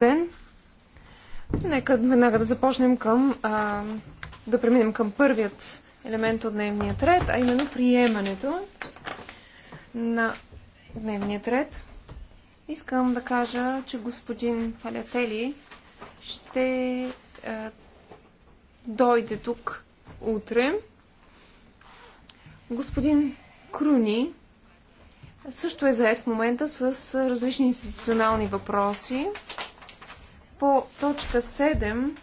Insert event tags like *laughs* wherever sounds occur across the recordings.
ден. Нека веднага да започнем към, а, да преминем към първият елемент от дневния ред, а именно приемането на дневния ред. Искам да кажа, че господин Фалятели ще а, дойде тук утре. Господин Круни също е заед в момента с различни институционални въпроси по точка 7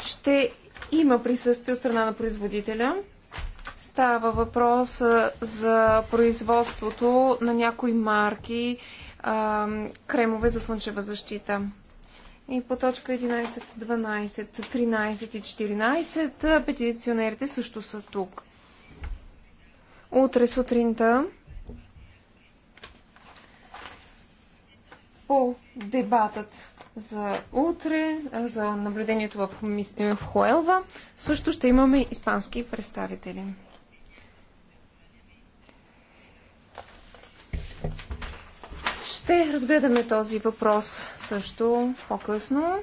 ще има присъствие от страна на производителя. Става въпрос за производството на някои марки а, кремове за слънчева защита. И по точка 11, 12, 13 и 14 петиционерите също са тук. Утре сутринта по дебатът за утре, за наблюдението в, е, в Хуелва, също ще имаме испански представители. Ще разгледаме този въпрос също по-късно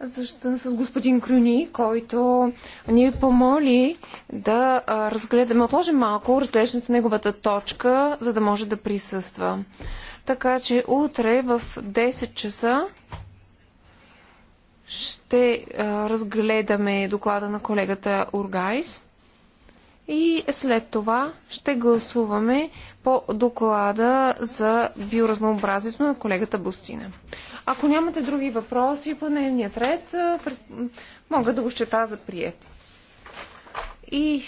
с господин Крюни, който ни помоли да разгледаме, отложим малко разглеждането на неговата точка, за да може да присъства. Така че утре в 10 часа ще разгледаме доклада на колегата Ургайс и след това ще гласуваме по доклада за биоразнообразието на колегата Бустина. Ако нямате други въпроси по дневният ред, мога да го счета за прият. И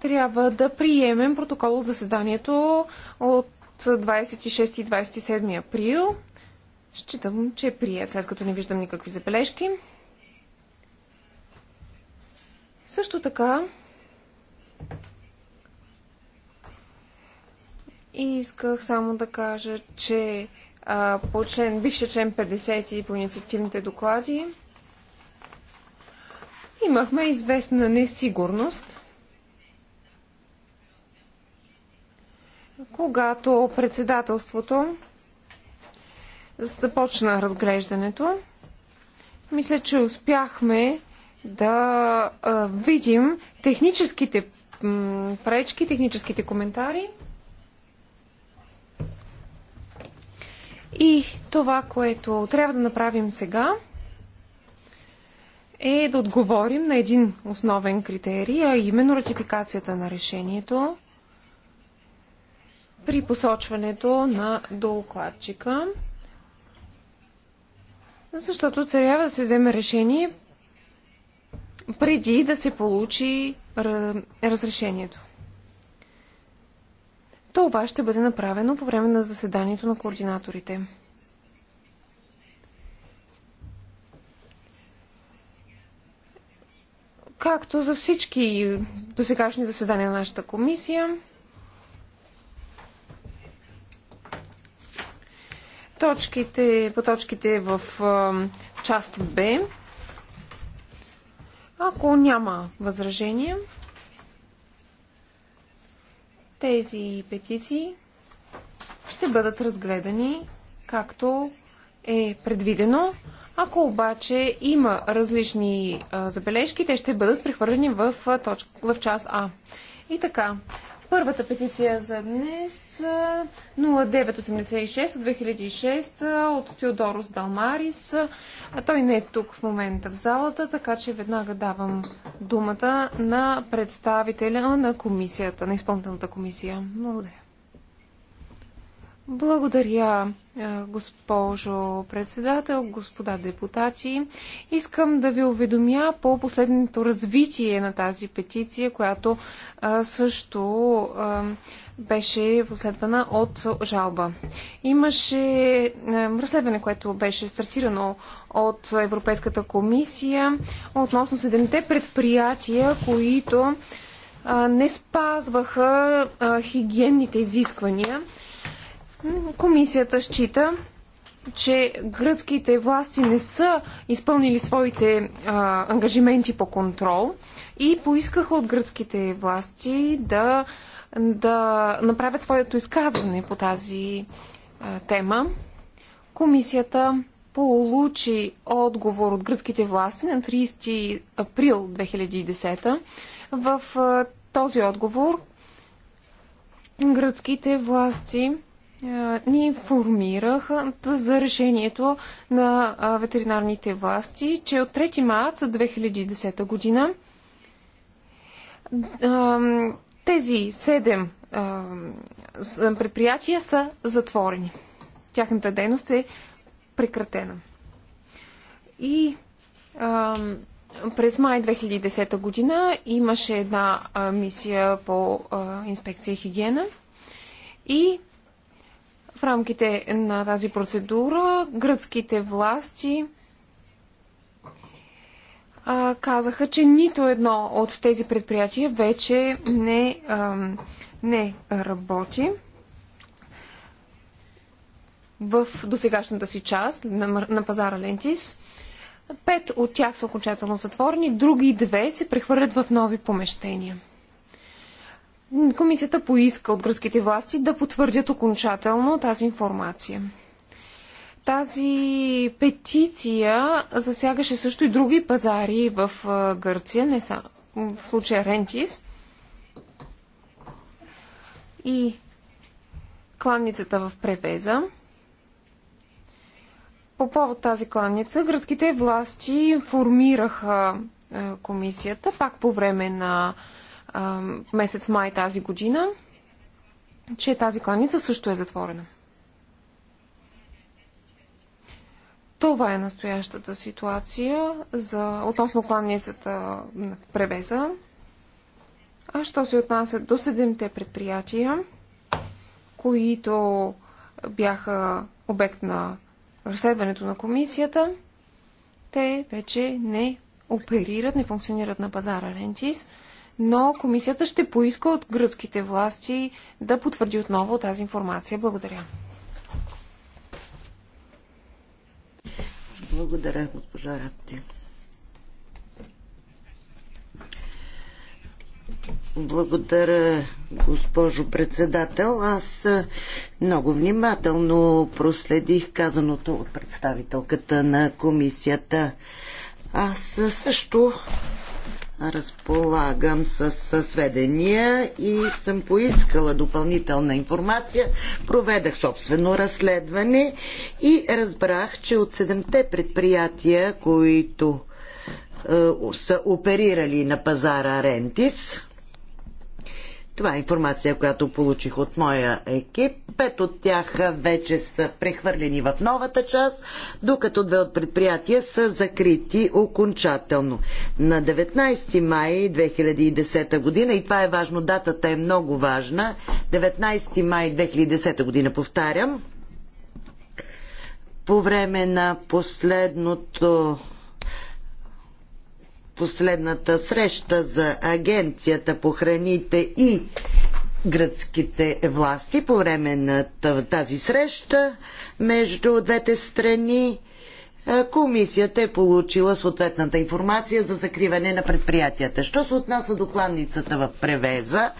трябва да приемем протокол от заседанието от 26 и 27 април. Считам, че е прия, след като не виждам никакви забележки. Също така И исках само да кажа, че а, по член, бившия член 50 и по инициативните доклади имахме известна несигурност, когато председателството започна разглеждането. Мисля, че успяхме да видим техническите пречки, техническите коментари и това, което трябва да направим сега е да отговорим на един основен критерий, а именно ратификацията на решението при посочването на докладчика. Защото трябва да се вземе решение преди да се получи разрешението. Това ще бъде направено по време на заседанието на координаторите. Както за всички досегашни заседания на нашата комисия, точките, по точките в част Б. Ако няма възражение, тези петиции ще бъдат разгледани както е предвидено. Ако обаче има различни забележки, те ще бъдат прехвърлени в, в част А. И така, Първата петиция за днес 0986 от 2006 от Теодорос Далмарис. А той не е тук в момента в залата, така че веднага давам думата на представителя на комисията, на изпълнителната комисия. Благодаря. Благодаря, е, госпожо председател, господа депутати. Искам да ви уведомя по последното развитие на тази петиция, която е, също е, беше последвана от жалба. Имаше разследване, което беше стартирано от Европейската комисия относно седемте предприятия, които не спазваха хигиенните изисквания Комисията счита, че гръцките власти не са изпълнили своите а, ангажименти по контрол и поискаха от гръцките власти да, да направят своето изказване по тази а, тема. Комисията получи отговор от гръцките власти на 30 април 2010. В а, този отговор гръцките власти е, ни информираха за решението на ветеринарните власти, че от 3 марта 2010 година тези 7 предприятия са затворени. Тяхната дейност е прекратена. И през май 2010 година имаше една мисия по инспекция и хигиена и в рамките на тази процедура гръцките власти а, казаха, че нито едно от тези предприятия вече не, а, не работи в досегашната си част на, на пазара Лентис. Пет от тях са окончателно затворени, други две се прехвърлят в нови помещения. Комисията поиска от гръцките власти да потвърдят окончателно тази информация. Тази петиция засягаше също и други пазари в Гърция, не са, в случая Рентис. И кланницата в Превеза. По повод тази кланница, гръцките власти информираха комисията, пак по време на а, месец май тази година, че тази кланица също е затворена. Това е настоящата ситуация за, относно кланицата на превеза. А що се отнася до седемте предприятия, които бяха обект на разследването на комисията, те вече не оперират, не функционират на пазара Рентис но комисията ще поиска от гръцките власти да потвърди отново тази информация. Благодаря. Благодаря, госпожа Рапти. Благодаря, госпожо председател. Аз е, много внимателно проследих казаното от представителката на комисията. Аз е, също разполагам с, сведения и съм поискала допълнителна информация. Проведах собствено разследване и разбрах, че от седемте предприятия, които е, са оперирали на пазара Рентис, това е информация, която получих от моя екип. Пет от тях вече са прехвърлени в новата част, докато две от предприятия са закрити окончателно. На 19 май 2010 година, и това е важно, датата е много важна, 19 май 2010 година, повтарям, по време на последното последната среща за Агенцията по храните и гръцките власти по време на тази среща между двете страни. Комисията е получила съответната информация за закриване на предприятията. Що се отнася до кланницата в Превеза,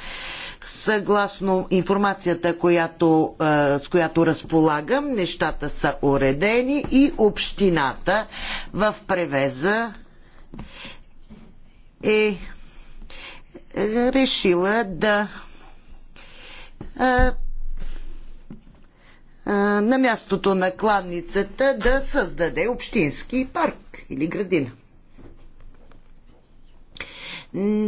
съгласно информацията, която, с която разполагам, нещата са уредени и общината в Превеза е, е решила да на мястото на кладницата да създаде общински парк или градина.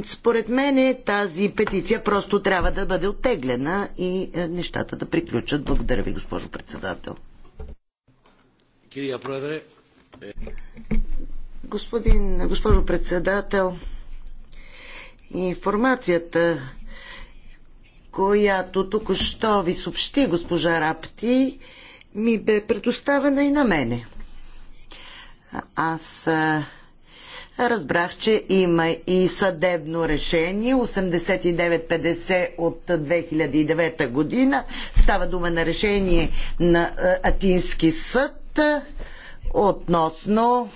Според мен е, тази петиция просто трябва да бъде оттеглена и е, нещата да приключат. Благодаря ви, госпожо председател. Господин, госпожо председател, информацията, която току-що ви съобщи госпожа Рапти, ми бе предоставена и на мене. Аз разбрах, че има и съдебно решение 8950 от 2009 година. Става дума на решение на Атински съд относно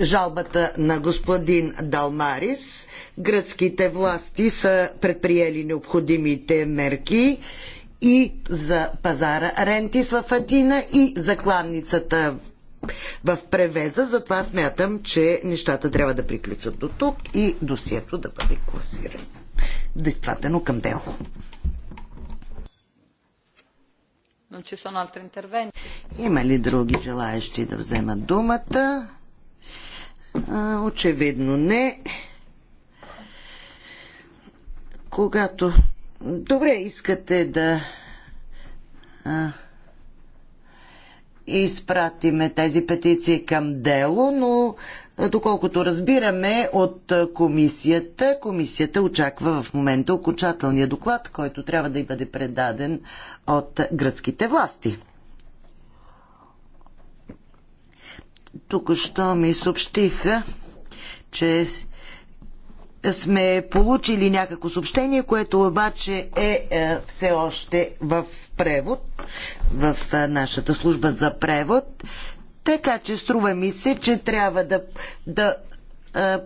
жалбата на господин Далмарис. Гръцките власти са предприели необходимите мерки и за пазара Рентис в Атина и за кланницата в превеза. Затова смятам, че нещата трябва да приключат до тук и досието да бъде класирано. Да изпратено към дело. Има ли други желаящи да вземат думата? А, очевидно не. Когато. Добре, искате да. А, изпратиме тези петиции към дело, но доколкото разбираме от комисията, комисията очаква в момента окончателния доклад, който трябва да й бъде предаден от гръцките власти. тук що ми съобщиха, че сме получили някакво съобщение, което обаче е, е все още в превод, в е, нашата служба за превод. Така че струва ми се, че трябва да, да е,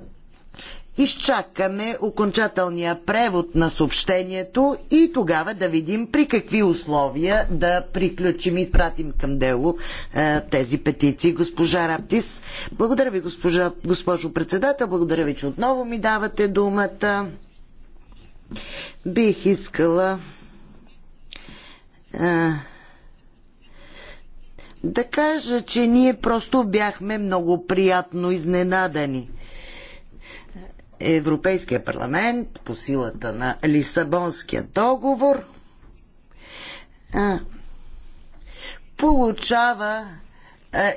изчакаме окончателния превод на съобщението и тогава да видим при какви условия да приключим и изпратим към дело е, тези петиции. Госпожа Раптис, благодаря ви, госпожа, госпожо председател, благодаря ви, че отново ми давате думата. Бих искала е, да кажа, че ние просто бяхме много приятно изненадани – Европейския парламент по силата на Лисабонския договор получава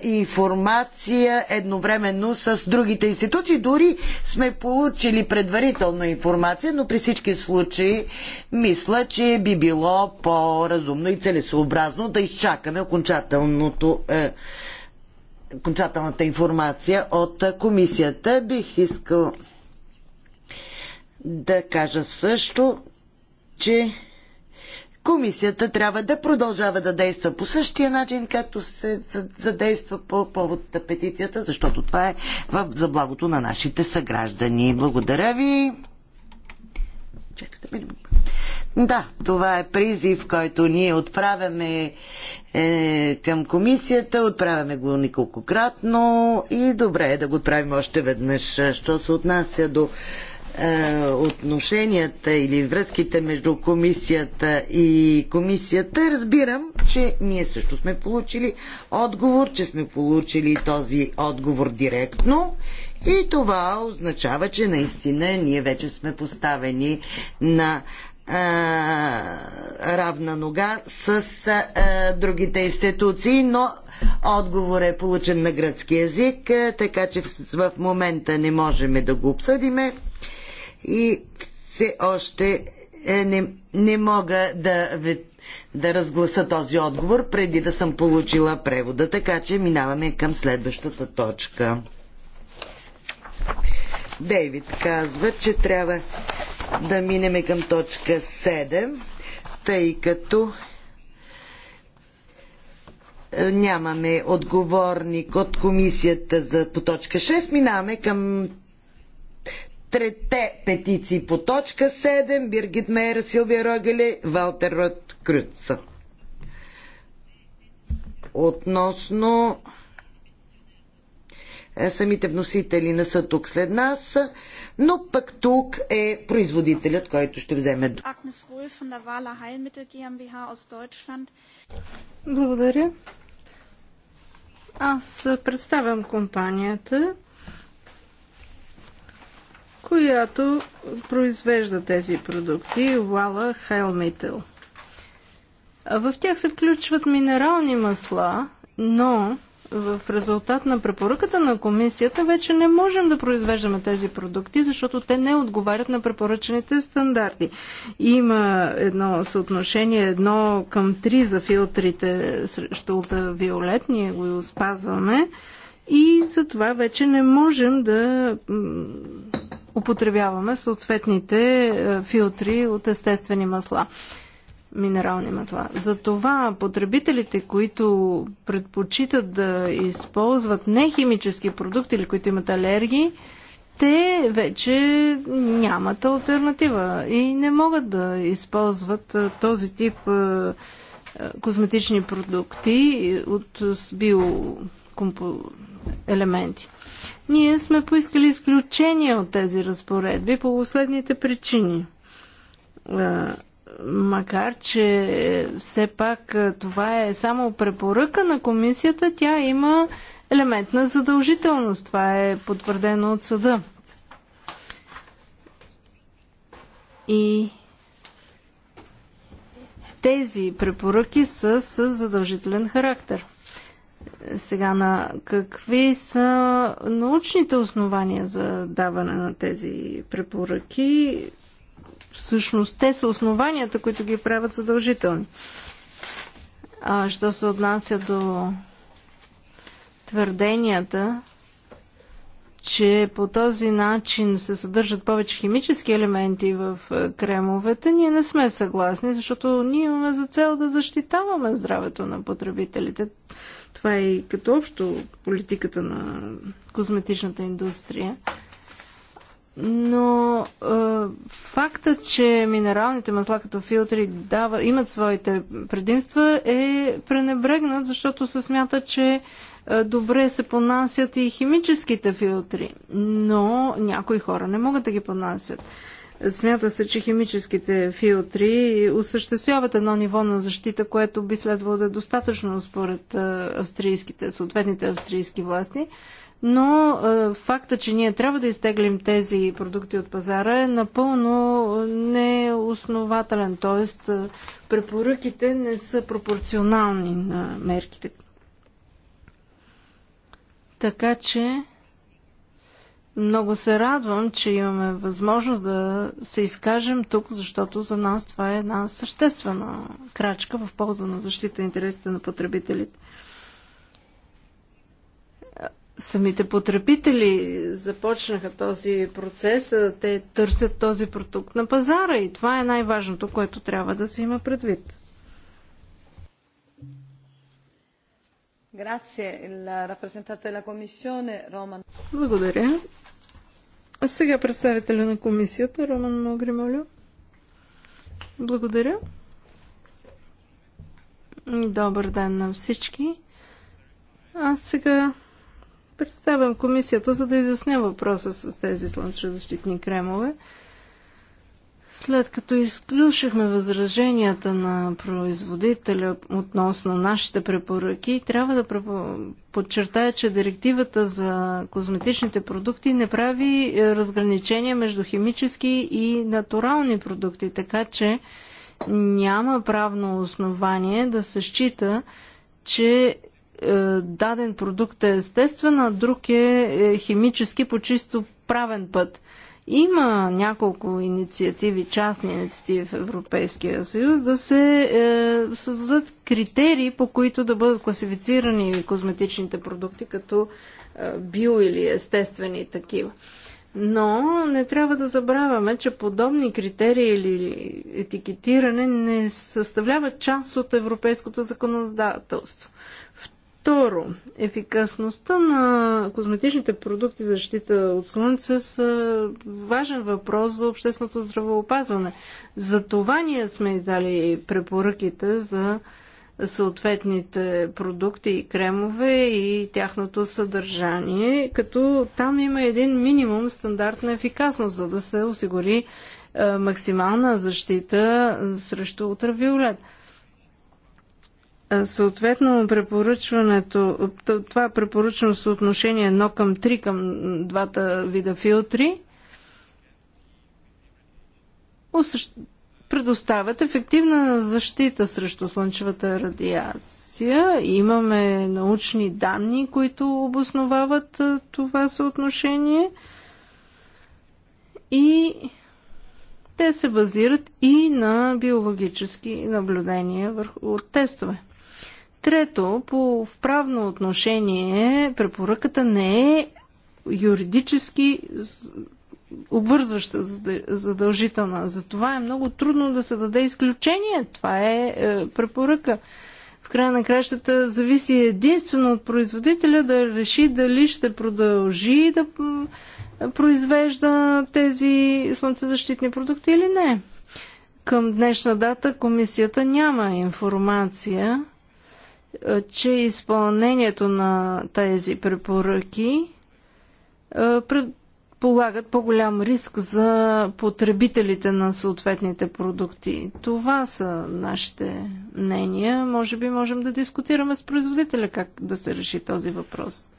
информация едновременно с другите институции. Дори сме получили предварителна информация, но при всички случаи мисля, че би било по-разумно и целесообразно да изчакаме окончателното е, окончателната информация от комисията. Бих искал да кажа също, че комисията трябва да продължава да действа по същия начин, както се задейства по повод на петицията, защото това е за благото на нашите съграждани. Благодаря ви. Да, това е призив, който ние отправяме е, към комисията, отправяме го неколкократно и добре е да го отправим още веднъж. Що се отнася до е, отношенията или връзките между комисията и комисията, разбирам, че ние също сме получили отговор, че сме получили този отговор директно и това означава, че наистина ние вече сме поставени на е, равна нога с а, е, другите институции, но отговор е получен на гръцки язик, така че в, в момента не можем да го обсъдиме и все още е, не, не мога да, да разгласа този отговор преди да съм получила превода, така че минаваме към следващата точка. Дейвид казва, че трябва да минеме към точка 7, тъй като е, нямаме отговорник от комисията за по точка 6. Минаваме към трете петиции по точка 7 Биргит Мейер, Силвия Рогеле, Валтер Рот Крюц. Относно е, самите вносители не са тук след нас, но пък тук е производителят, който ще вземе. Благодаря. Аз представям компанията която произвежда тези продукти, Вала Хелмител. В тях се включват минерални масла, но в резултат на препоръката на комисията вече не можем да произвеждаме тези продукти, защото те не отговарят на препоръчените стандарти. Има едно съотношение, едно към три за филтрите срещу ултравиолет, ние го спазваме и затова вече не можем да употребяваме съответните е, филтри от естествени масла, минерални масла. Затова потребителите, които предпочитат да използват нехимически продукти или които имат алергии, те вече нямат альтернатива и не могат да използват е, този тип е, козметични продукти от биоелементи. Ние сме поискали изключение от тези разпоредби по последните причини. Макар, че все пак това е само препоръка на комисията, тя има елемент на задължителност. Това е потвърдено от съда. И тези препоръки са с задължителен характер. Сега на какви са научните основания за даване на тези препоръки? Всъщност те са основанията, които ги правят задължителни. А, що се отнася до твърденията, че по този начин се съдържат повече химически елементи в е, кремовете, ние не сме съгласни, защото ние имаме за цел да защитаваме здравето на потребителите. Това е и като общо политиката на козметичната индустрия. Но е, факта, че минералните масла като филтри дава, имат своите предимства е пренебрегнат, защото се смята, че е, добре се понасят и химическите филтри. Но някои хора не могат да ги понасят. Смята се, че химическите филтри осъществяват едно ниво на защита, което би следвало да е достатъчно според австрийските, съответните австрийски власти. Но факта, че ние трябва да изтеглим тези продукти от пазара е напълно неоснователен, т.е. препоръките не са пропорционални на мерките. Така че много се радвам, че имаме възможност да се изкажем тук, защото за нас това е една съществена крачка в полза на защита интересите на потребителите. Самите потребители започнаха този процес, те търсят този продукт на пазара и това е най-важното, което трябва да се има предвид. Благодаря. А сега представителя на комисията, Роман Могри, моля. Благодаря. Добър ден на всички. Аз сега представям комисията, за да изясня въпроса с тези слънчезащитни кремове. След като изключихме възраженията на производителя относно нашите препоръки, трябва да подчертая, че директивата за козметичните продукти не прави е, разграничения между химически и натурални продукти, така че няма правно основание да се счита, че е, даден продукт е естествен, а друг е, е химически по чисто правен път – има няколко инициативи, частни инициативи в Европейския съюз, да се е, създадат критерии, по които да бъдат класифицирани козметичните продукти като е, био или естествени такива. Но не трябва да забравяме, че подобни критерии или етикетиране не съставляват част от европейското законодателство. Второ, ефикасността на козметичните продукти за защита от слънце са важен въпрос за общественото здравеопазване. За това ние сме издали препоръките за съответните продукти и кремове и тяхното съдържание, като там има един минимум стандарт на ефикасност, за да се осигури е, максимална защита срещу ултравиолет. Съответно, препоръчването, това препоръчено съотношение 1 към 3 към двата вида филтри предоставят ефективна защита срещу слънчевата радиация. Имаме научни данни, които обосновават това съотношение и те се базират и на биологически наблюдения върху тестове. Трето, по вправно отношение препоръката не е юридически обвързваща, задължителна. Затова е много трудно да се даде изключение. Това е, е препоръка. В края на кращата зависи единствено от производителя да реши дали ще продължи да произвежда тези слънцезащитни продукти или не. Към днешна дата комисията няма информация е, че изпълнението на тези препоръки е, предполагат по-голям риск за потребителите на съответните продукти. Това са нашите мнения. Може би можем да дискутираме с производителя как да се реши този въпрос.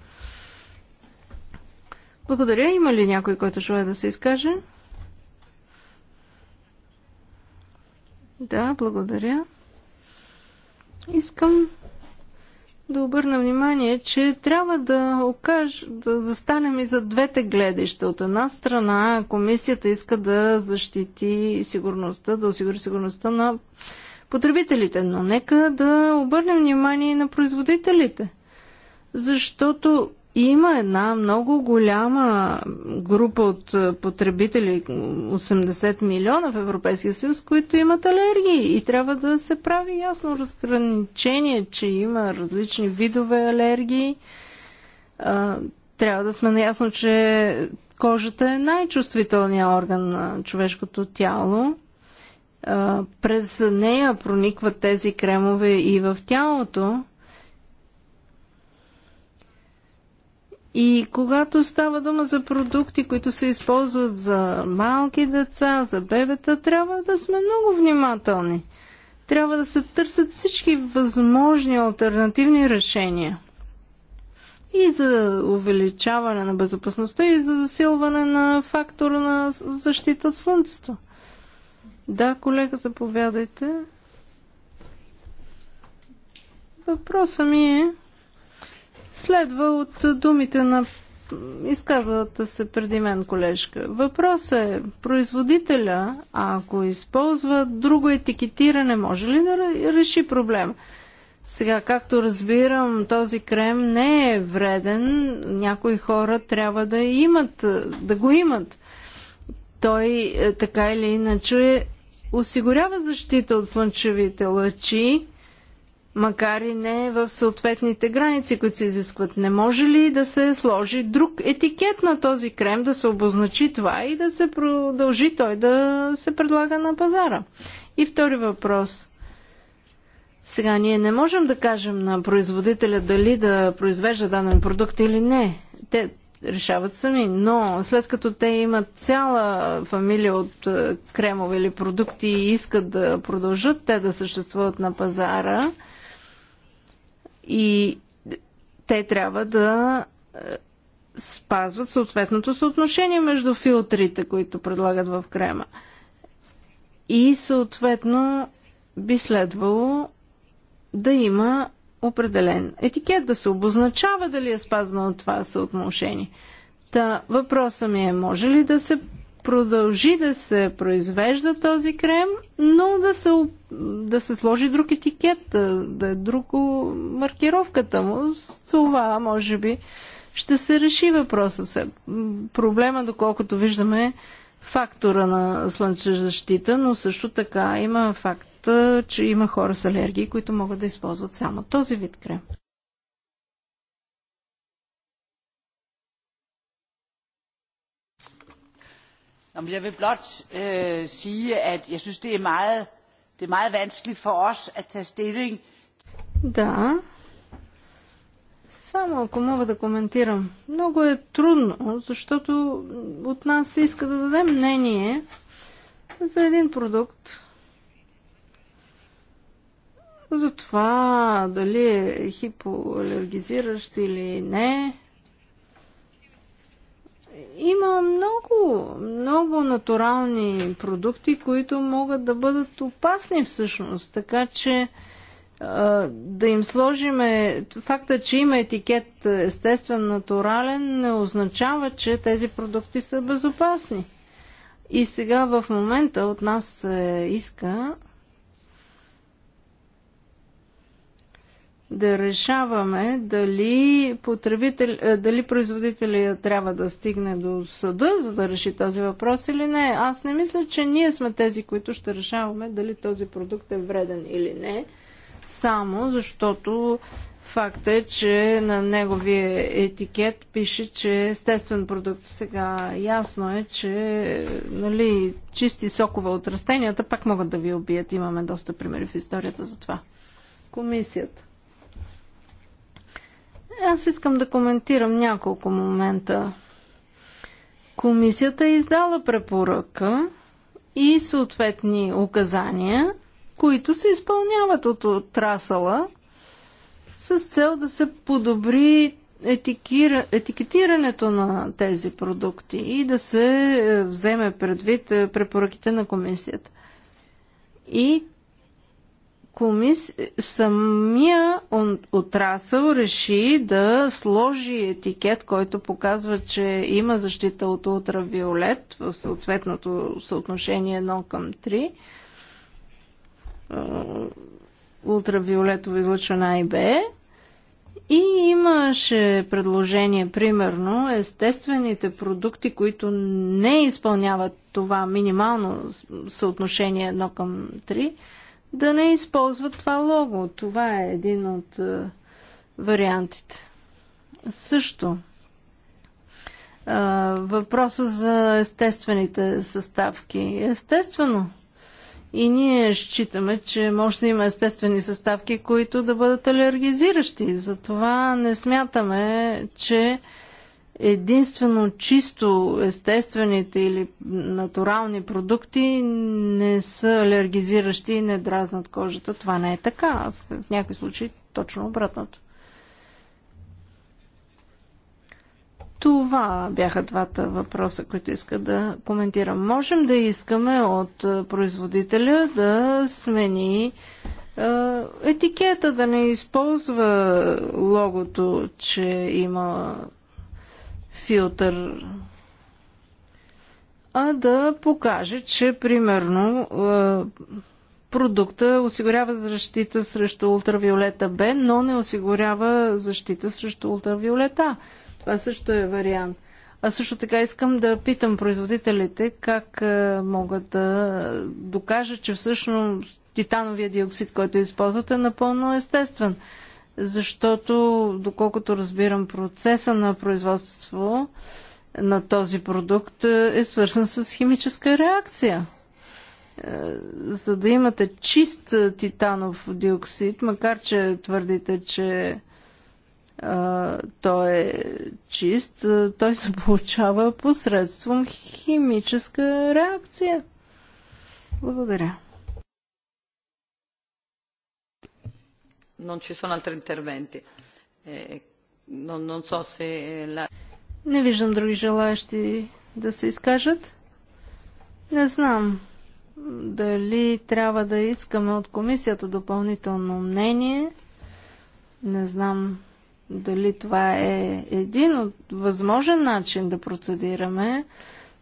Благодаря. Има ли някой, който желая да се изкаже? Да, благодаря. Искам да обърна внимание, че трябва да, окаж, да застанем и за двете гледаща. От една страна комисията иска да защити сигурността, да осигури сигурността на потребителите, но нека да обърнем внимание и на производителите. Защото има една много голяма група от е, потребители, 80 милиона в Европейския съюз, които имат алергии и трябва да се прави ясно разграничение, че има различни видове алергии. Трябва да сме наясно, че кожата е най-чувствителният орган на човешкото тяло. През нея проникват тези кремове и в тялото И когато става дума за продукти, които се използват за малки деца, за бебета, трябва да сме много внимателни. Трябва да се търсят всички възможни альтернативни решения. И за увеличаване на безопасността, и за засилване на фактора на защита от слънцето. Да, колега, заповядайте. Въпросът ми е следва от думите на изказалата се преди мен колежка. Въпрос е, производителя, ако използва друго етикетиране, може ли да реши проблема? Сега, както разбирам, този крем не е вреден. Някои хора трябва да имат, да го имат. Той е, така или иначе осигурява защита от слънчевите лъчи макар и не в съответните граници, които се изискват. Не може ли да се сложи друг етикет на този крем, да се обозначи това и да се продължи той да се предлага на пазара? И втори въпрос. Сега ние не можем да кажем на производителя дали да произвежда даден продукт или не. Те решават сами, но след като те имат цяла фамилия от е, кремове или продукти и искат да продължат те да съществуват на пазара, и те трябва да е, спазват съответното съотношение между филтрите, които предлагат в крема. И съответно би следвало да има определен етикет, да се обозначава дали е спазано това съотношение. Та въпросът ми е, може ли да се продължи да се произвежда този крем, но да се, да се сложи друг етикет, да, да е друго маркировката му. С това, може би, ще се реши въпросът. Проблема, доколкото виждаме, е фактора на защита, но също така има факт, че има хора с алергии, които могат да използват само този вид крем. Jeg vil blot øh, sige, at jeg synes, det er, meget, det er meget vanskeligt for os at tage stilling. Да. Само ако мога да коментирам. Много е трудно, защото от нас се иска да дадем мнение за един продукт. За това дали е хипоалергизиращ или не. Има много, много натурални продукти, които могат да бъдат опасни всъщност, така че да им сложиме факта, че има етикет естествен, натурален, не означава, че тези продукти са безопасни. И сега в момента от нас се иска да решаваме дали, потребител, е, дали производителя трябва да стигне до съда, за да реши този въпрос или не. Аз не мисля, че ние сме тези, които ще решаваме дали този продукт е вреден или не, само защото факт е, че на неговия етикет пише, че е естествен продукт. Сега ясно е, че нали, чисти сокове от растенията пак могат да ви убият. Имаме доста примери в историята за това. Комисията. Аз искам да коментирам няколко момента. Комисията е издала препоръка и съответни указания, които се изпълняват от отрасала с цел да се подобри етикира, етикетирането на тези продукти и да се е, вземе предвид е, препоръките на комисията. И комис... самия отрасъл реши да сложи етикет, който показва, че има защита от ултравиолет в съответното съотношение 1 към 3 е, ултравиолетово излъчване А и Б. И имаше предложение, примерно, естествените продукти, които не изпълняват това минимално съотношение 1 към 3, да не използват това лого. Това е един от е, вариантите. Също е, въпроса за естествените съставки. Естествено. И ние считаме, че може да има естествени съставки, които да бъдат алергизиращи. Затова не смятаме, че единствено чисто естествените или натурални продукти не са алергизиращи и не дразнат кожата. Това не е така. В някои случаи точно обратното. Това бяха двата въпроса, които иска да коментирам. Можем да искаме от производителя да смени етикета, да не използва логото, че има филтър, а да покаже, че примерно е, продукта осигурява защита срещу ултравиолета Б, но не осигурява защита срещу ултравиолета. Това също е вариант. А също така искам да питам производителите как е, могат да докажат, че всъщност титановия диоксид, който използват, е напълно естествен защото, доколкото разбирам, процеса на производство на този продукт е свързан с химическа реакция. Е, за да имате чист е, титанов диоксид, макар че твърдите, че а, е, той е чист, той се *laughs* получава посредством химическа реакция. Благодаря. Non ci sono altri interventi. Eh, non, non so se eh, la... Не виждам други желаящи да се изкажат. Не знам дали трябва да искаме от комисията допълнително мнение. Не знам дали това е един от възможен начин да процедираме,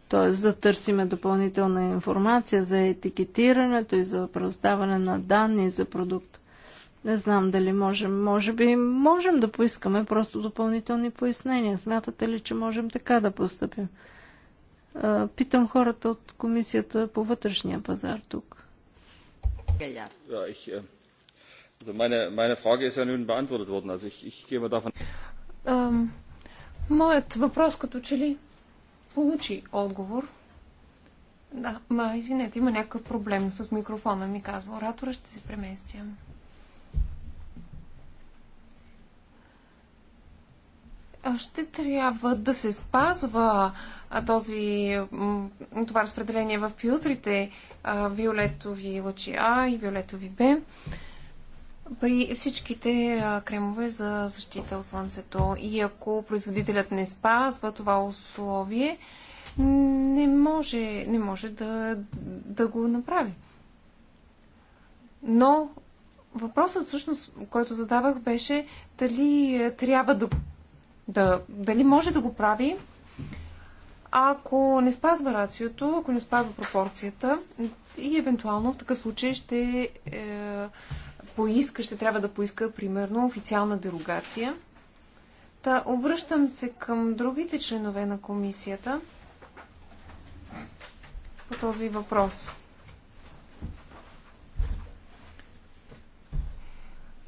т.е. да търсиме допълнителна информация за етикетирането и за оправдаване на данни за продукта. Не знам дали можем. Може би можем да поискаме просто допълнителни пояснения. Смятате ли, че можем така да поступим? Питам хората от комисията по вътрешния пазар тук. Моят въпрос като че ли получи отговор. Да, ма извинете, има някакъв проблем с микрофона, ми казва оратора, ще се преместя. ще трябва да се спазва този, това разпределение в филтрите виолетови лъчи А и виолетови Б при всичките кремове за защита от слънцето. И ако производителят не спазва това условие, не може, не може да, да го направи. Но въпросът всъщност, който задавах беше дали трябва да да, дали може да го прави, ако не спазва рациото, ако не спазва пропорцията и евентуално в такъв случай ще е, поиска, ще трябва да поиска, примерно, официална дерогация. Та обръщам се към другите членове на комисията по този въпрос.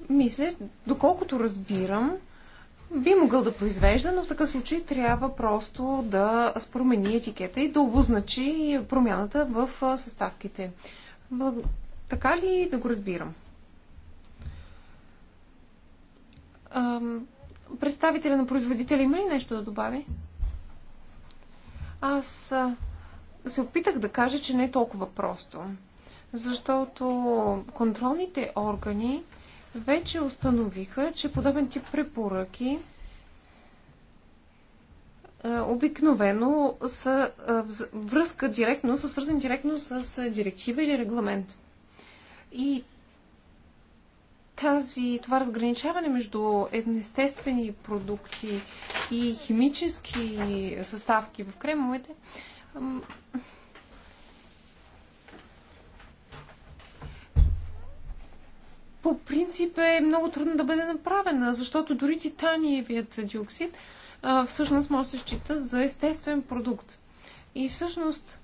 Мисля, доколкото разбирам, би могъл да произвежда, но в такъв случай трябва просто да спромени етикета и да обозначи промяната в съставките. Благ... Така ли да го разбирам? Ам... Представителя на производителя има ли нещо да добави? Аз се опитах да кажа, че не е толкова просто, защото контролните органи вече установиха, че подобен тип препоръки е, обикновено са е, връзка директно, са свързани директно с е, директива или регламент. И тази, това разграничаване между естествени продукти и химически съставки в кремовете по принцип е много трудно да бъде направена, защото дори титаниевият диоксид а, всъщност може да се счита за естествен продукт. И всъщност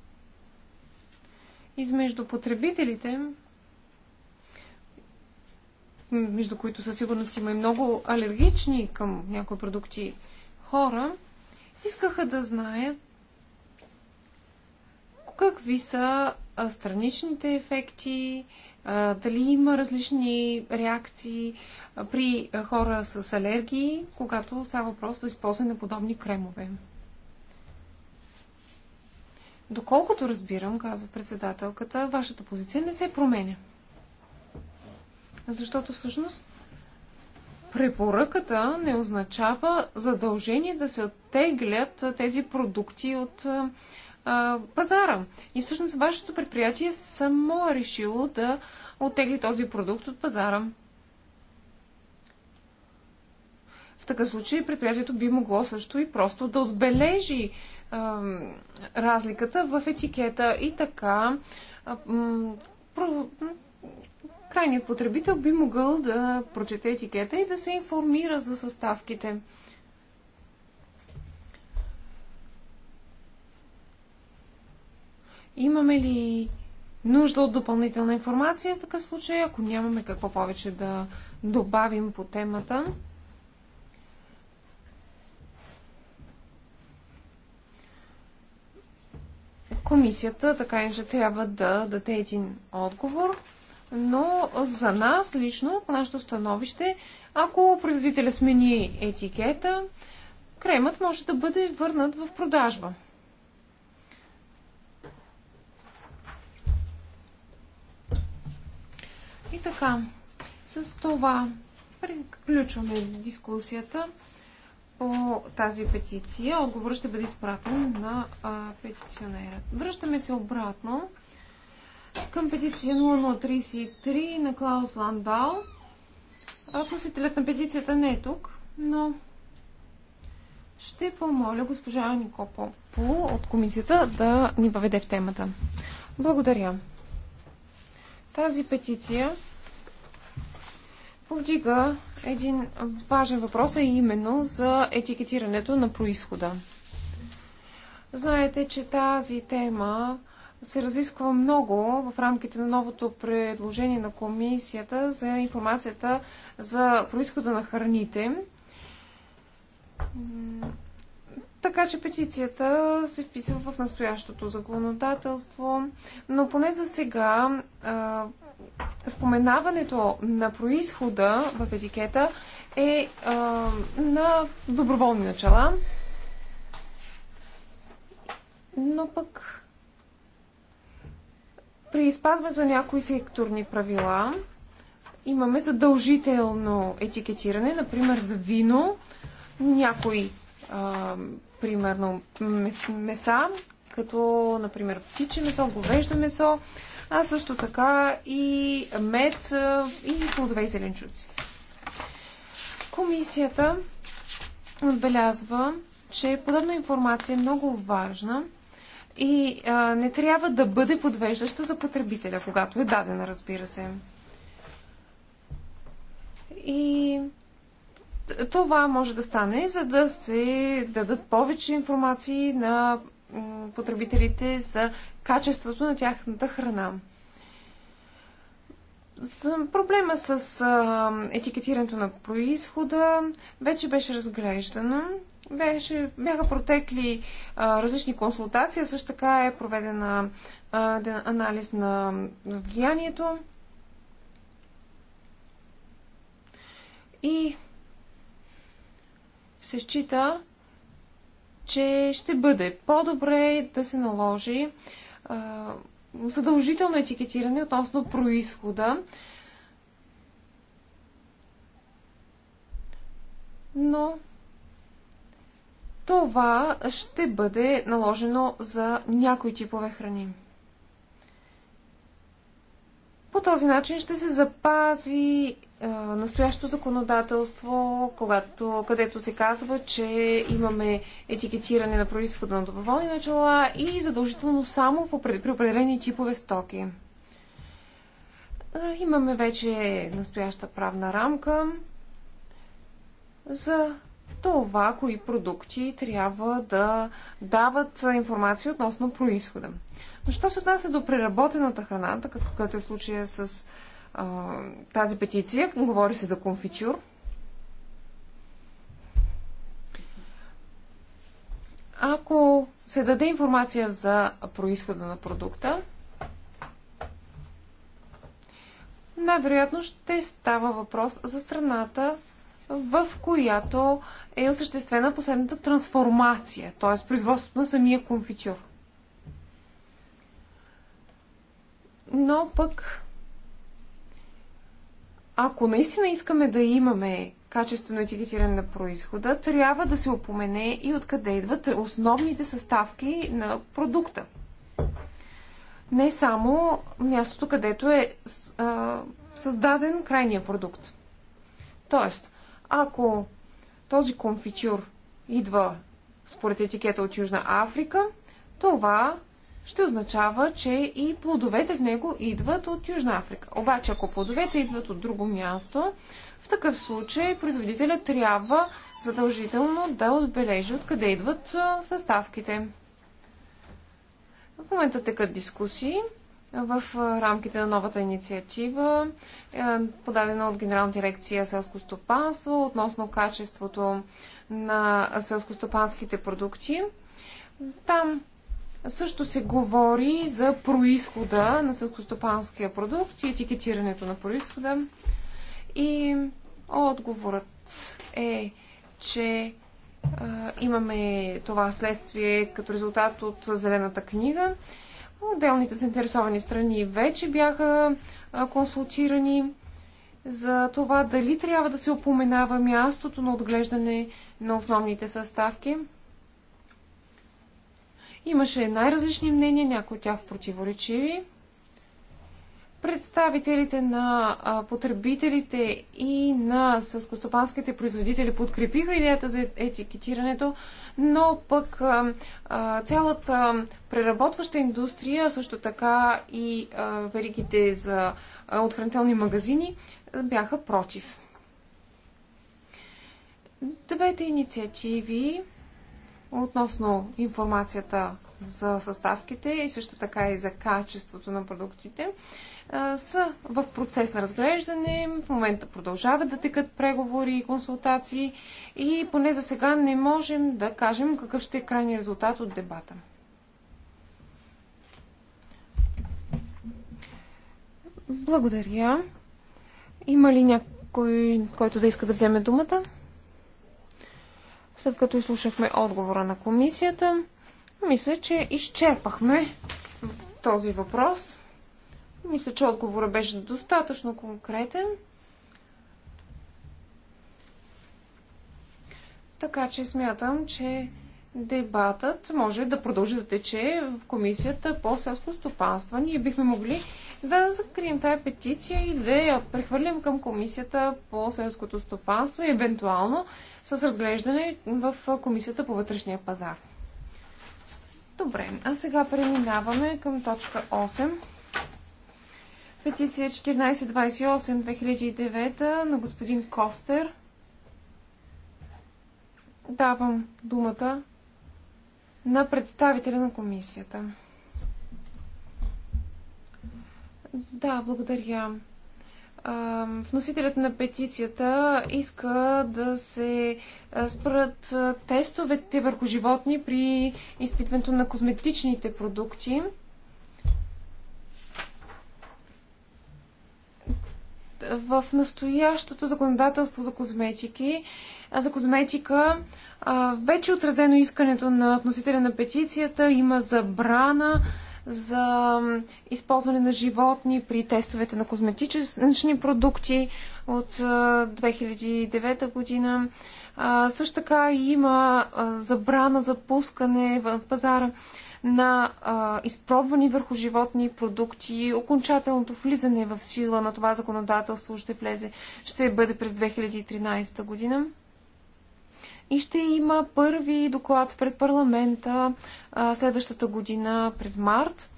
измежду потребителите, между които със сигурност има и много алергични към някои продукти хора, искаха да знаят какви са страничните ефекти, дали има различни реакции при хора с алергии, когато става въпрос за използване на подобни кремове. Доколкото разбирам, казва председателката, вашата позиция не се променя. Защото всъщност препоръката не означава задължение да се оттеглят тези продукти от а, пазара. И всъщност вашето предприятие само е решило да оттегли този продукт от пазара. В такъв случай предприятието би могло също и просто да отбележи а, разликата в етикета и така а, про, крайният потребител би могъл да прочете етикета и да се информира за съставките. Имаме ли нужда от допълнителна информация в такъв случай, ако нямаме какво повече да добавим по темата? Комисията така и ще трябва да даде един отговор, но за нас лично, по нашето становище, ако производителя смени етикета, кремът може да бъде върнат в продажба. И така, с това приключваме дискусията по тази петиция. Отговорът ще бъде изпратен на а, петиционера. Връщаме се обратно към петиция 0033 на Клаус Ландал. Вносителят на петицията не е тук, но ще помоля госпожа Никопо от комисията да ни въведе в темата. Благодаря. Тази петиция повдига един важен въпрос, а е именно за етикетирането на происхода. Знаете, че тази тема се разисква много в рамките на новото предложение на комисията за информацията за происхода на храните. Така че петицията се вписва в настоящото законодателство, но поне за сега а, споменаването на происхода в етикета е а, на доброволни начала, но пък при изпазването на някои секторни правила имаме задължително етикетиране, например за вино, някои примерно меса, като например птиче месо, говеждо месо, а също така и мед и плодове и зеленчуци. Комисията отбелязва, че подобна информация е много важна и а, не трябва да бъде подвеждаща за потребителя, когато е дадена, разбира се. И това може да стане, за да се дадат повече информации на потребителите за качеството на тяхната храна. проблема с етикетирането на происхода вече беше разглеждано. Беше, бяха протекли а, различни консултации, също така е проведена а, анализ на влиянието. И се счита, че ще бъде по-добре да се наложи а, задължително етикетиране относно происхода. Но това ще бъде наложено за някои типове храни. По този начин ще се запази е, настоящото законодателство, когато, където се казва, че имаме етикетиране на происхода на доброволни начала и задължително само в, при определени типове стоки. Е, имаме вече настояща правна рамка за това, кои продукти трябва да дават информация относно происхода. Но що се отнася до преработената храна, така какъвто е случая с тази петиция. Говори се за конфитюр. Ако се даде информация за происхода на продукта, най-вероятно ще става въпрос за страната, в която е осъществена последната трансформация, т.е. производството на самия конфитюр. Но пък ако наистина искаме да имаме качествено етикетиране на происхода, трябва да се опомене и откъде идват основните съставки на продукта. Не само мястото, където е а, създаден крайния продукт. Тоест, ако този конфитюр идва според етикета от Южна Африка, това ще означава, че и плодовете в него идват от Южна Африка. Обаче, ако плодовете идват от друго място, в такъв случай производителя трябва задължително да отбележи откъде идват съставките. В момента текат дискусии в рамките на новата инициатива, е, подадена от Генерална дирекция селско стопанство относно качеството на селскостопанските продукти. Там също се говори за происхода на селскостопанския продукт и етикетирането на происхода. И отговорът е, че а, имаме това следствие като резултат от Зелената книга. Отделните заинтересовани страни вече бяха а, консултирани за това дали трябва да се упоменава мястото на отглеждане на основните съставки – Имаше най-различни мнения, някои от тях противоречиви. Представителите на потребителите и на съскостопанските производители подкрепиха идеята за етикетирането, но пък цялата преработваща индустрия, също така и веригите за отхранителни магазини бяха против. Двете инициативи относно информацията за съставките и също така и за качеството на продуктите са в процес на разглеждане. В момента продължават да текат преговори и консултации и поне за сега не можем да кажем какъв ще е крайният резултат от дебата. Благодаря. Има ли някой, който да иска да вземе думата? След като изслушахме отговора на комисията, мисля, че изчерпахме този въпрос. Мисля, че отговорът беше достатъчно конкретен. Така че смятам, че дебатът може да продължи да тече в комисията по селско стопанство. Ние бихме могли да закрием тая петиция и да я прехвърлим към комисията по селското стопанство и евентуално с разглеждане в комисията по вътрешния пазар. Добре, а сега преминаваме към точка 8. Петиция 1428-2009 на господин Костер. Давам думата на представителя на комисията. Да, благодаря. Вносителят на петицията иска да се спрат тестовете върху животни при изпитването на козметичните продукти – в настоящото законодателство за козметики, за козметика вече е отразено искането на относителя на петицията. Има забрана за използване на животни при тестовете на козметични продукти от 2009 година. Също така има забрана за пускане в пазара на а, изпробвани върху животни продукти. Окончателното влизане в сила на това законодателство ще влезе, ще бъде през 2013 година. И ще има първи доклад пред парламента а, следващата година през март.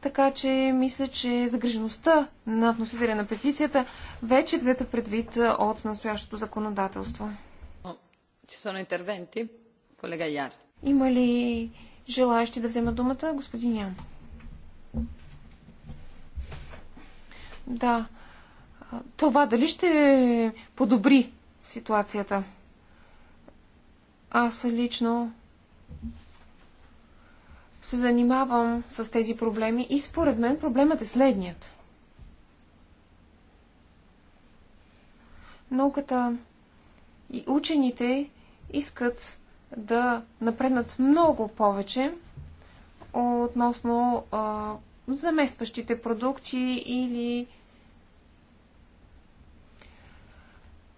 Така че мисля, че загрижеността на вносителя на петицията вече е взета предвид от настоящото законодателство. Има ли желаящи да вземат думата? Господин Ян. Да. Това дали ще подобри ситуацията? Аз лично се занимавам с тези проблеми и според мен проблемът е следният. Науката и учените искат да напреднат много повече относно а, заместващите продукти или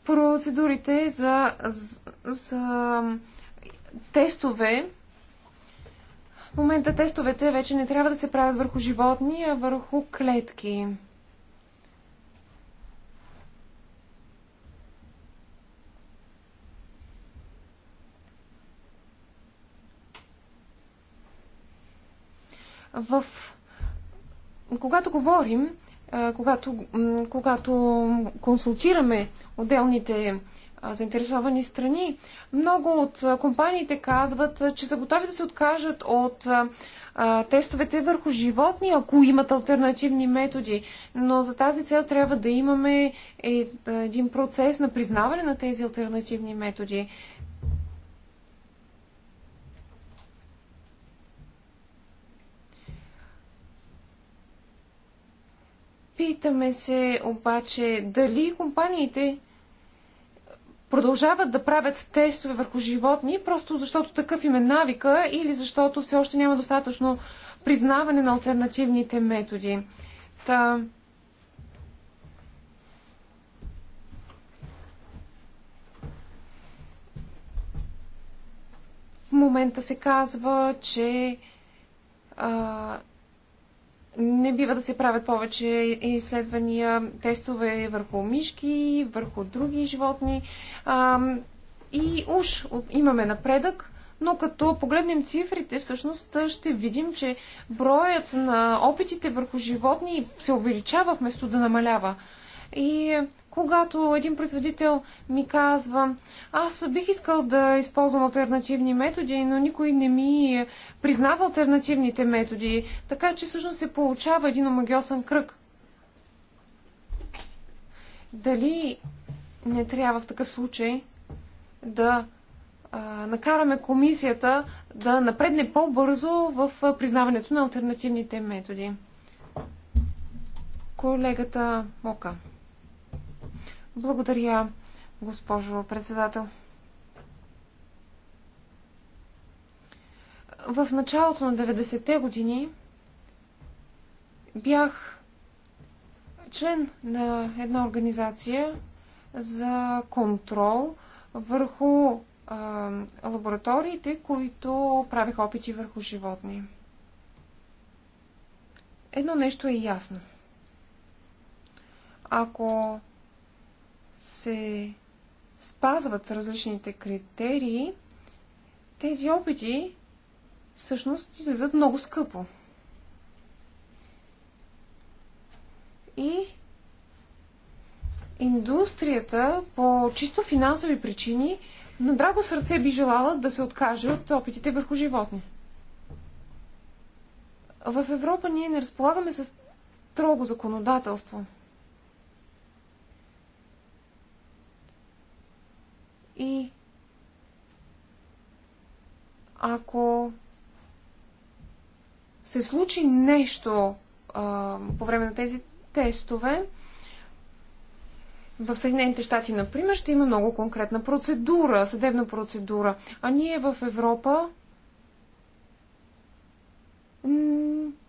процедурите за, за, за тестове. В момента тестовете вече не трябва да се правят върху животни, а върху клетки. в... Когато говорим, когато, когато консултираме отделните заинтересовани страни, много от компаниите казват, че са готови да се откажат от тестовете върху животни, ако имат альтернативни методи. Но за тази цел трябва да имаме е, един процес на признаване на тези альтернативни методи. Питаме се обаче дали компаниите продължават да правят тестове върху животни, просто защото такъв им е навика или защото все още няма достатъчно признаване на альтернативните методи. Та... В момента се казва, че а, не бива да се правят повече изследвания, тестове върху мишки, върху други животни. А, и уж имаме напредък, но като погледнем цифрите, всъщност ще видим, че броят на опитите върху животни се увеличава вместо да намалява. И когато един производител ми казва, аз бих искал да използвам альтернативни методи, но никой не ми признава альтернативните методи, така че всъщност се получава един омагиосен кръг. Дали не трябва в такъв случай да а, накараме комисията да напредне по-бързо в признаването на альтернативните методи? Колегата Мока. Благодаря, госпожо председател. В началото на 90-те години бях член на една организация за контрол върху а, лабораториите, които правих опити върху животни. Едно нещо е ясно. Ако се спазват различните критерии, тези опити всъщност излизат много скъпо. И индустрията по чисто финансови причини на драго сърце би желала да се откаже от опитите върху животни. В Европа ние не разполагаме с строго законодателство – И ако се случи нещо а, по време на тези тестове, в Съединените щати, например, ще има много конкретна процедура, съдебна процедура. А ние в Европа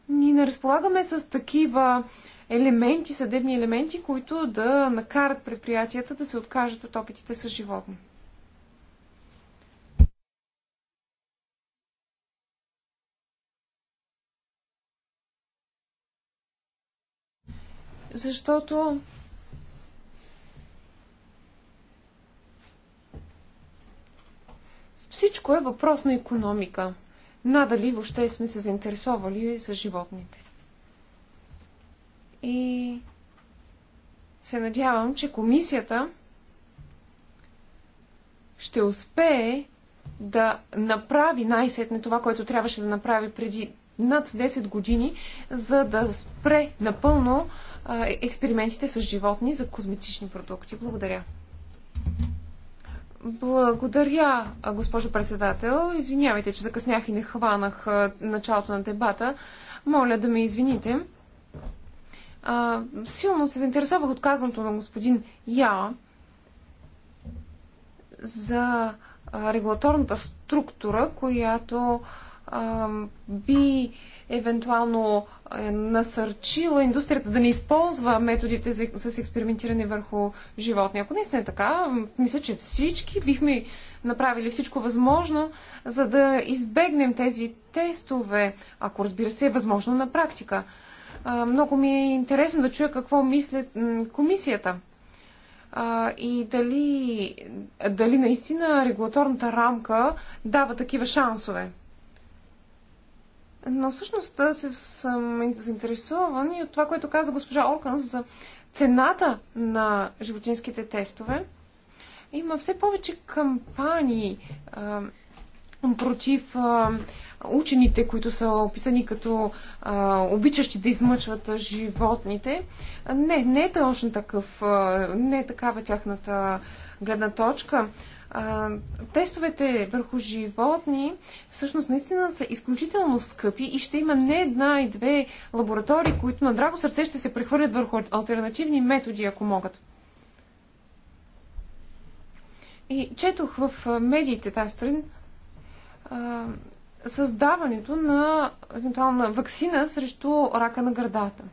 ни не разполагаме с такива елементи, съдебни елементи, които да накарат предприятията да се откажат от опитите с животни. защото всичко е въпрос на економика. Надали въобще сме се заинтересовали за животните. И се надявам, че комисията ще успее да направи най-сетне това, което трябваше да направи преди над 10 години, за да спре напълно експериментите с животни за козметични продукти. Благодаря. Благодаря, госпожо председател. Извинявайте, че закъснях и не хванах началото на дебата. Моля да ме извините. А, силно се заинтересовах от казаното на господин Я за регулаторната структура, която а, би евентуално е насърчила индустрията да не използва методите за, с експериментиране върху животни. Ако наистина е така, мисля, че всички бихме направили всичко възможно, за да избегнем тези тестове, ако разбира се е възможно на практика. Много ми е интересно да чуя какво мисля комисията а, и дали, дали наистина регулаторната рамка дава такива шансове. Но всъщност се съм заинтересуван и от това, което каза госпожа Оркан за цената на животинските тестове. Има все повече кампании а, против а, учените, които са описани като а, обичащи да измъчват животните. Не, не е точно такъв, а, не е такава тяхната гледна точка а, тестовете върху животни всъщност наистина са изключително скъпи и ще има не една и две лаборатории, които на драго сърце ще се прехвърлят върху альтернативни методи, ако могат. И четох в медиите тази страни създаването на евентуална вакцина срещу рака на гърдата.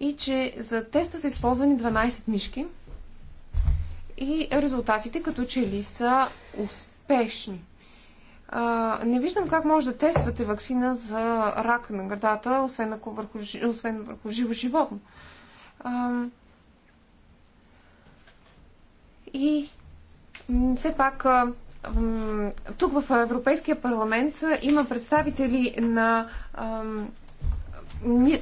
И че за теста са използвани 12 мишки – и резултатите като че ли са успешни. А, не виждам как може да тествате вакцина за рак на градата, освен, ако върху, освен върху живо животно. А, и все пак тук в Европейския парламент има представители на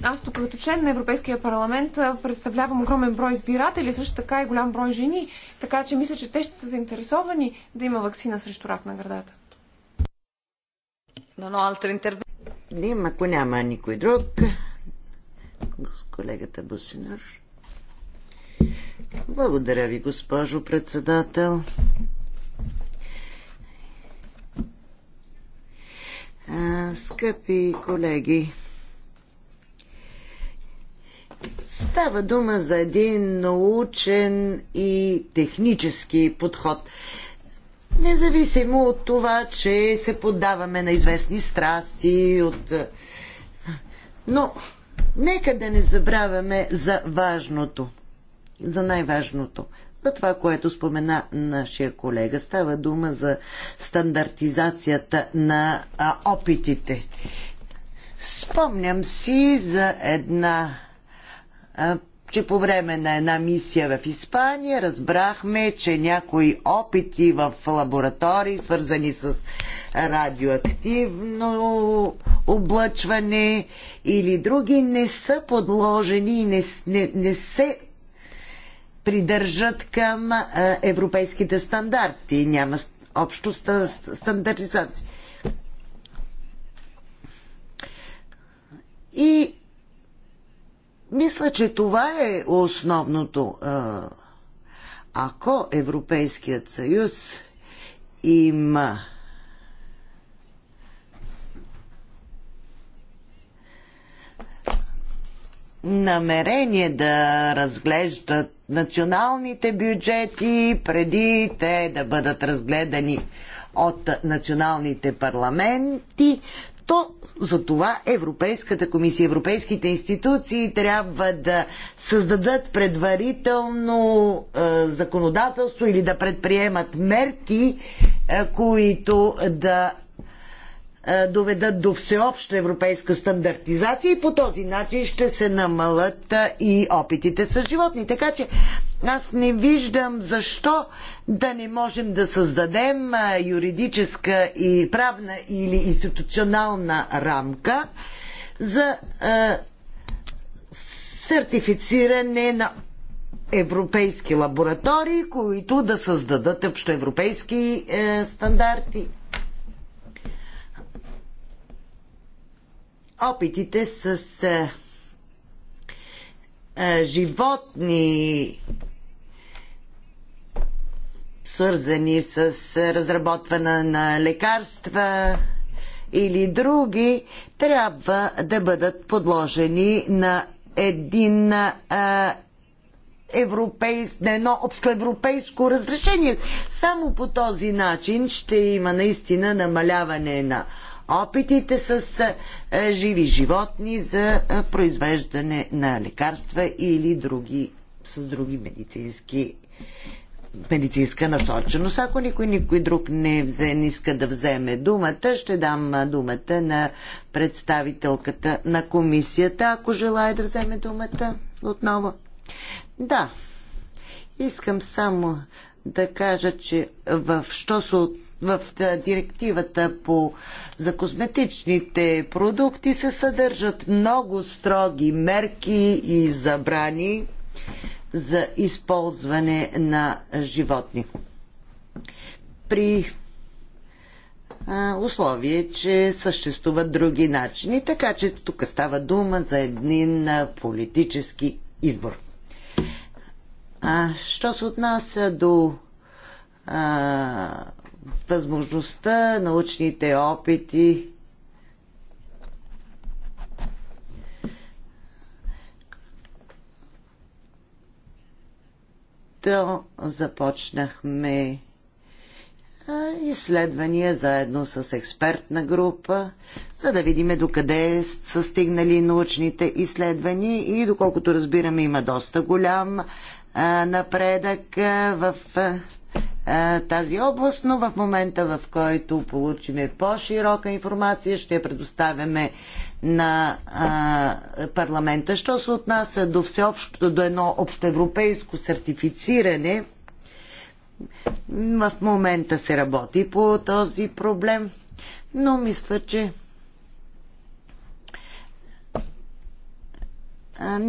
аз тук като член на Европейския парламент представлявам огромен брой избиратели, също така и голям брой жени, така че мисля, че те ще са заинтересовани да има вакцина срещу рак на градата. Но, алтер интервю. ако няма никой друг, колегата Бусинар. Благодаря ви, госпожо председател. А, скъпи колеги, Става дума за един научен и технически подход. Независимо от това, че се поддаваме на известни страсти, от... но нека да не забравяме за важното, за най-важното, за това, което спомена нашия колега. Става дума за стандартизацията на опитите. Спомням си за една че по време на една мисия в Испания разбрахме, че някои опити в лаборатории, свързани с радиоактивно облъчване или други, не са подложени и не, не, не се придържат към а, европейските стандарти. Няма общо стандартизация. И мисля, че това е основното. Ако Европейският съюз има намерение да разглеждат националните бюджети преди те да бъдат разгледани от националните парламенти, то за това Европейската комисия, европейските институции трябва да създадат предварително е, законодателство или да предприемат мерки, е, които да доведат до всеобща европейска стандартизация и по този начин ще се намалят и опитите с животни. Така че аз не виждам защо да не можем да създадем юридическа и правна или институционална рамка за сертифициране на европейски лаборатории, които да създадат общоевропейски е, стандарти. опитите с животни, свързани с разработване на лекарства или други, трябва да бъдат подложени на един а, европейс, на едно общоевропейско разрешение. Само по този начин ще има наистина намаляване на опитите с е, живи животни за е, произвеждане на лекарства или други, с други медицински медицинска насоченост. Ако никой, никой друг не, взе, не иска да вземе думата, ще дам е, думата на представителката на комисията, ако желая да вземе думата отново. Да, искам само да кажа, че в що се от в е, директивата по, за козметичните продукти се съдържат много строги мерки и забрани за използване на животни. При е, условие, че съществуват други начини. Така че тук става дума за един е, политически избор. А, що се отнася до а, възможността, научните опити. То започнахме изследвания заедно с експертна група, за да видим докъде са стигнали научните изследвания и доколкото разбираме има доста голям напредък в тази област, но в момента в който получиме по-широка информация, ще я предоставяме на а, парламента. Що се отнася до, всеобщо, до едно общоевропейско сертифициране, в момента се работи по този проблем, но мисля, че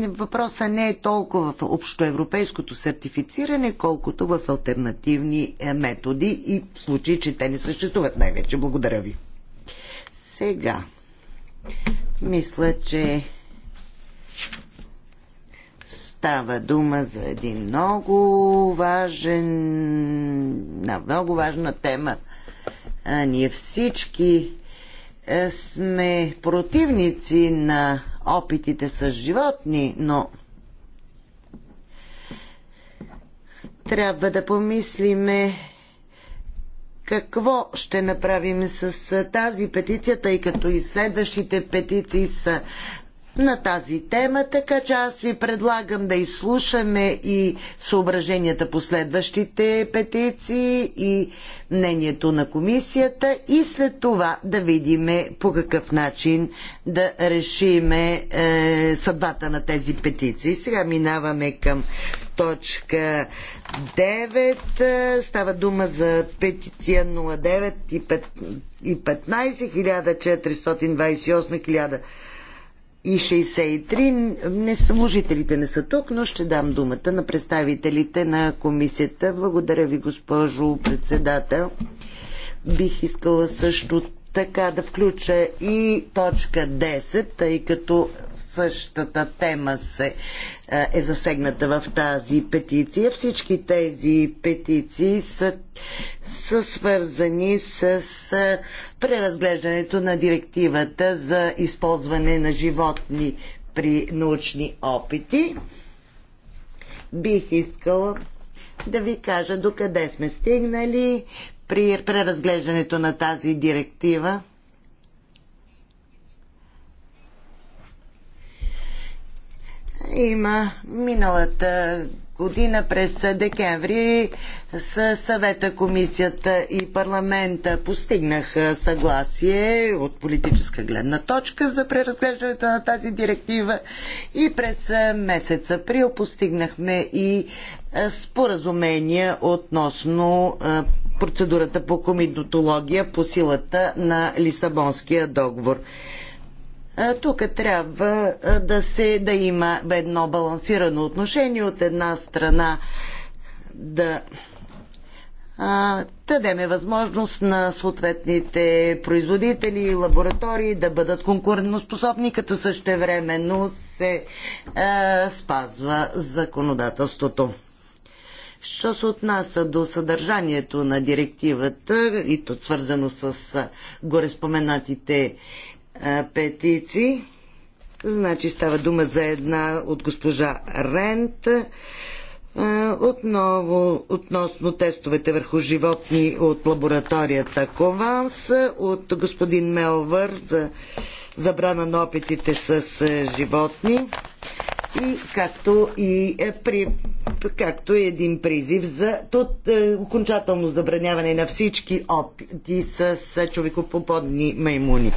Въпросът не е толкова в общоевропейското сертифициране, колкото в альтернативни е, методи и в случай, че те не съществуват най-вече. Благодаря ви. Сега, мисля, че става дума за един много важен, на много важна тема. А ние всички е, сме противници на опитите с животни, но трябва да помислиме какво ще направим с тази петиция, тъй като и следващите петиции са на тази тема, така че аз ви предлагам да изслушаме и съображенията по следващите петиции и мнението на комисията и след това да видиме по какъв начин да решиме е, съдбата на тези петиции. Сега минаваме към точка 9. Е, става дума за петиция 09 и 15 1428 и 63. Не, служителите не са тук, но ще дам думата на представителите на комисията. Благодаря ви, госпожо председател. Бих искала също така да включа и точка 10, тъй като същата тема се, е, е засегната в тази петиция. Всички тези петиции са, са свързани с преразглеждането на директивата за използване на животни при научни опити. Бих искала да ви кажа докъде сме стигнали при преразглеждането на тази директива. Има миналата година през декември с съвета, комисията и парламента постигнаха съгласие от политическа гледна точка за преразглеждането на тази директива и през месец април постигнахме и е, споразумения относно е, процедурата по комитология по силата на Лисабонския договор. Тук трябва да, се, да има едно балансирано отношение от една страна да дадеме възможност на съответните производители и лаборатории да бъдат конкурентоспособни, като същевременно се а, спазва законодателството. Що се отнася до съдържанието на директивата и то свързано с гореспоменатите петиции. Значи става дума за една от госпожа Рент. Отново относно тестовете върху животни от лабораторията Кованс, от господин Мелвър за забрана на опитите с животни и както и е, при както и един призив за тот, е, окончателно забраняване на всички опити с човекоподобни маймуни.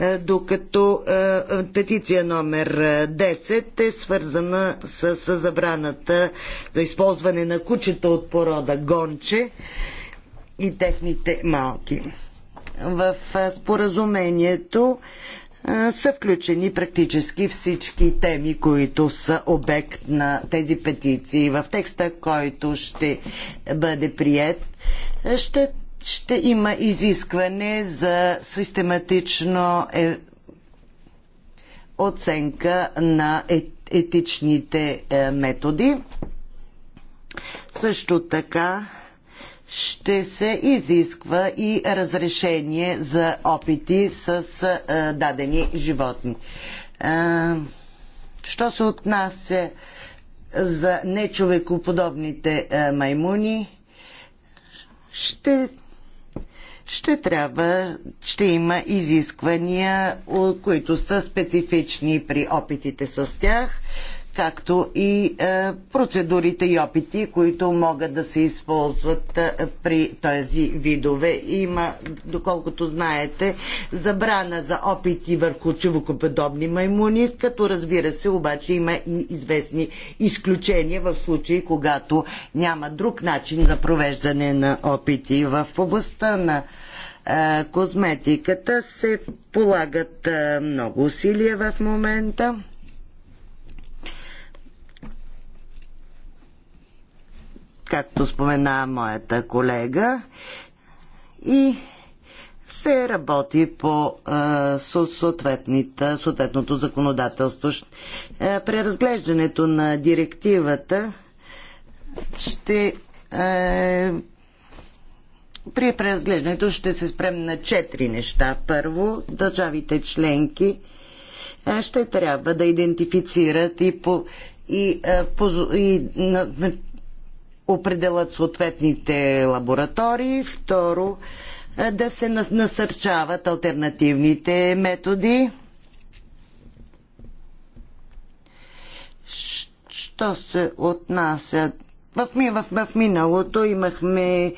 Е, докато е, петиция номер 10 е, е свързана с забраната за използване на кучета от порода гонче и техните малки. В споразумението са включени практически всички теми, които са обект на тези петиции. В текста, който ще бъде прият, ще ще има изискване за систематично е... оценка на е, етичните е, методи. Също така ще се изисква и разрешение за опити с е, дадени животни. що се отнася за нечовекоподобните маймуни, ще ще трябва, ще има изисквания, които са специфични при опитите с тях както и е, процедурите и опити, които могат да се използват е, при тези видове. Има, доколкото знаете, забрана за опити върху чувокоподобни маймуни, като разбира се, обаче има и известни изключения в случаи, когато няма друг начин за провеждане на опити. В областта на е, козметиката се полагат много усилия в момента както спомена моята колега. И се работи по съответното законодателство. Преразглеждането на директивата ще при преразглеждането ще се спрем на четири неща. Първо, държавите членки ще трябва да идентифицират и, по, и, и, и на, определят съответните лаборатории. Второ, е, да се насърчават альтернативните методи. Що се отнася в, в, в миналото имахме е,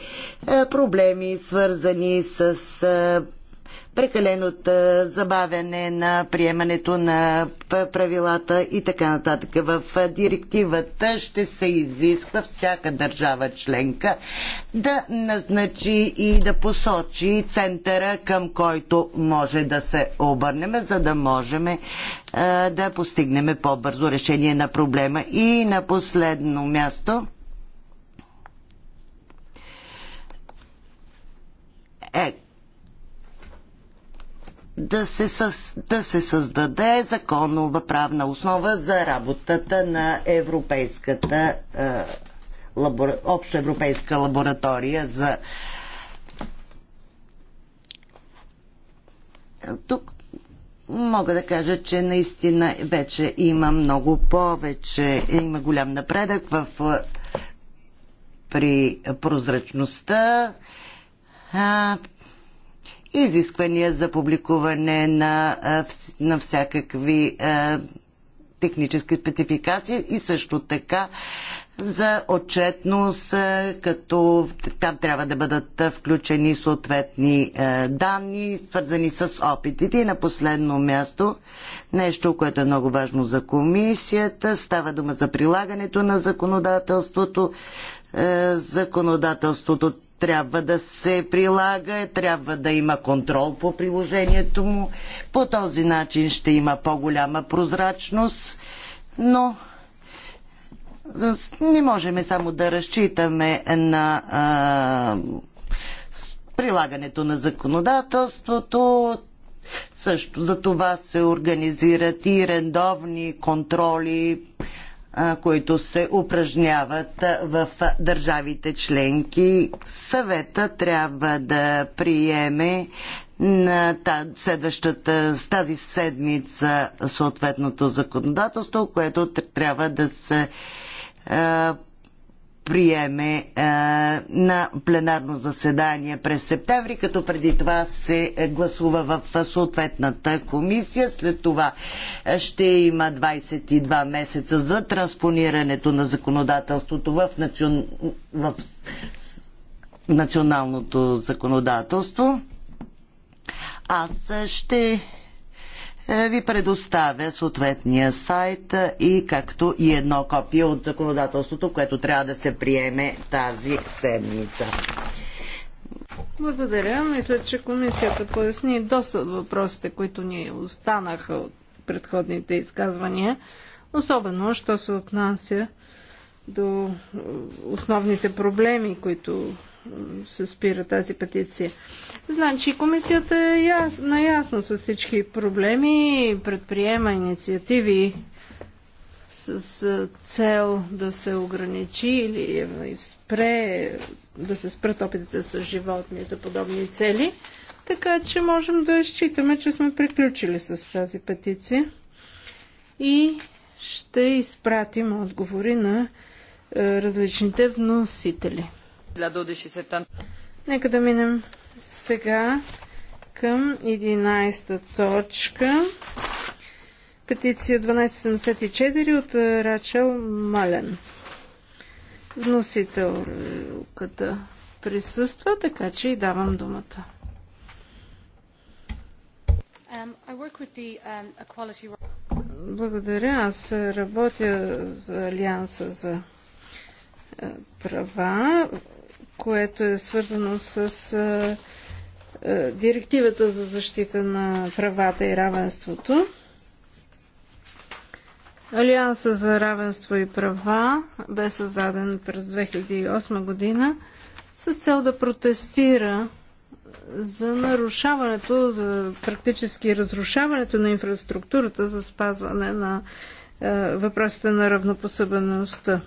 проблеми, свързани с е, прекаленото забавяне на приемането на правилата и така нататък. В директивата ще се изисква всяка държава членка да назначи и да посочи центъра, към който може да се обърнем, за да можем да постигнем по-бързо решение на проблема. И на последно място е да се, със, да се създаде законова правна основа за работата на Европейската е, лабора, общоевропейска лаборатория за. Тук мога да кажа, че наистина вече има много повече, има голям напредък в, е, при прозрачността. А, изисквания за публикуване на, на всякакви технически спецификации и също така за отчетност, като там трябва да бъдат включени съответни данни, свързани с опитите. И на последно място, нещо, което е много важно за комисията, става дума за прилагането на законодателството. Законодателството трябва да се прилага, трябва да има контрол по приложението му. По този начин ще има по-голяма прозрачност, но не можем само да разчитаме на а, прилагането на законодателството. Също за това се организират и редовни контроли които се упражняват в държавите членки. Съвета трябва да приеме на следващата, тази седмица съответното законодателство, което трябва да се приеме а, е, на пленарно заседание през септември, като преди това се гласува в съответната комисия. След това е, ще има 22 месеца за транспонирането на законодателството в, национ... в националното законодателство. Аз ще е, ви предоставя съответния сайт е, и както и едно копие от законодателството, което трябва да се приеме тази седмица. Благодаря. Мисля, че комисията поясни доста от въпросите, които ни останаха от предходните изказвания, особено, що се отнася до е, основните проблеми, които се спира тази петиция. Значи комисията е яс, наясно с всички проблеми, предприема инициативи с цел да се ограничи или е, спре, да се спрат опитите с животни за подобни цели. Така че можем да считаме, че сме приключили с тази петиция и ще изпратим отговори на различните вносители. Нека да минем сега към 11-та точка. Петиция 1274 от Рачел Мален. Вносителката присъства, така че и давам думата. Um, um, Благодаря. Аз работя за Алианса за е, права което е свързано с директивата за защита на правата и равенството. Алианса за равенство и права бе създаден през 2008 година с цел да протестира за нарушаването, за практически разрушаването на инфраструктурата за спазване на е, въпросите на равнопосъбеността.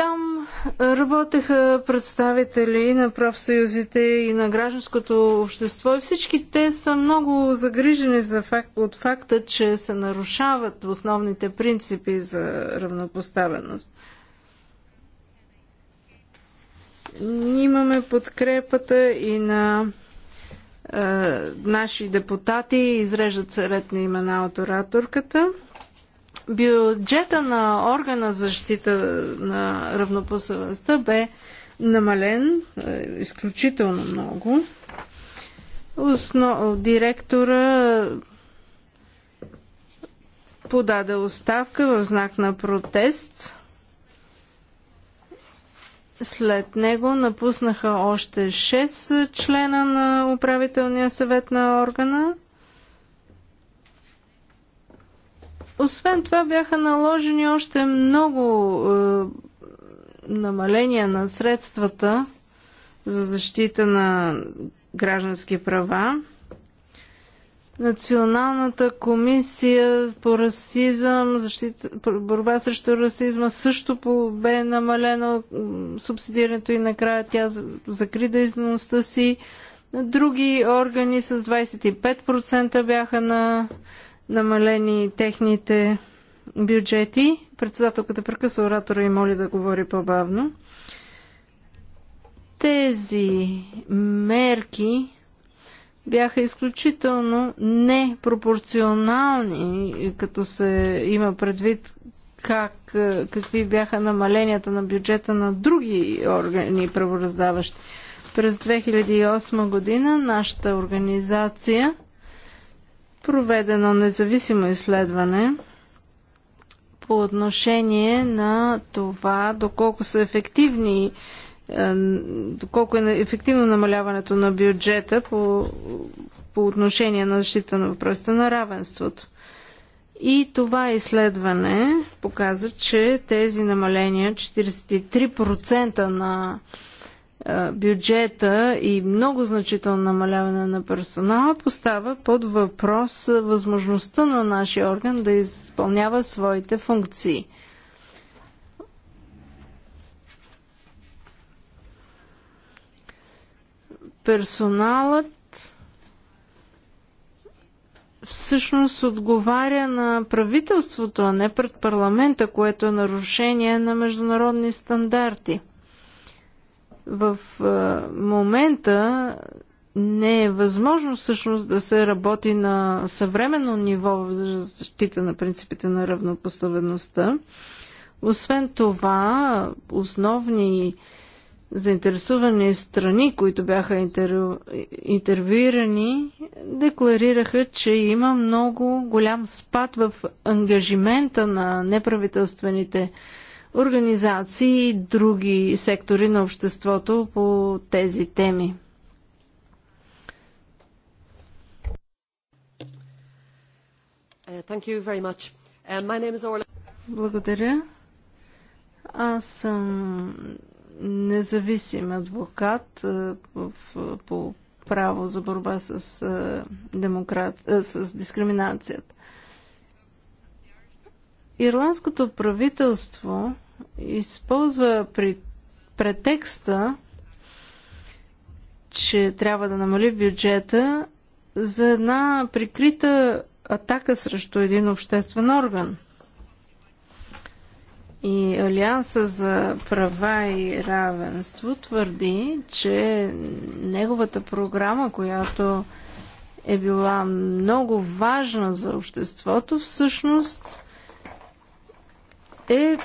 Там е, работеха представители на профсъюзите и на гражданското общество и всички те са много загрижени за факт, от факта, че се нарушават основните принципи за равнопоставеност. Ние имаме подкрепата и на е, наши депутати, изреждат се ред на имена от ораторката. Бюджета на органа за защита на равнопоставеността бе намален е, изключително много. Основ... Директора е, подаде оставка в знак на протест. След него напуснаха още 6 члена на управителния съвет на органа. Освен това бяха наложени още много е, намаления на средствата за защита на граждански права. Националната комисия по расизъм, защита, борба срещу расизма също бе намалено субсидирането и накрая тя закри дейността си. Други органи с 25% бяха на намалени техните бюджети. Председателката прекъсва оратора и моли да говори по-бавно. Тези мерки бяха изключително непропорционални, като се има предвид как, какви бяха намаленията на бюджета на други органи правораздаващи. През 2008 година нашата организация проведено независимо изследване по отношение на това доколко са ефективни е, доколко е ефективно намаляването на бюджета по, по отношение на защита на въпросите на равенството. И това изследване показа, че тези намаления, 43% на бюджета и много значително намаляване на персонала поставя под въпрос възможността на нашия орган да изпълнява своите функции. Персоналът всъщност отговаря на правителството, а не пред парламента, което е нарушение на международни стандарти – в момента не е възможно всъщност да се работи на съвременно ниво в защита на принципите на равнопоставеността. Освен това, основни заинтересувани страни, които бяха интервю... интервюирани, декларираха, че има много голям спад в ангажимента на неправителствените организации и други сектори на обществото по тези теми. Uh, Благодаря. Аз съм независим адвокат по право за борба с, демократ... с дискриминацията. Ирландското правителство използва при претекста, че трябва да намали бюджета за една прикрита атака срещу един обществен орган. И Алианса за права и равенство твърди, че неговата програма, която е била много важна за обществото, всъщност е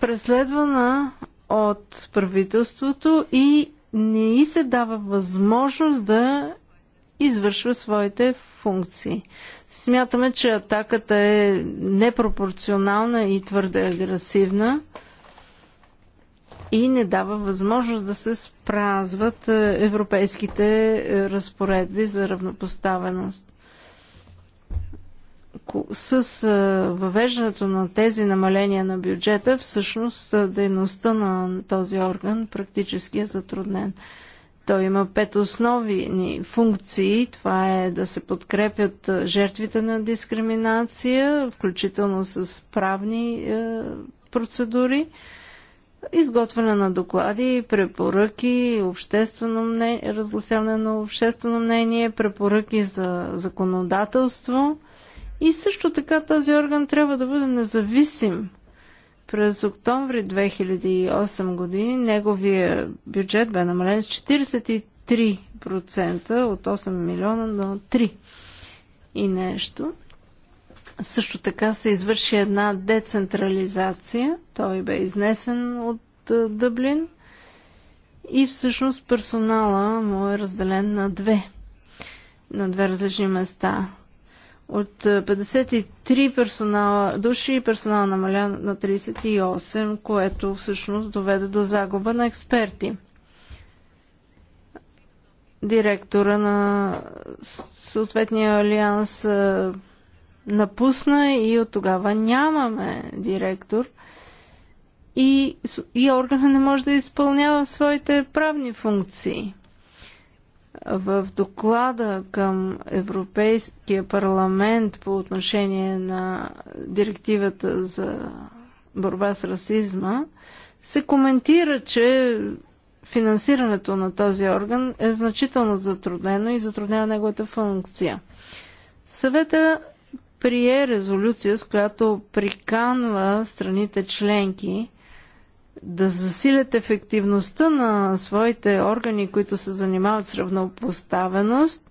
преследвана от правителството и не й се дава възможност да извършва своите функции. Смятаме, че атаката е непропорционална и твърде агресивна и не дава възможност да се спразват е, европейските е, разпоредби за равнопоставеност с въвеждането на тези намаления на бюджета, всъщност дейността на този орган практически е затруднен. Той има пет основни функции. Това е да се подкрепят жертвите на дискриминация, включително с правни процедури, изготвяне на доклади, препоръки, обществено мнение, разгласяване на обществено мнение, препоръки за законодателство – и също така този орган трябва да бъде независим. През октомври 2008 години неговия бюджет бе намален с 43% от 8 милиона на 3 и нещо. Също така се извърши една децентрализация. Той бе изнесен от Дъблин и всъщност персонала му е разделен на две. На две различни места. От 53 е, персонала, души персонал намаля на 38, което всъщност доведе до загуба на експерти. Директора на съответния алианс е, напусна и от тогава нямаме директор и, и органа не може да изпълнява своите правни функции. В доклада към Европейския парламент по отношение на директивата за борба с расизма се коментира, че финансирането на този орган е значително затруднено и затруднява неговата функция. Съвета прие резолюция, с която приканва страните членки да засилят ефективността на своите органи, които се занимават с равнопоставеност,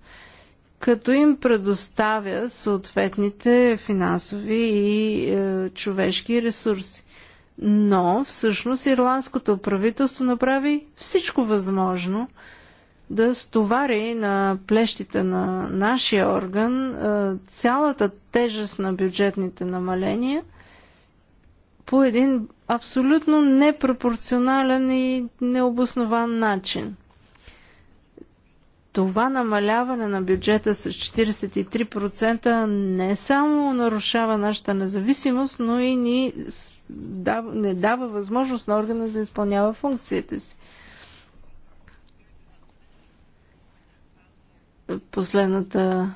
като им предоставя съответните финансови и е, човешки ресурси. Но всъщност ирландското правителство направи всичко възможно да стовари на плещите на нашия орган е, цялата тежест на бюджетните намаления по един абсолютно непропорционален и необоснован начин. Това намаляване на бюджета с 43% не само нарушава нашата независимост, но и ни дава, не дава възможност на органа да изпълнява функциите си. Последната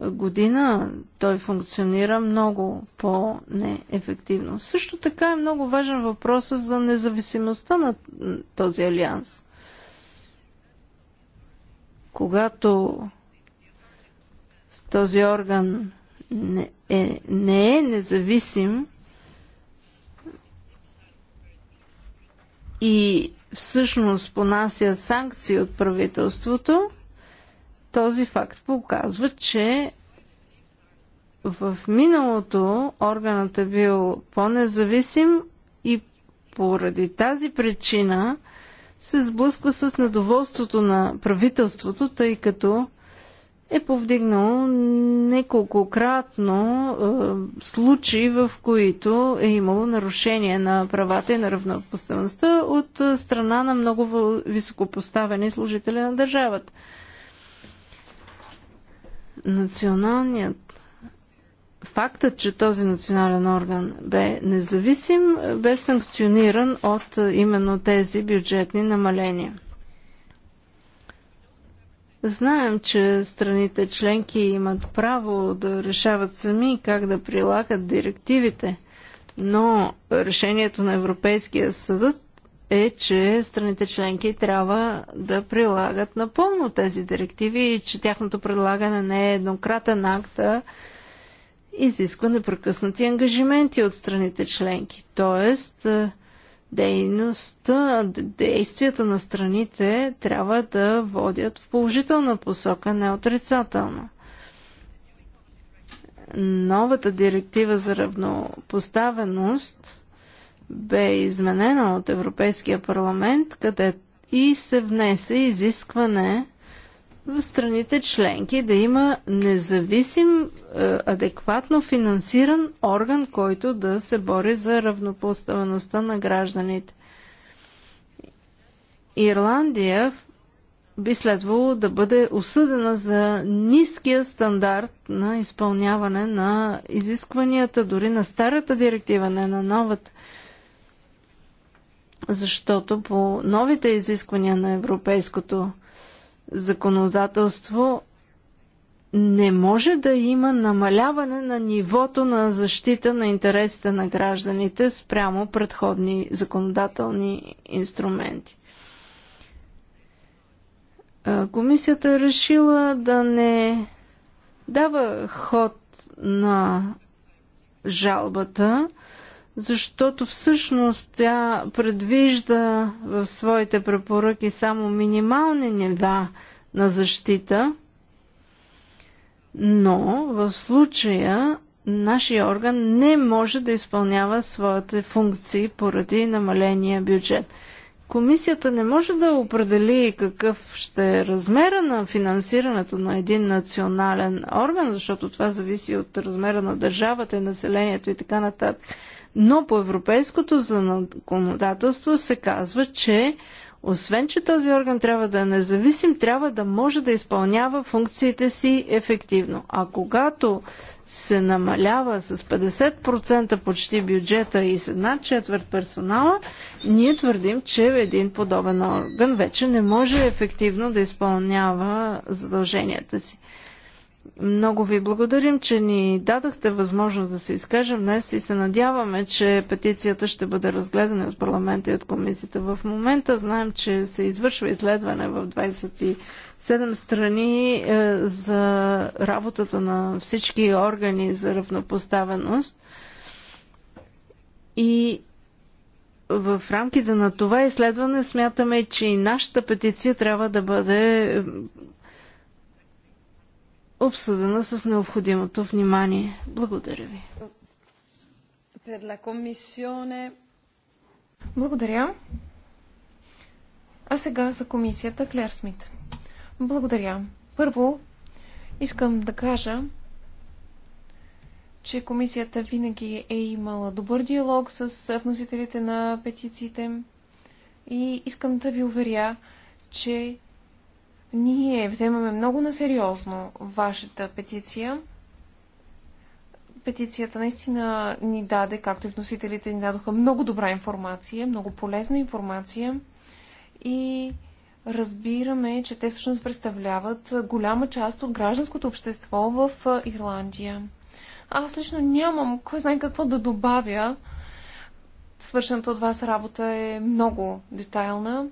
година той функционира много по-неефективно. Също така е много важен въпросът за независимостта на този алианс. Когато този орган не е, не е независим и всъщност понася санкции от правителството, този факт показва, че в миналото органът е бил по-независим и поради тази причина се сблъсква с недоволството на правителството, тъй като е повдигнал неколкократно е, случаи, в които е имало нарушение на правата и на равнопоставеността от е, страна на много високопоставени служители на държавата. Националният фактът, че този национален орган бе независим, бе санкциониран от именно тези бюджетни намаления. Знаем, че страните членки имат право да решават сами как да прилагат директивите, но решението на Европейския съд е, че страните членки трябва да прилагат напълно тези директиви и че тяхното предлагане не е еднократен акт, а изисква непрекъснати ангажименти от страните членки. Тоест, е, дейността, е, действията на страните трябва да водят в положителна посока, не отрицателна. Новата директива за равнопоставеност – бе изменена от Европейския парламент, къде и се внесе изискване в страните членки да има независим, е, адекватно финансиран орган, който да се бори за равнопоставеността на гражданите. Ирландия би следвало да бъде осъдена за ниския стандарт на изпълняване на изискванията дори на старата директива, не на новата защото по новите изисквания на европейското законодателство не може да има намаляване на нивото на защита на интересите на гражданите спрямо предходни законодателни инструменти. Комисията е решила да не дава ход на жалбата, защото всъщност тя предвижда в своите препоръки само минимални нива на защита, но в случая нашия орган не може да изпълнява своите функции поради намаления бюджет. Комисията не може да определи какъв ще е размера на финансирането на един национален орган, защото това зависи от размера на държавата и населението и така нататък. Но по европейското законодателство се казва, че освен, че този орган трябва да е независим, трябва да може да изпълнява функциите си ефективно. А когато се намалява с 50% почти бюджета и с една четвърт персонала, ние твърдим, че един подобен орган вече не може ефективно да изпълнява задълженията си. Много ви благодарим, че ни дадохте възможност да се изкажем днес и се надяваме, че петицията ще бъде разгледана от парламента и от комисията. В момента знаем, че се извършва изследване в 27 страни е, за работата на всички органи за равнопоставеност. И в рамките на това изследване смятаме, че и нашата петиция трябва да бъде обсъдена с необходимото внимание. Благодаря ви. Благодаря. А сега за комисията Клер Смит. Благодаря. Първо, искам да кажа, че комисията винаги е имала добър диалог с вносителите на петициите и искам да ви уверя, че ние вземаме много на сериозно вашата петиция. Петицията наистина ни даде, както и вносителите ни дадоха, много добра информация, много полезна информация и разбираме, че те всъщност представляват голяма част от гражданското общество в Ирландия. Аз лично нямам кой знае какво да добавя. Свършената от вас работа е много детайлна.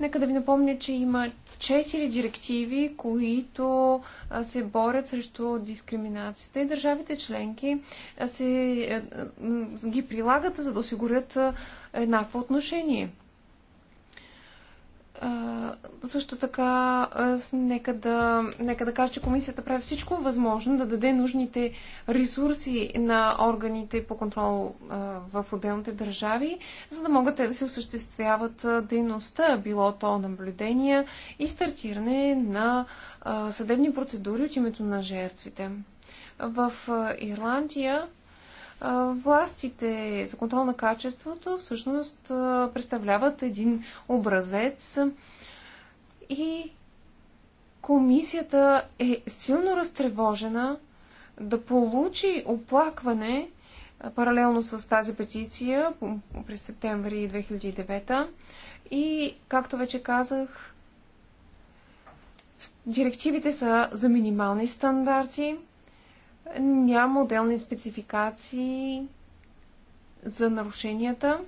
Нека да ви напомня, че има четири директиви, които се борят срещу дискриминацията и държавите членки се, ги прилагат, за да осигурят еднакво отношение също така, нека да, нека да кажа, че комисията прави всичко възможно да даде нужните ресурси на органите по контрол в отделните държави, за да могат те да се осъществяват дейността, било то наблюдения и стартиране на съдебни процедури от името на жертвите. В Ирландия властите за контрол на качеството всъщност представляват един образец и комисията е силно разтревожена да получи оплакване паралелно с тази петиция през септември 2009 и, както вече казах, директивите са за минимални стандарти – няма отделни спецификации за нарушенията.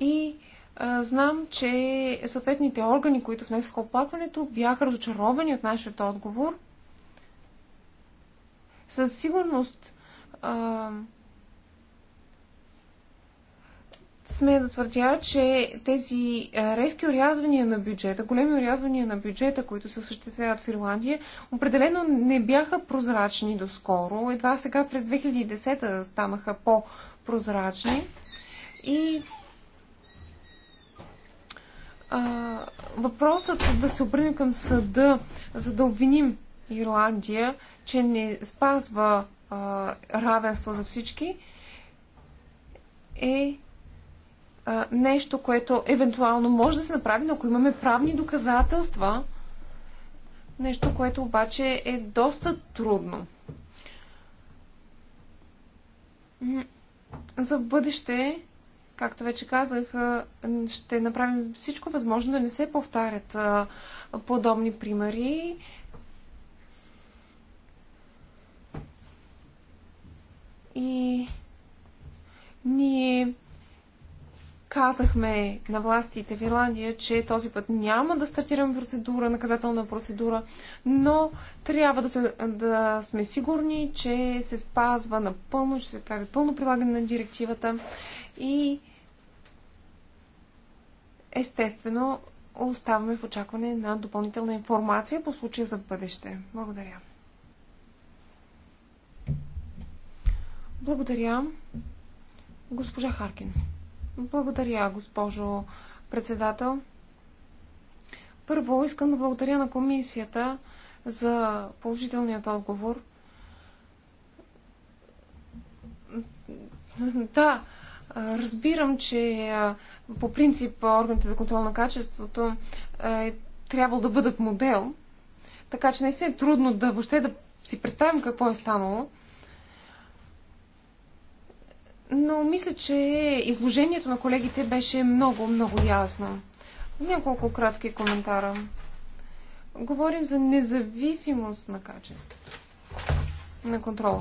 И а, знам, че съответните органи, които внесоха оплакването, бяха разочаровани от нашия отговор. Със сигурност а, Сме да твърдя, че тези резки орязвания на бюджета, големи орязвания на бюджета, които се осъществяват в Ирландия, определено не бяха прозрачни доскоро. Едва сега през 2010 станаха по-прозрачни. И а, въпросът да се обърнем към съда, за да обвиним Ирландия, че не спазва а, равенство за всички, е нещо, което евентуално може да се направи, но ако имаме правни доказателства, нещо, което обаче е доста трудно. За бъдеще, както вече казах, ще направим всичко възможно да не се повтарят подобни примери. И ние Казахме на властите в Ирландия, че този път няма да стартираме процедура, наказателна процедура, но трябва да, се, да сме сигурни, че се спазва напълно, че се прави пълно прилагане на директивата и естествено оставаме в очакване на допълнителна информация по случая за бъдеще. Благодаря. Благодаря. Госпожа Харкин. Благодаря, госпожо председател. Първо искам да благодаря на комисията за положителният отговор. Да, разбирам, че по принцип органите за контрол на качеството е трябвало да бъдат модел, така че не се е трудно да въобще да си представим какво е станало но мисля, че изложението на колегите беше много, много ясно. Няколко кратки коментара. Говорим за независимост на качеството, на контрол.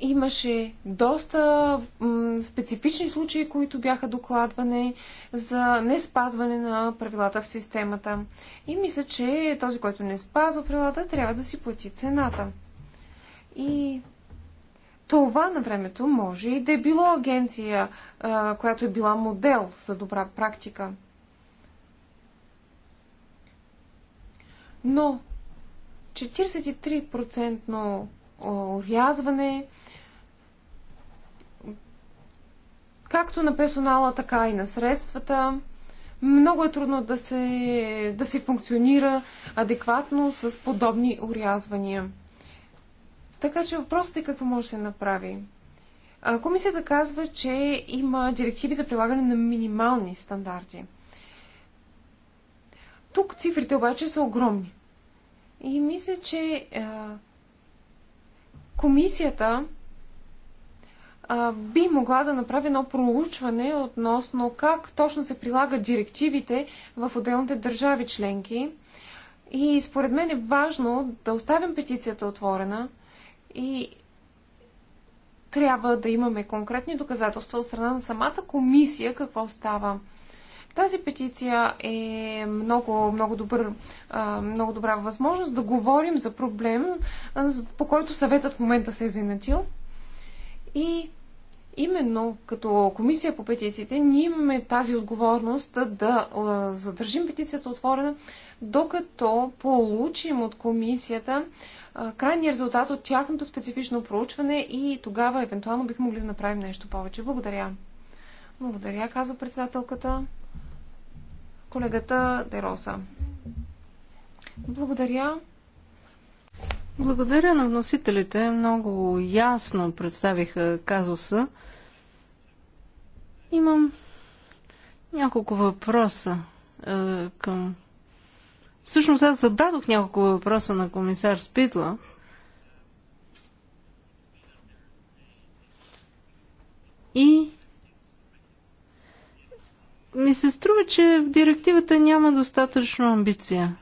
Имаше доста специфични случаи, които бяха докладване за не спазване на правилата в системата. И мисля, че този, който не спазва правилата, трябва да си плати цената. И това на времето може и да е било агенция, която е била модел за добра практика. Но 43% орязване, както на персонала, така и на средствата. Много е трудно да се, да се функционира адекватно с подобни урязвания. Така че въпросът е какво може да се направи. Комисията казва, че има директиви за прилагане на минимални стандарти. Тук цифрите обаче са огромни. И мисля, че а, комисията а, би могла да направи едно проучване относно как точно се прилагат директивите в отделните държави членки. И според мен е важно да оставим петицията отворена, и трябва да имаме конкретни доказателства от страна на самата комисия какво става. Тази петиция е много, много, добър, много добра възможност да говорим за проблем, по който съветът в момента се е занатил. И именно като комисия по петициите, ние имаме тази отговорност да задържим петицията отворена, докато получим от комисията крайния резултат от тяхното специфично проучване и тогава евентуално бих могли да направим нещо повече. Благодаря. Благодаря, казва председателката. Колегата Дероса. Благодаря. Благодаря на вносителите. Много ясно представиха казуса. Имам няколко въпроса е, към Всъщност аз зададох няколко въпроса на комисар Спитла. И ми се струва, че в директивата няма достатъчно амбиция.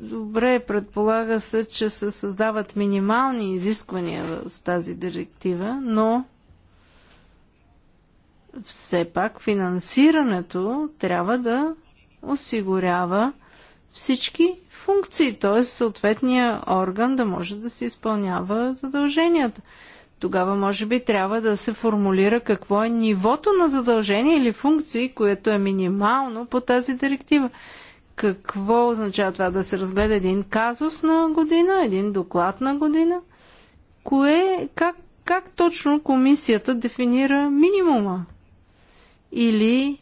Добре, предполага се, че се създават минимални изисквания в тази директива, но все пак финансирането трябва да осигурява всички функции, т.е. съответния орган да може да се изпълнява задълженията. Тогава може би трябва да се формулира какво е нивото на задължение или функции, което е минимално по тази директива. Какво означава това да се разгледа един казус на година, един доклад на година? Кое, как, как точно комисията дефинира минимума? Или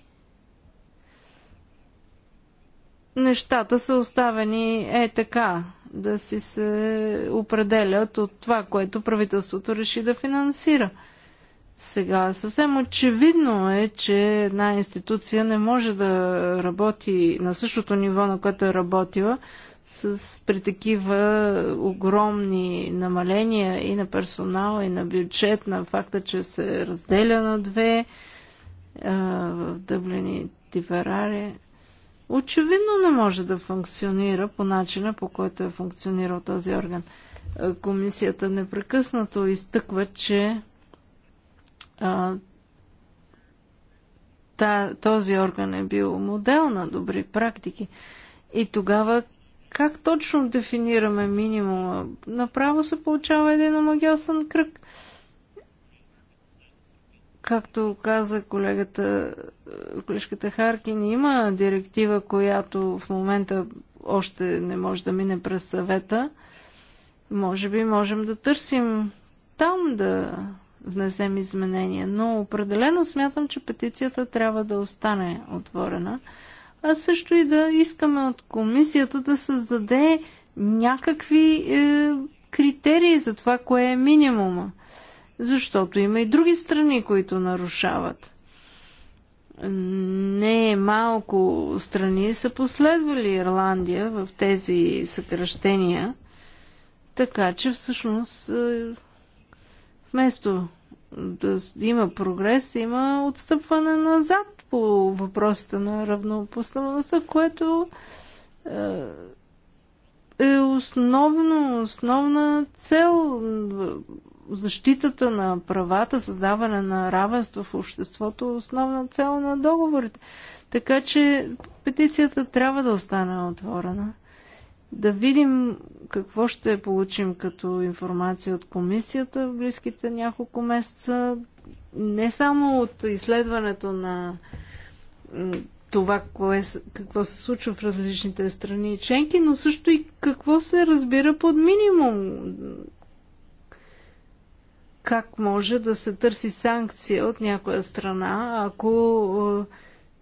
нещата са оставени е така, да си се определят от това, което правителството реши да финансира. Сега съвсем очевидно е, че една институция не може да работи на същото ниво, на което е работила, с, при такива огромни намаления и на персонала, и на бюджет, на факта, че се разделя на две в Дъблини Тиверари очевидно не може да функционира по начина, по който е функционирал този орган. Е, комисията непрекъснато изтъква, че а, та, този орган е бил модел на добри практики. И тогава как точно дефинираме минимума? Направо се получава един омагиосен кръг. А, Както каза колегата, колежката Харкин, има директива, която в момента още не може да мине през съвета. Може би можем да търсим там да внесем изменения, но определено смятам, че петицията трябва да остане отворена, а също и да искаме от комисията да създаде някакви е, критерии за това, кое е минимума защото има и други страни, които нарушават. Не е малко страни са последвали Ирландия в тези съкръщения, така че всъщност е, вместо да има прогрес, има отстъпване назад по въпросите на равнопоставеността, което е, е основно, основна цел защитата на правата, създаване на равенство в обществото е основна цел на договорите. Така че петицията трябва да остане отворена. Да видим какво ще получим като информация от комисията в близките няколко месеца. Не само от изследването на това, кое, какво се случва в различните страни и членки, но също и какво се разбира под минимум как може да се търси санкция от някоя страна, ако е,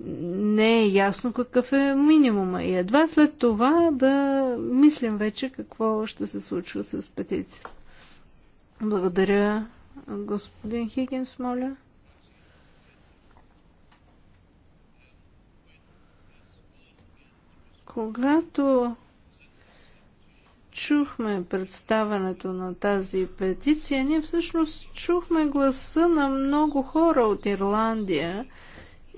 не е ясно какъв е минимума. И едва след това да мислим вече какво ще се случва с петиция. Благодаря, господин Хигинс, моля. Когато чухме представането на тази петиция, ние всъщност чухме гласа на много хора от Ирландия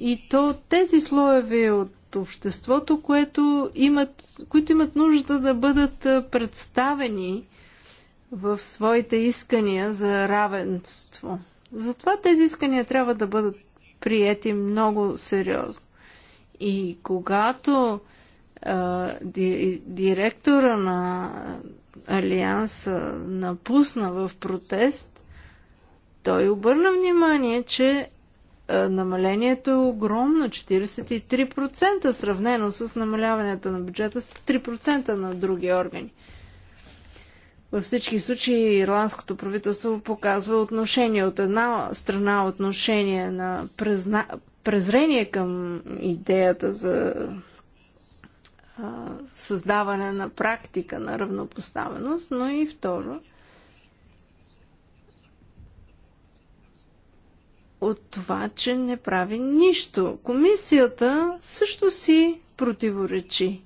и то тези слоеви от обществото, което имат, които имат нужда да бъдат представени в своите искания за равенство. Затова тези искания трябва да бъдат приети много сериозно. И когато директора на Алианса напусна в протест, той обърна внимание, че намалението е огромно 43%, сравнено с намаляването на бюджета с 3% на други органи. Във всички случаи ирландското правителство показва отношение от една страна отношение на презна... презрение към идеята за създаване на практика на равнопоставеност, но и второ от това, че не прави нищо. Комисията също си противоречи.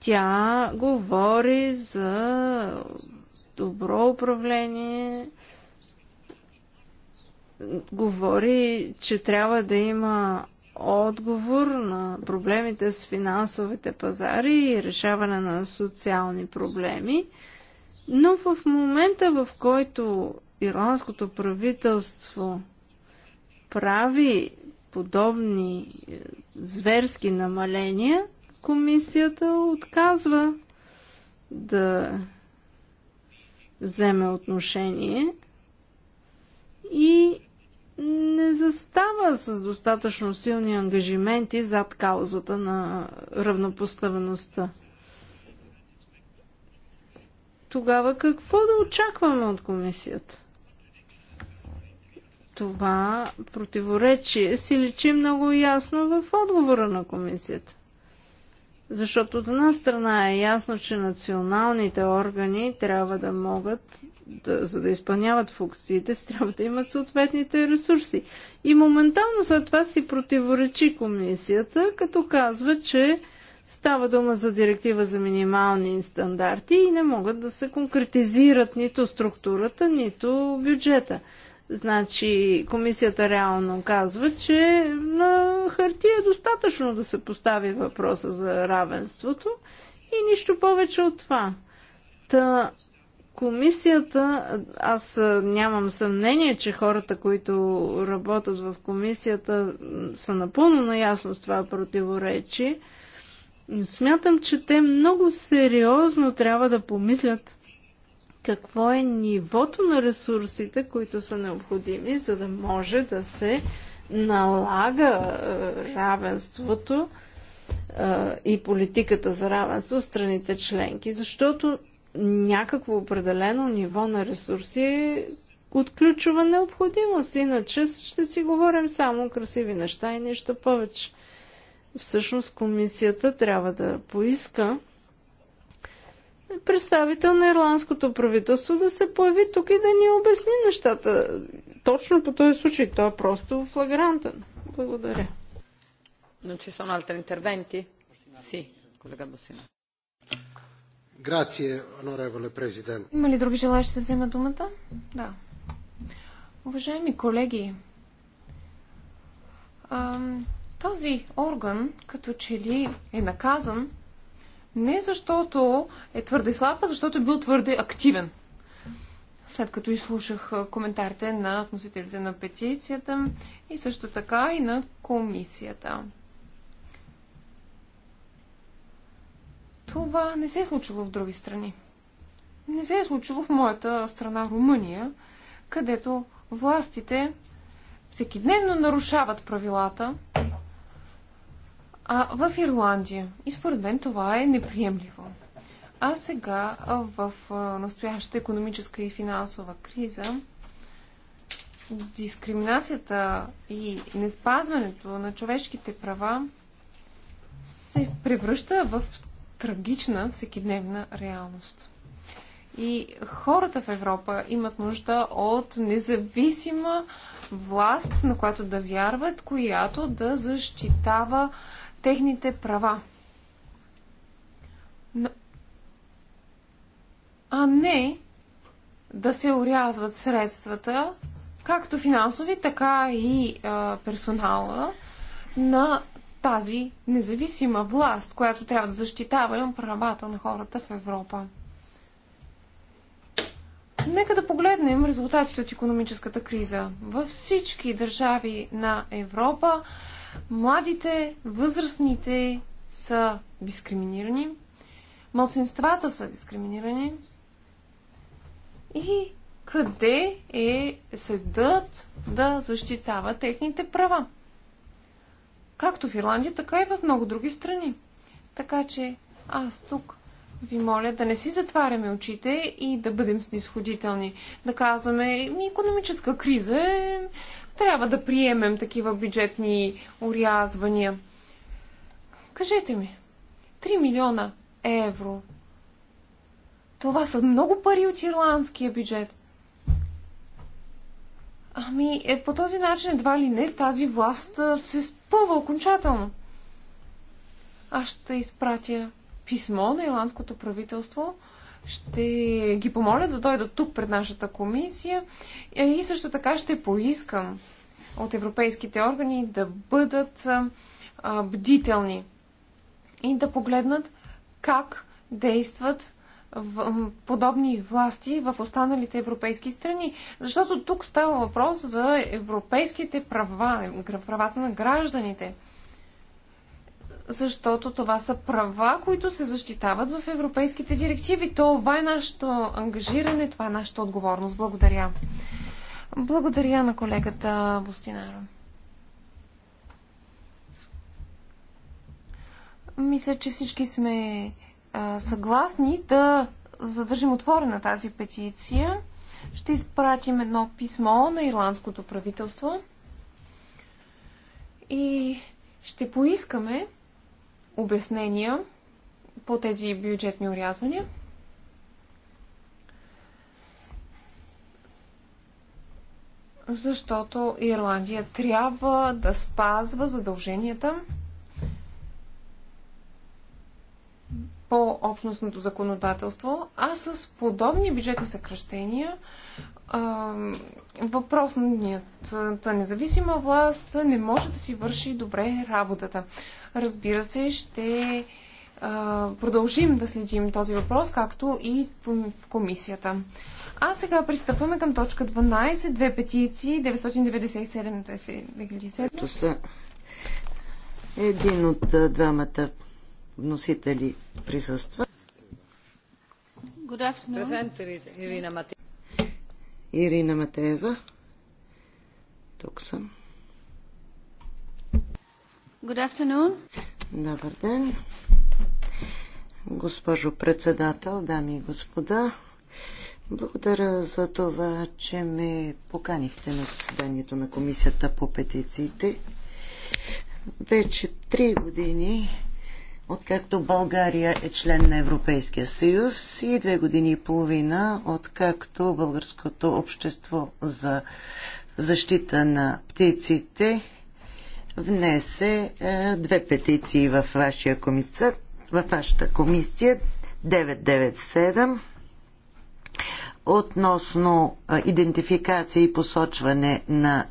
Тя говори за добро управление, говори, че трябва да има отговор на проблемите с финансовите пазари и решаване на социални проблеми. Но в момента, в който ирландското правителство прави подобни е, зверски намаления, комисията отказва да вземе отношение и не застава с достатъчно силни ангажименти зад каузата на равнопоставеността. Тогава какво да очакваме от комисията? Това противоречие си личи много ясно в отговора на комисията. Защото от една страна е ясно, че националните органи трябва да могат да, за да изпълняват функциите си, трябва да имат съответните ресурси. И моментално след това си противоречи комисията, като казва, че става дума за директива за минимални стандарти и не могат да се конкретизират нито структурата, нито бюджета. Значи комисията реално казва, че на хартия е достатъчно да се постави въпроса за равенството и нищо повече от това. Та Комисията, аз нямам съмнение, че хората, които работят в комисията, са напълно наясно с това противоречие. Но смятам, че те много сериозно трябва да помислят какво е нивото на ресурсите, които са необходими, за да може да се налага равенството и политиката за равенство в страните членки, защото някакво определено ниво на ресурси отключва необходимост. Иначе ще си говорим само красиви неща и нещо повече. Всъщност комисията трябва да поиска представител на ирландското правителство да се появи тук и да ни обясни нещата. Точно по този случай. Той е просто флагрантен. Благодаря. Но че са на interventi? Си, колега Босина. Грация, honorable президент. Има ли други желаящи да вземат думата? Да. Уважаеми колеги, този орган като че ли е наказан не защото е твърде слаб, а защото е бил твърде активен. След като изслушах коментарите на вносителите на петицията и също така и на комисията. Това не се е случило в други страни. Не се е случило в моята страна Румъния, където властите всеки дневно нарушават правилата, а в Ирландия. И според мен това е неприемливо. А сега в настоящата економическа и финансова криза дискриминацията и неспазването на човешките права се превръща в трагична всекидневна реалност. И хората в Европа имат нужда от независима власт, на която да вярват, която да защитава техните права. А не да се урязват средствата, както финансови, така и а, персонала на тази независима власт, която трябва да защитава правата на хората в Европа. Нека да погледнем резултатите от економическата криза. Във всички държави на Европа младите, възрастните са дискриминирани, мълцинствата са дискриминирани. И къде е съдът да защитава техните права? както в Ирландия, така и в много други страни. Така че аз тук ви моля да не си затваряме очите и да бъдем снисходителни. Да казваме, ми економическа криза е, трябва да приемем такива бюджетни урязвания. Кажете ми, 3 милиона евро. Това са много пари от ирландския бюджет. Ами, е, по този начин едва ли не тази власт се спъва окончателно. Аз ще изпратя писмо на ирландското правителство, ще ги помоля да дойдат тук пред нашата комисия е, и също така ще поискам от европейските органи да бъдат бдителни и да погледнат как действат подобни власти в останалите европейски страни. Защото тук става въпрос за европейските права, правата на гражданите. Защото това са права, които се защитават в европейските директиви. Това е нашето ангажиране, това е нашата отговорност. Благодаря. Благодаря на колегата Бостинаро. Мисля, че всички сме съгласни да задържим отворена тази петиция, ще изпратим едно писмо на ирландското правителство и ще поискаме обяснения по тези бюджетни урязвания. Защото Ирландия трябва да спазва задълженията по общностното законодателство, а с подобни бюджетни съкръщения въпросната независима власт не може да си върши добре работата. Разбира се, ще продължим да следим този въпрос, както и в комисията. А сега пристъпваме към точка 12, две петиции 997-2007. Са един от двамата вносители присъства. Ирина Матеева. Ирина Матеева. Тук съм. Good afternoon. Добър ден. Госпожо председател, дами и господа, благодаря за това, че ме поканихте на заседанието на Комисията по петициите. Вече три години Откакто България е член на Европейския съюз и две години и половина, откакто Българското общество за защита на птиците внесе е, две петиции в вашия комисия, в вашата комисия 997 относно е, идентификация и посочване на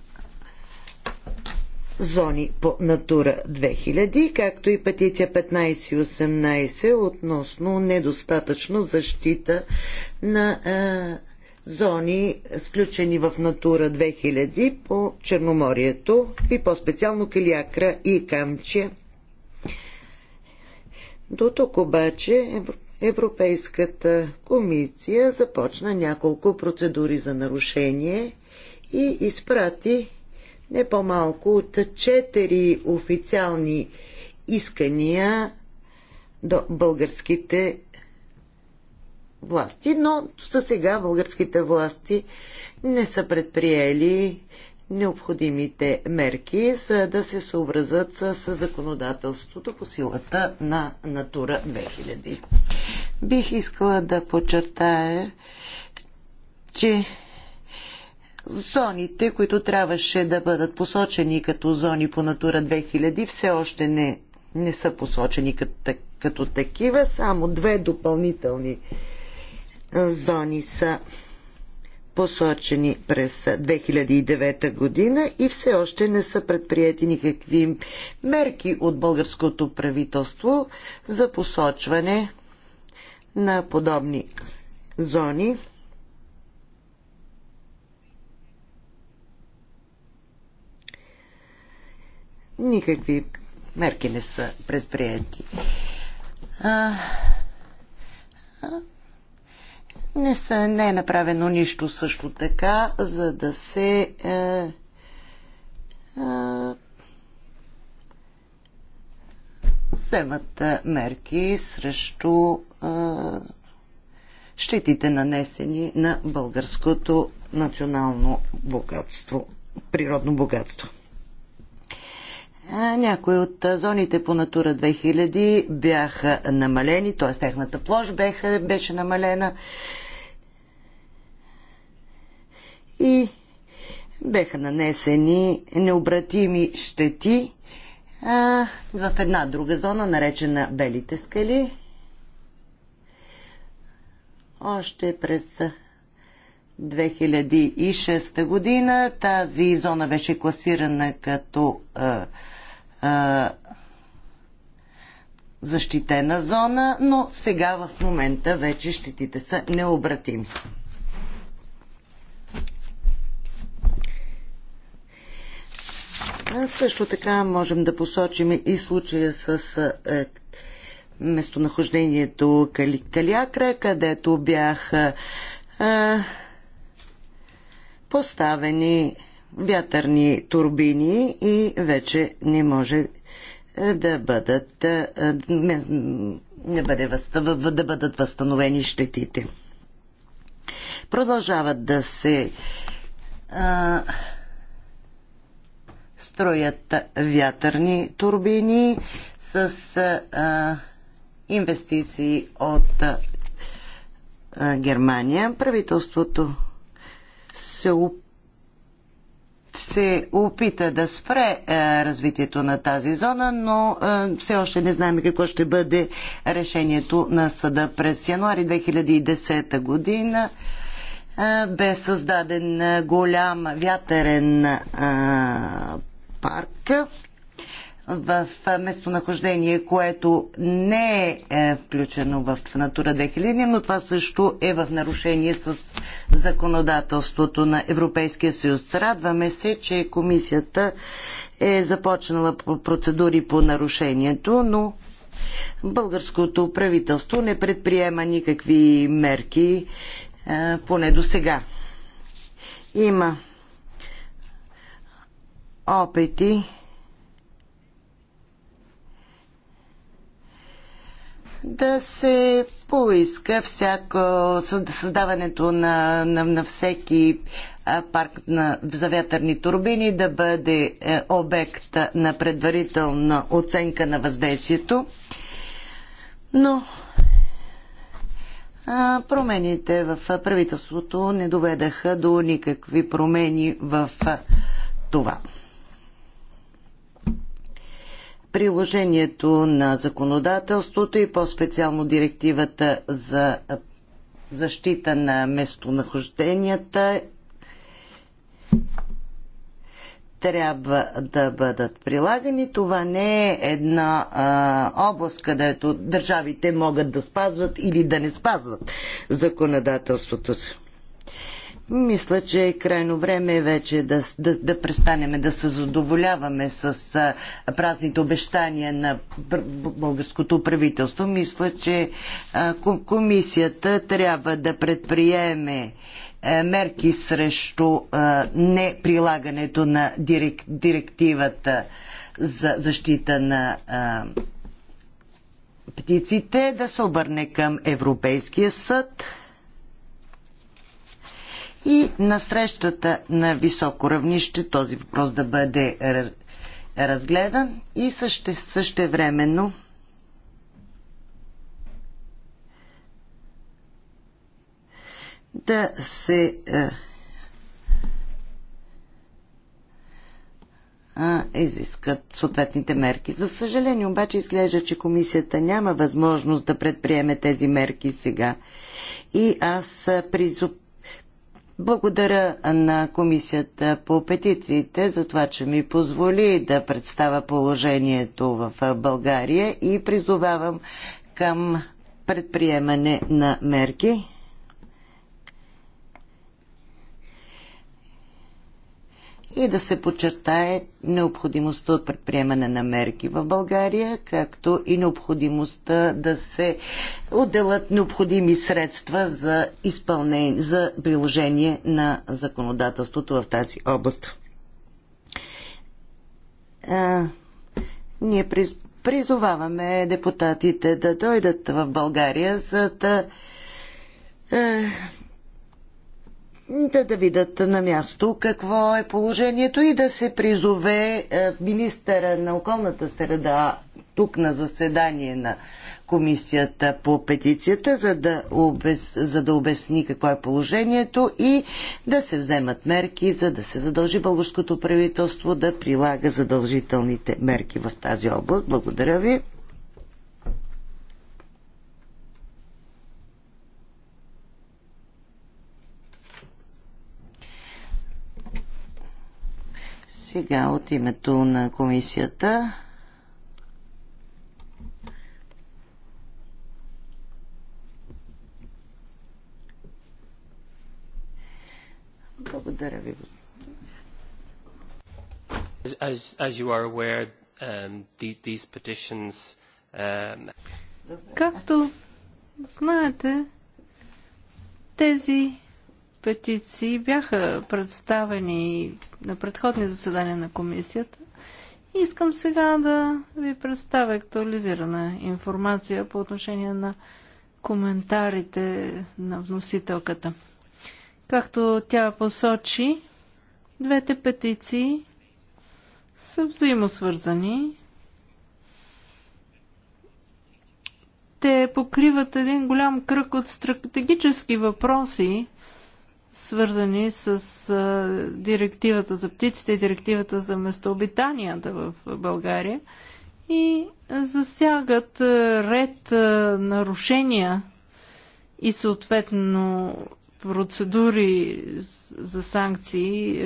зони по Натура 2000, както и петиция 15 и 18 относно недостатъчно защита на е, зони, включени в Натура 2000 по Черноморието и по-специално Килиакра и Камчия. До тук обаче Европейската комисия започна няколко процедури за нарушение и изпрати не по-малко от 4 официални искания до българските власти, но за сега българските власти не са предприели необходимите мерки, за да се съобразят с законодателството по силата на Натура 2000. Бих искала да подчертая, че Зоните, които трябваше да бъдат посочени като зони по Натура 2000, все още не, не са посочени като, като такива. Само две допълнителни зони са посочени през 2009 година и все още не са предприяти никакви мерки от българското правителство за посочване на подобни зони. никакви мерки не са предприяти. А, а, не, са, не е направено нищо също така, за да се е, е, вземат е, мерки срещу е, щетите нанесени на българското национално богатство, природно богатство някои от зоните по Натура 2000 бяха намалени, т.е. техната площ беха, беше намалена и беха нанесени необратими щети а, в една друга зона, наречена Белите скали. Още през 2006 година тази зона беше класирана като а, защитена зона, но сега в момента вече щетите са необратими. Също така можем да посочим и случая с е, местонахождението Кали, Калиакра, където бяха поставени вятърни турбини и вече не може е, да бъдат е, не бъде възстав, да бъдат възстановени щетите. Продължават да се а, е, строят вятърни турбини с а, инвестиции от а, Германия. Правителството се опитва се опита да спре е, развитието на тази зона, но е, все още не знаем какво ще бъде решението на съда през януари 2010 година. Е, бе създаден голям вятърен парк в местонахождение, което не е, е включено в Натура 2000, но това също е в нарушение с законодателството на Европейския съюз. Радваме се, че комисията е започнала процедури по нарушението, но българското правителство не предприема никакви мерки, е, поне до сега. Има опити да се поиска всяко създаването на, на, на всеки парк на, за вятърни турбини да бъде е, обект на предварителна оценка на въздействието. Но промените в правителството не доведаха до никакви промени в това приложението на законодателството и по-специално директивата за защита на местонахожденията трябва да бъдат прилагани. Това не е една а, област, където държавите могат да спазват или да не спазват законодателството си. Мисля, че е крайно време вече да, да, да престанем да се задоволяваме с а, празните обещания на българското правителство. Мисля, че а, комисията трябва да предприеме а, мерки срещу а, неприлагането на дирек, директивата за защита на. А, птиците да се обърне към Европейския съд и на срещата на високо равнище този въпрос да бъде разгледан и също, времено. да се е, изискат съответните мерки. За съжаление обаче изглежда, че комисията няма възможност да предприеме тези мерки сега. И аз призов благодаря на Комисията по петициите за това, че ми позволи да представя положението в България и призовавам към предприемане на мерки. и да се подчертае необходимостта от предприемане на мерки в България, както и необходимостта да се отделят необходими средства за, изпълнение, за приложение на законодателството в тази област. А, ние приз, призоваваме депутатите да дойдат в България, за да да, да видят на място какво е положението и да се призове е, министъра на околната среда тук на заседание на комисията по петицията, за да, обес... за да обясни какво е положението и да се вземат мерки, за да се задължи българското правителство да прилага задължителните мерки в тази област. Благодаря ви. Сега от името на комисията Благодаря ви. As, you are aware, um, these, petitions... Um, Както знаете, тези петиции бяха представени на предходни заседания на комисията. Искам сега да ви представя актуализирана информация по отношение на коментарите на вносителката. Както тя посочи, двете петиции са взаимосвързани. Те покриват един голям кръг от стратегически въпроси, свързани с директивата за птиците и директивата за местообитанията в България и засягат ред нарушения и съответно процедури за санкции,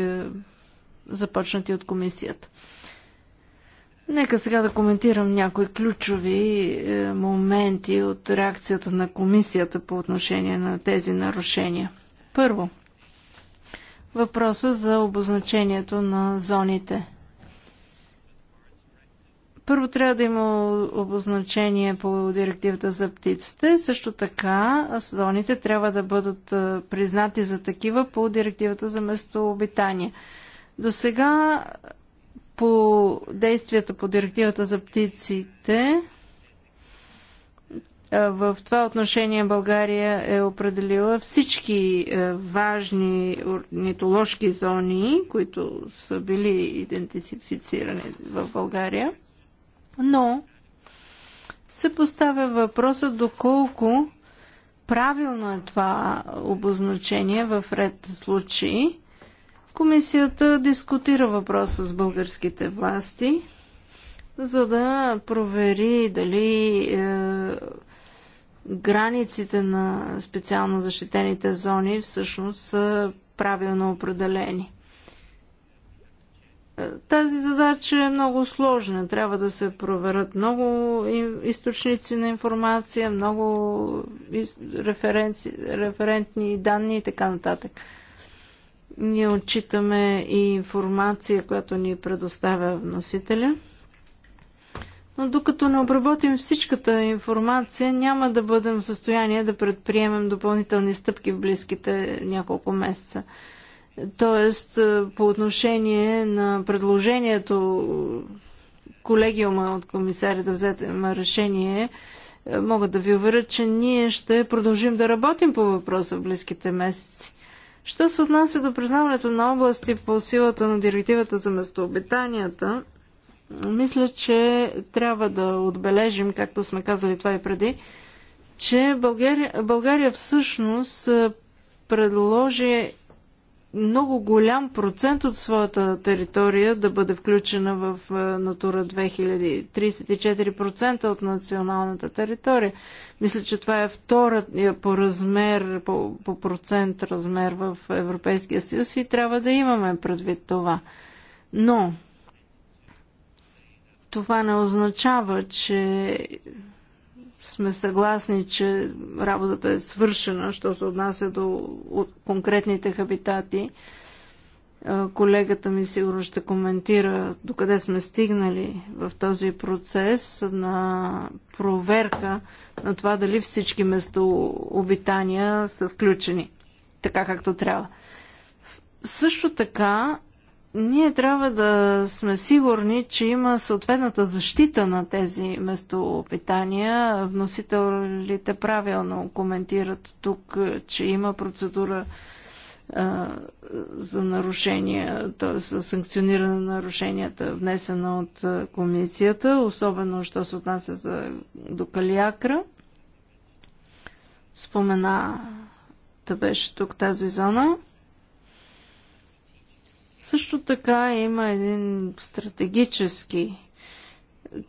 започнати от комисията. Нека сега да коментирам някои ключови е, моменти от реакцията на комисията по отношение на тези нарушения. Първо, въпроса за обозначението на зоните. Първо трябва да има обозначение по директивата за птиците. Също така зоните трябва да бъдат признати за такива по директивата за местообитание. До сега по действията по директивата за птиците в това отношение България е определила всички е, важни орнитоложки зони, които са били идентифицирани в България, но се поставя въпроса доколко правилно е това обозначение в ред случаи. Комисията дискутира въпроса с българските власти, за да провери дали е, границите на специално защитените зони всъщност са правилно определени. Е, тази задача е много сложна. Трябва да се проверят много източници на информация, много референтни данни и така нататък. Ние отчитаме и информация, която ни предоставя вносителя – но докато не обработим всичката информация, няма да бъдем в състояние да предприемем допълнителни стъпки в близките няколко месеца. Тоест, е, по отношение на предложението колегиума от комисаря да вземе решение, е, мога да ви уверя, че ние ще продължим да работим по въпроса в близките месеци. Що се отнася до признаването на области по силата на директивата за местообитанията, мисля, че трябва да отбележим, както сме казали това и преди, че България, България всъщност е, предложи много голям процент от своята територия да бъде включена в е, Натура 2000. 34% от националната територия. Мисля, че това е втората по размер, по, по процент размер в Европейския съюз и трябва да имаме предвид това. Но това не означава, че сме съгласни, че работата е свършена, що се отнася до от конкретните хабитати. Колегата ми сигурно ще коментира докъде сме стигнали в този процес на проверка на това дали всички местообитания са включени така както трябва. Също така ние трябва да сме сигурни, че има съответната защита на тези местоопитания. Вносителите правилно коментират тук, че има процедура а, за нарушения, т.е. за санкциониране на нарушенията, внесена от комисията, особено, що се отнася за, до Калиакра. Спомена да беше тук тази зона. Също така има един стратегически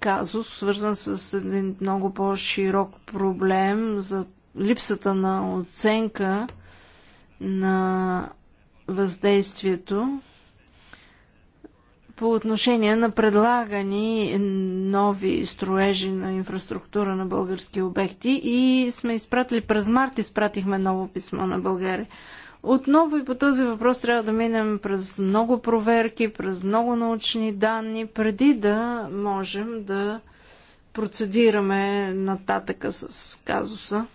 казус, свързан с един много по-широк проблем за липсата на оценка на въздействието по отношение на предлагани нови строежи на инфраструктура на български обекти и сме изпратили през март, изпратихме ново писмо на България. Отново и по този въпрос трябва да минем през много проверки, през много научни данни, преди да можем да процедираме нататъка с казуса.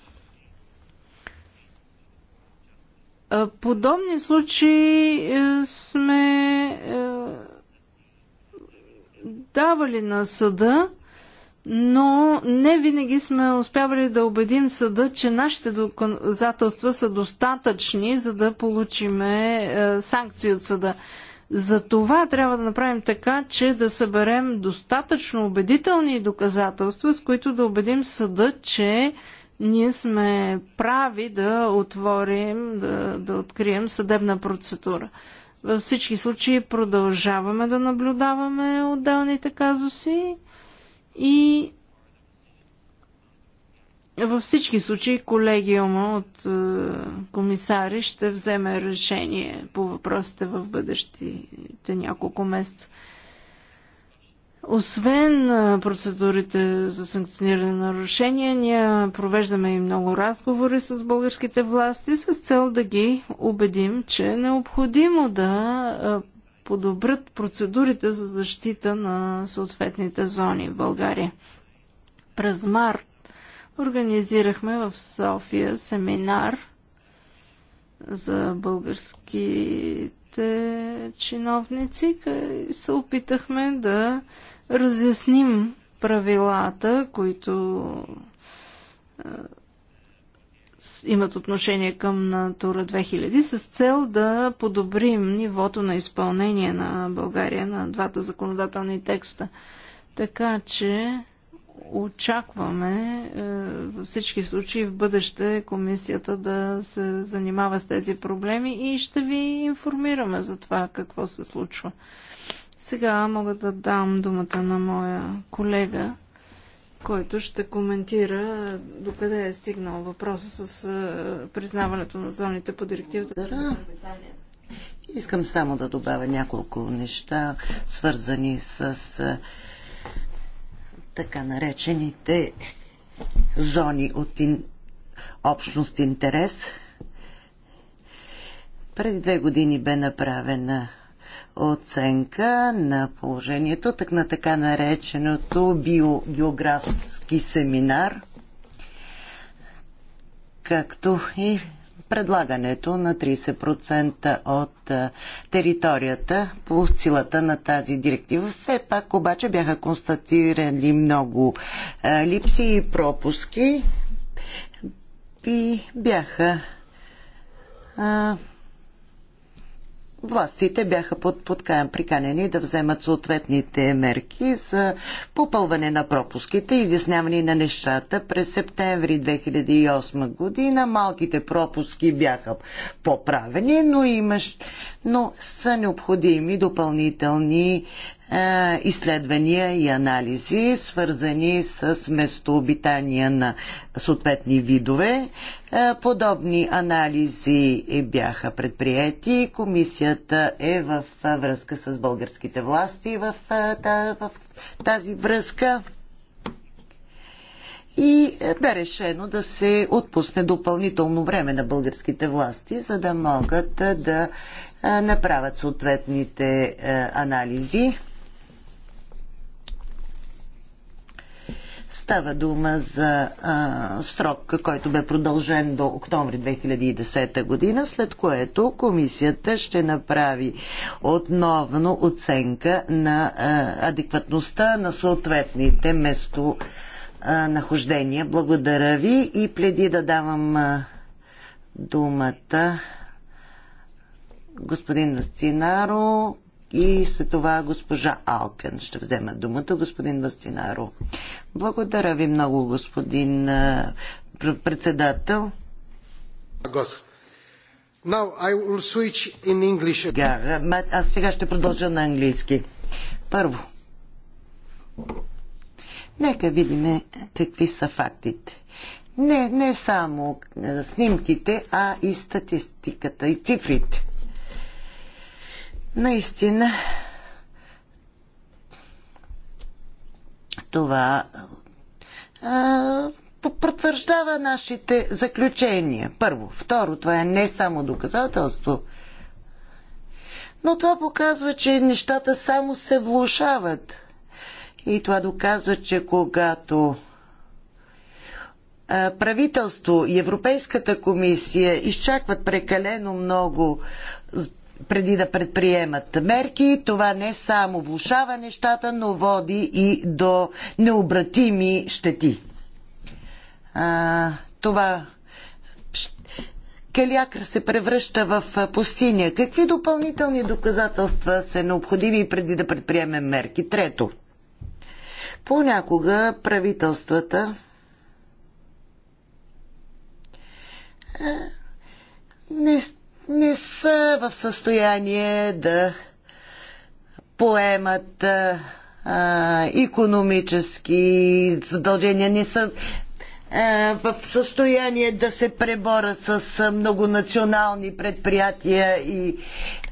Подобни случаи е, сме е, давали на съда но не винаги сме успявали да убедим съда, че нашите доказателства са достатъчни, за да получиме е, санкции от съда. За това трябва да направим така, че да съберем достатъчно убедителни доказателства, с които да убедим съда, че ние сме прави да отворим, да, да открием съдебна процедура. Във всички случаи продължаваме да наблюдаваме отделните казуси. И във всички случаи колегиума от е, комисари ще вземе решение по въпросите в бъдещите няколко месеца. Освен е, процедурите за санкциониране на нарушения, ние провеждаме и много разговори с българските власти с цел да ги убедим, че е необходимо да е, подобрят процедурите за защита на съответните зони в България. През март организирахме в София семинар за българските чиновници и се опитахме да разясним правилата, които е, имат отношение към Натура 2000 с цел да подобрим нивото на изпълнение на България на двата законодателни текста. Така че очакваме е, във всички случаи в бъдеще комисията да се занимава с тези проблеми и ще ви информираме за това какво се случва. Сега мога да дам думата на моя колега който ще коментира докъде е стигнал въпроса с е, признаването на зоните по директивата. Да. Искам само да добавя няколко неща, свързани с е, така наречените зони от ин... общност интерес. Преди две години бе направена оценка на положението, так на така нареченото биогеографски семинар, както и предлагането на 30% от територията по силата на тази директива. Все пак обаче бяха констатирани много липси и пропуски и бяха властите бяха под, подкан, приканени да вземат съответните мерки за попълване на пропуските, изясняване на нещата. През септември 2008 година малките пропуски бяха поправени, но, имаш, но са необходими допълнителни е, изследвания и анализи, свързани с местообитания на съответни видове. Е, подобни анализи бяха предприяти. Комисията е в връзка с българските власти в, е, тази връзка и бе решено да се отпусне допълнително време на българските власти, за да могат да направят съответните анализи. Става дума за а, срок, който бе продължен до октомври 2010 година, след което комисията ще направи отновно оценка на а, адекватността на съответните место нахождения. Благодаря ви и преди да давам а, думата господин Настинаро, и след това госпожа Алкен ще взема думата, господин Бастинаро. Благодаря ви много, господин председател. Now I will switch in English. аз сега ще продължа на английски. Първо, нека видим е, какви са фактите. Не, не само е, снимките, а и статистиката, и цифрите. Наистина, това а, потвърждава нашите заключения. Първо. Второ, това е не само доказателство, но това показва, че нещата само се влушават. И това доказва, че когато правителство и Европейската комисия изчакват прекалено много преди да предприемат мерки. Това не само влушава нещата, но води и до необратими щети. А, това Калиакър се превръща в пустиня. Какви допълнителни доказателства са необходими преди да предприемем мерки? Трето, понякога правителствата не, не са в състояние да поемат а, економически задължения, не са а, в състояние да се преборят с многонационални предприятия и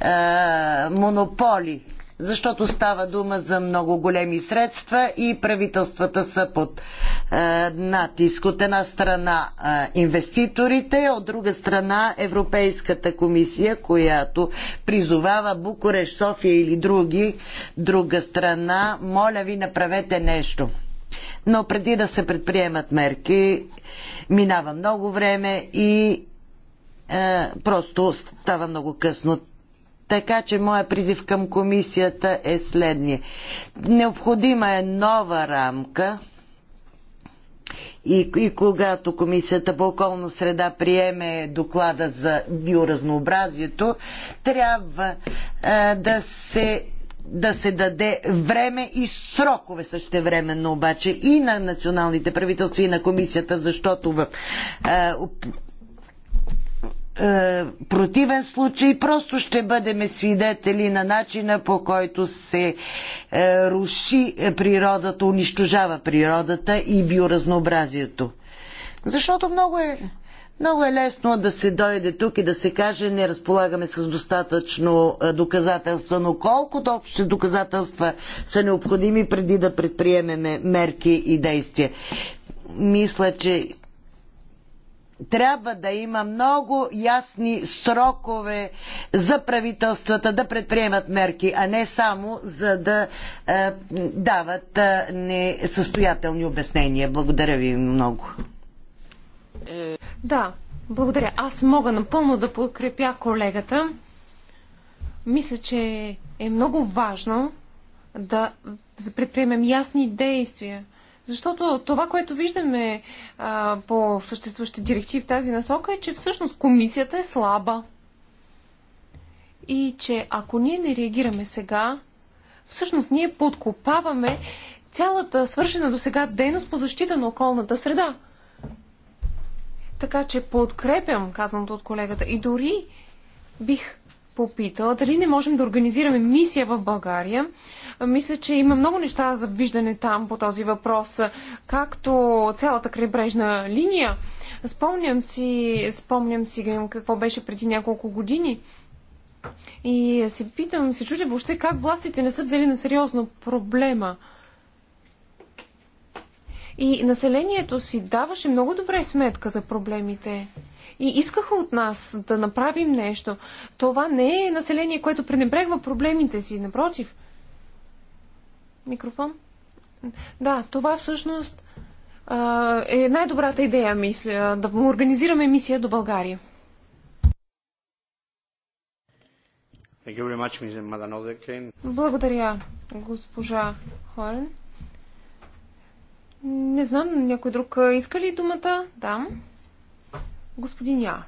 а, монополи защото става дума за много големи средства и правителствата са под е, натиск. От една страна е, инвеститорите, от друга страна Европейската комисия, която призовава Букурещ, София или други, друга страна, моля ви, направете нещо. Но преди да се предприемат мерки, минава много време и е, просто става много късно. Така че моя призив към комисията е следния. Необходима е нова рамка и, и когато Комисията по околна среда приеме доклада за биоразнообразието, трябва а, е, да се да се даде време и срокове същевременно обаче и на националните правителства и на комисията, защото в е, е, противен случай просто ще бъдем свидетели на начина по който се е, руши е, природата, унищожава природата и биоразнообразието. Защото много е, много е лесно да се дойде тук и да се каже не разполагаме с достатъчно доказателства, но колкото общи доказателства са необходими преди да предприемеме мерки и действия. Мисля, че трябва да има много ясни срокове за правителствата да предприемат мерки, а не само за да е, дават е, несъстоятелни обяснения. Благодаря ви много. Да, благодаря. Аз мога напълно да подкрепя колегата. Мисля, че е много важно да предприемем ясни действия защото това, което виждаме а, по съществуващите директиви в тази насока е, че всъщност комисията е слаба. И че ако ние не реагираме сега, всъщност ние подкопаваме цялата свършена до сега дейност по защита на околната среда. Така че подкрепям казаното от колегата и дори бих попитала дали не можем да организираме мисия в България. Мисля, че има много неща за виждане там по този въпрос, както цялата крайбрежна линия. Спомням си, спомням си какво беше преди няколко години. И се питам, се чудя въобще как властите не са взели на сериозно проблема. И населението си даваше много добре сметка за проблемите и искаха от нас да направим нещо. Това не е население, което пренебрегва проблемите си, напротив. Микрофон? Да, това всъщност е най-добрата идея, мисля, да му организираме мисия до България. Благодаря, госпожа Хорен. Не знам, някой друг иска ли думата? Да. Господин Я.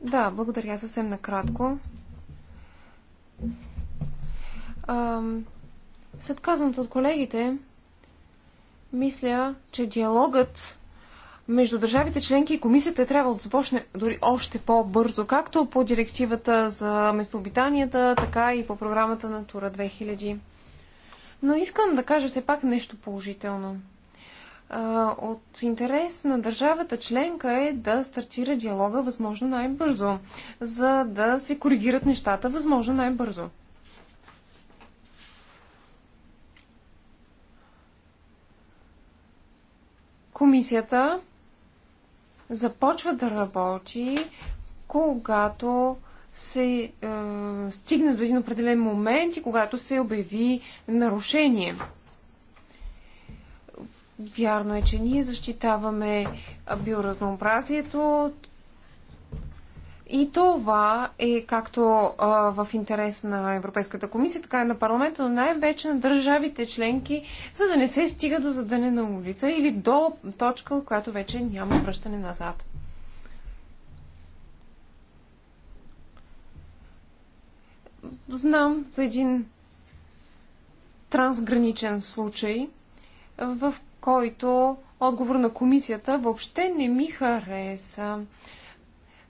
Да, благодаря съвсем накратко. След казаното от колегите, мисля, че диалогът между държавите членки и комисията трябва да започне дори още по-бързо, както по директивата за местообитанията, така и по програмата на Тура 2000. Но искам да кажа все пак нещо положително от интерес на държавата членка е да стартира диалога възможно най-бързо, за да се коригират нещата възможно най-бързо. Комисията започва да работи, когато се е, стигне до един определен момент и когато се обяви нарушение. Вярно е, че ние защитаваме биоразнообразието. И това е както а, в интерес на Европейската комисия, така и на парламента, но най-вече на държавите членки, за да не се стига до задъне на улица или до точка, в която вече няма връщане назад. Знам за един трансграничен случай, в който отговор на комисията въобще не ми хареса.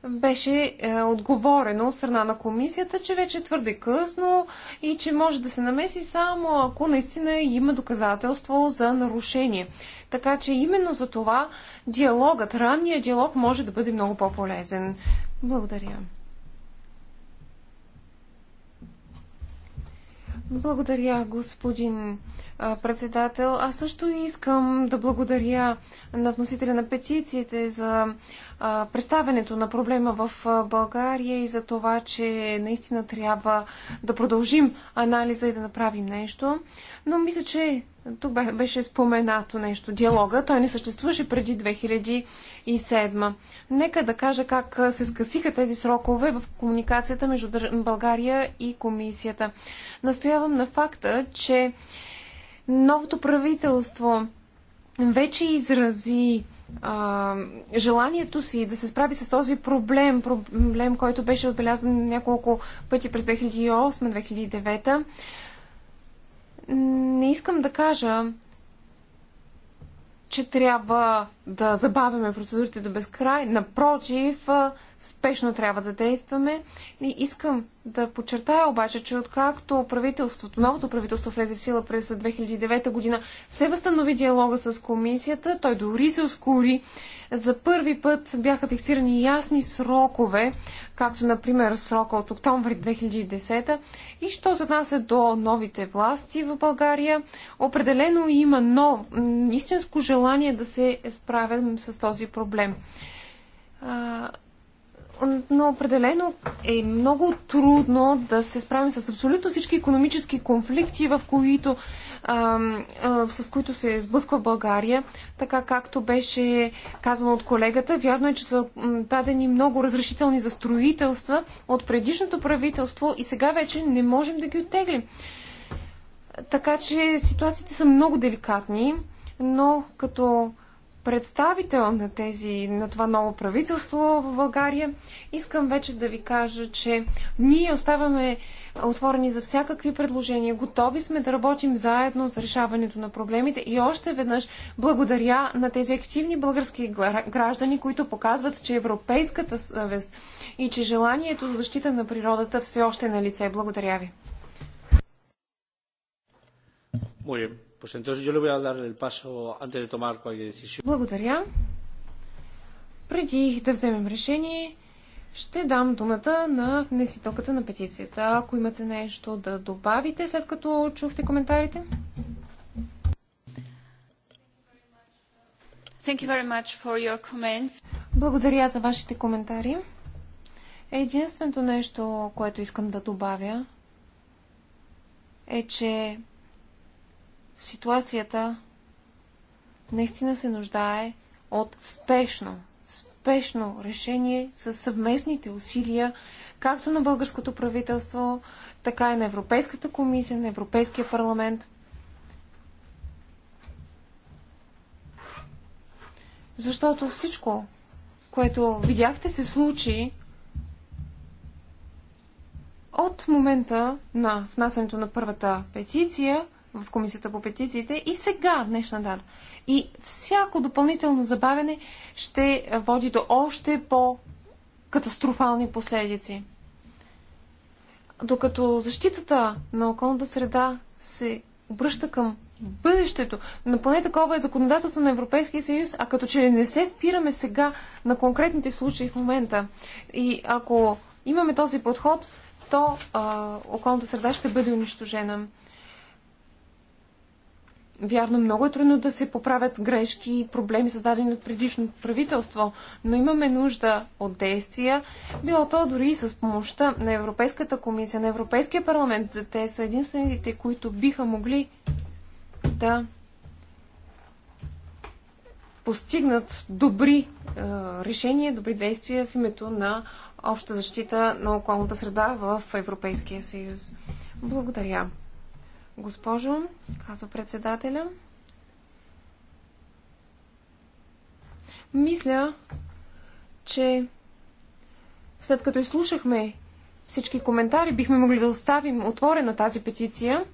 Беше е, отговорено от страна на комисията, че вече е твърде късно и че може да се намеси само ако наистина има доказателство за нарушение. Така че именно за това диалогът, ранният диалог може да бъде много по-полезен. Благодаря. Благодаря, господин председател. Аз също искам да благодаря на вносителя на петициите за представенето на проблема в България и за това, че наистина трябва да продължим анализа и да направим нещо. Но мисля, че тук беше споменато нещо. Диалога, той не съществуваше преди 2007. Нека да кажа как се скъсиха тези срокове в комуникацията между България и комисията. Настоявам на факта, че новото правителство вече изрази а, желанието си да се справи с този проблем, проблем, който беше отбелязан няколко пъти през 2008-2009, не искам да кажа, че трябва да забавяме процедурите до безкрай. Напротив, спешно трябва да действаме. И искам да подчертая обаче, че откакто правителството, новото правителство влезе в сила през 2009 година, се възстанови диалога с комисията, той дори се ускори. За първи път бяха фиксирани ясни срокове, както например срока от октомври 2010 и що се отнася до новите власти в България, определено има но истинско желание да се справим с този проблем но определено е много трудно да се справим с абсолютно всички економически конфликти, в които, а, а, с които се сблъсква България, така както беше казано от колегата. Вярно е, че са дадени много разрешителни за строителства от предишното правителство и сега вече не можем да ги оттеглим. Така че ситуациите са много деликатни, но като представител на, тези, на това ново правителство в България, искам вече да ви кажа, че ние оставаме отворени за всякакви предложения. Готови сме да работим заедно за решаването на проблемите и още веднъж благодаря на тези активни български граждани, които показват, че европейската съвест и че желанието за защита на природата все още е на лице. Благодаря ви. Muy благодаря. Преди да вземем решение, ще дам думата на внеситоката на петицията. Ако имате нещо да добавите, след като чухте коментарите. Благодаря за вашите коментари. Единственото нещо, което искам да добавя, е, че ситуацията наистина се нуждае от спешно, спешно решение с съвместните усилия както на българското правителство, така и на Европейската комисия, на Европейския парламент. Защото всичко, което видяхте се случи от момента на внасянето на първата петиция – в Комисията по петициите и сега, днешна дата. И всяко допълнително забавене ще води до още по-катастрофални последици. Докато защитата на околната среда се обръща към бъдещето, но поне такова е законодателство на Европейския съюз, а като че ли не се спираме сега на конкретните случаи в момента. И ако имаме този подход, то а, околната среда ще бъде унищожена. Вярно, много е трудно да се поправят грешки и проблеми, създадени от предишното правителство, но имаме нужда от действия, било то дори и с помощта на Европейската комисия, на Европейския парламент. Те са единствените, които биха могли да постигнат добри е, решения, добри действия в името на обща защита на околната среда в Европейския съюз. Благодаря. Госпожо, казва председателя, мисля, че след като изслушахме всички коментари, бихме могли да оставим отворена тази петиция.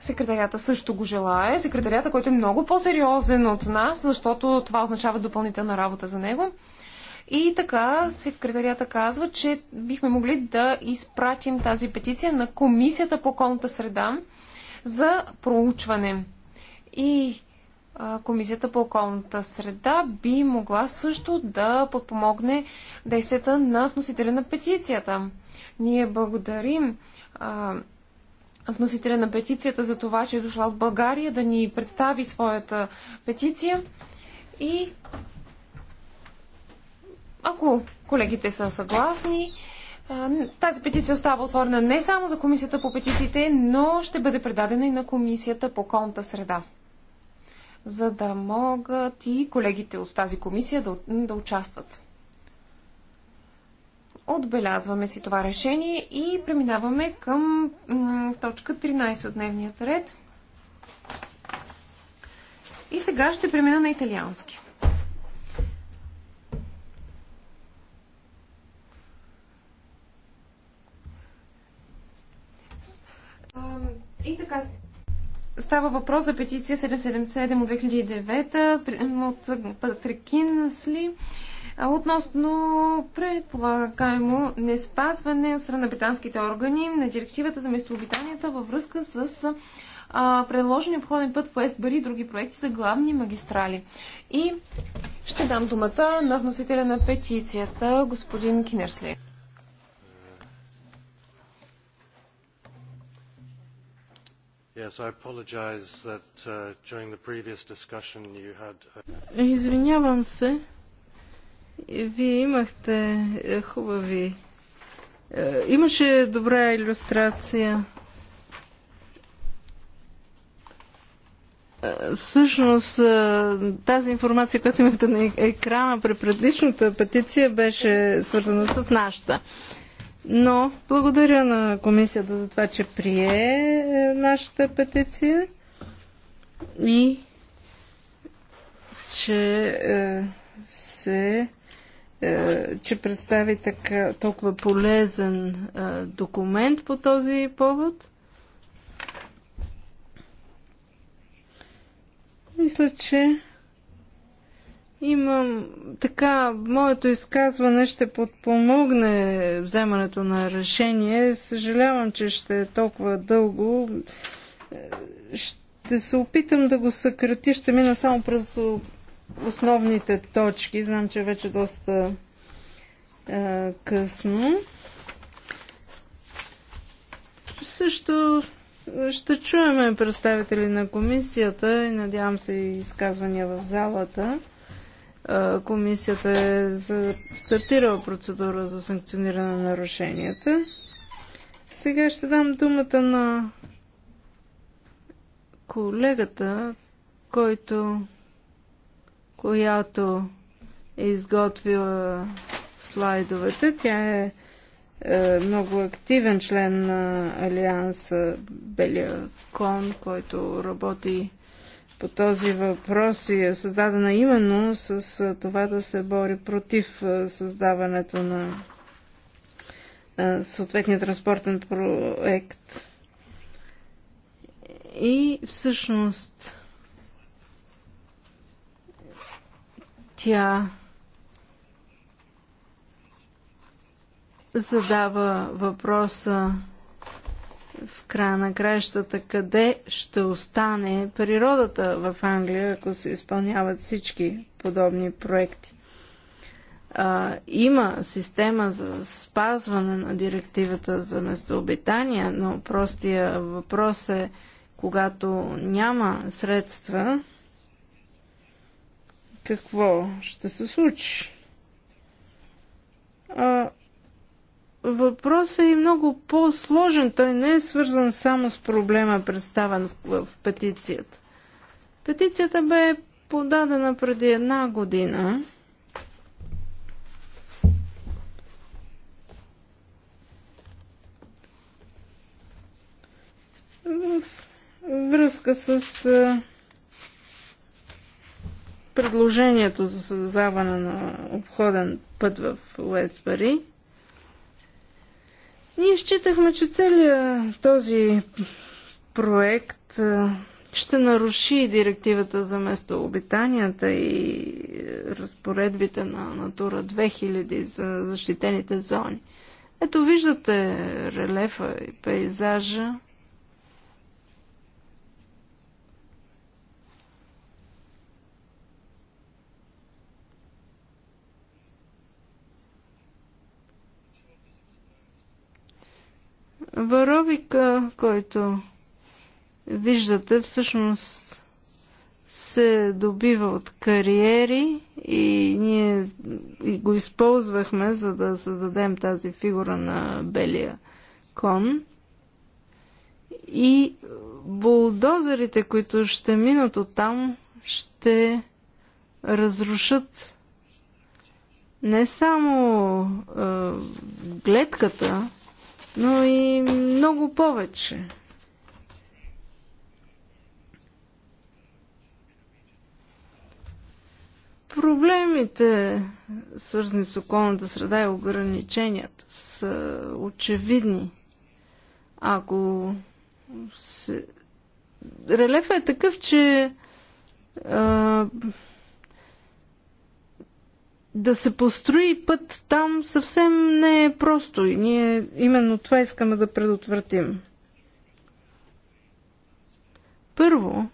Секретарията също го желая. Секретарията, който е много по-сериозен от нас, защото това означава допълнителна работа за него. И така, секретарията казва, че бихме могли да изпратим тази петиция на Комисията по околната среда за проучване. И а, Комисията по околната среда би могла също да подпомогне действията на вносителя на петицията. Ние благодарим а, вносителя на петицията за това, че е дошла от България да ни представи своята петиция. И ако колегите са съгласни, тази петиция остава отворена не само за комисията по петициите, но ще бъде предадена и на комисията по конта среда, за да могат и колегите от тази комисия да, да участват. Отбелязваме си това решение и преминаваме към точка 13 от дневният ред. И сега ще премина на италиански. И така, става въпрос за петиция 777 от 2009 от Патрикин Сли относно предполагаемо неспазване от страна на британските органи на директивата за местообитанията във връзка с а, предложения обходен път в Уестбъри и други проекти за главни магистрали. И ще дам думата на вносителя на петицията, господин Кинерсли. Uh, uh, Извинявам се. Вие имахте е, хубави... Е, имаше добра иллюстрация. Е, всъщност тази информация, която имахте на екрана при предишната петиция, беше свързана с нашата. Но благодаря на комисията за това, че прие е, нашата петиция и че е, се е, че представи така, толкова полезен документ по този повод. Мисля, че Имам така, моето изказване ще подпомогне вземането на решение. Съжалявам, че ще е толкова дълго. Е, ще се опитам да го съкрати, ще мина само през основните точки. Знам, че вече доста е, късно. Също е, ще чуем представители на комисията и надявам се и изказвания в залата комисията е стартирала процедура за санкциониране на нарушенията. Сега ще дам думата на колегата, който, която е изготвила слайдовете. Тя е, е много активен член на Алианса Белия Кон, който работи по този въпрос и е създадена именно с това да се бори против създаването на съответния транспортен проект. И всъщност тя задава въпроса в края на краищата къде ще остане природата в Англия, ако се изпълняват всички подобни проекти. А, има система за спазване на директивата за местообитания, но простия въпрос е, когато няма средства, какво ще се случи? А, въпросът е много по-сложен. Той не е свързан само с проблема, представен в, петицията. Петицията бе подадена преди една година. В връзка с предложението за създаване на обходен път в Уестбари – ние считахме, че целият този проект ще наруши директивата за местообитанията и разпоредбите на Натура 2000 за защитените зони. Ето виждате релефа и пейзажа. Варовика, който виждате, всъщност се добива от кариери и ние го използвахме, за да създадем тази фигура на белия кон. И булдозерите, които ще минат оттам, ще разрушат не само е, гледката, но и много повече. Проблемите, свързани с околната среда и ограниченията, са очевидни. Ако се... релефът е такъв, че а, да се построи път там съвсем не е просто и ние именно това искаме да предотвратим. Първо,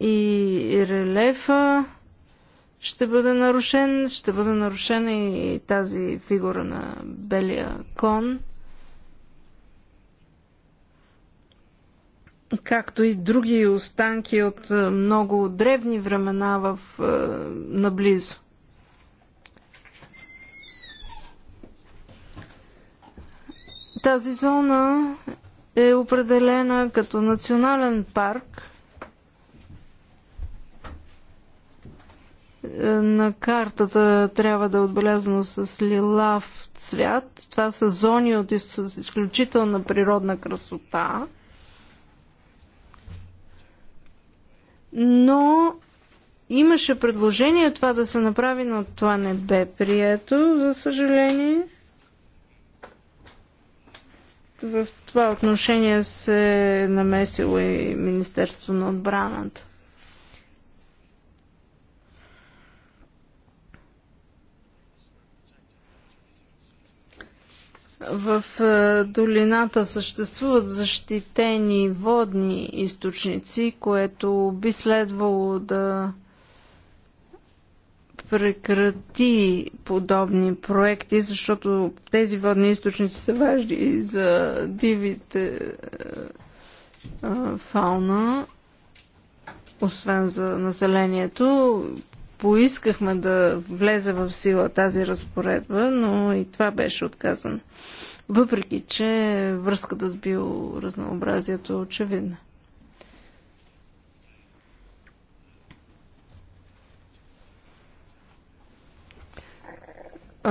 и релефа ще бъде нарушен, ще бъде нарушена и тази фигура на белия кон. както и други останки от е, много древни времена в, е, наблизо. Тази зона е определена като национален парк е, на картата трябва да е отбелязано с лилав цвят. Това са зони от изключителна природна красота – но имаше предложение това да се направи, но това не бе прието, за съжаление. В това отношение се намесило и Министерството на отбраната. В е, долината съществуват защитени водни източници, което би следвало да прекрати подобни проекти, защото тези водни източници са важни и за дивите е, е, фауна, освен за населението поискахме да влезе в сила тази разпоредба, но и това беше отказано. Въпреки, че връзката с биоразнообразието е очевидна.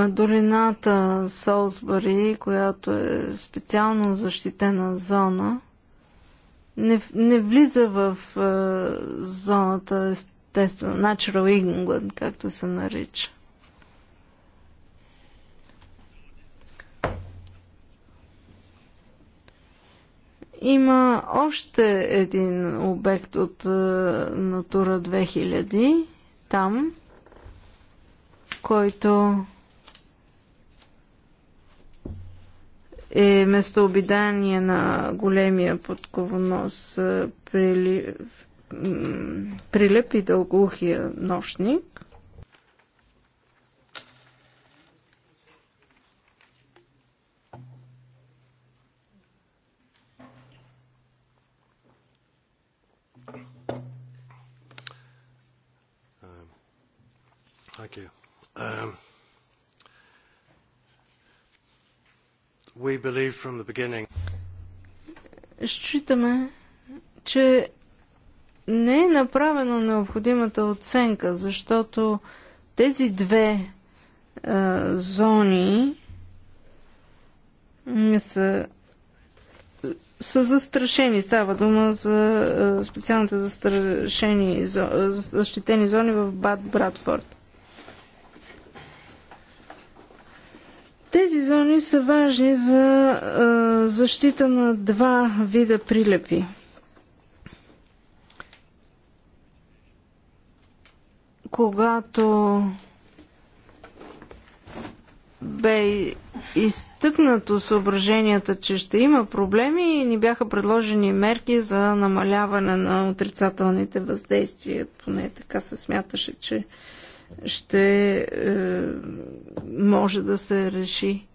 Долината Солсбъри, която е специално защитена зона, не, не влиза в е, зоната естествено, Natural England, както се нарича. Има още един обект от е, Натура 2000 там, който е местообидание на големия подковонос е, прилив прилепи дългухия нощник. Thank you. Um, we believe from the beginning. Считаме, че не е направено необходимата оценка, защото тези две а, е, зони са, са застрашени. Става дума за а, е, специалните застрашени, за, е, защитени зони в Бад Братфорд. Тези зони са важни за а, защита на два вида прилепи – когато бе изтъкнато съображенията, че ще има проблеми и ни бяха предложени мерки за намаляване на отрицателните въздействия. Поне така се смяташе, че ще е, може да се реши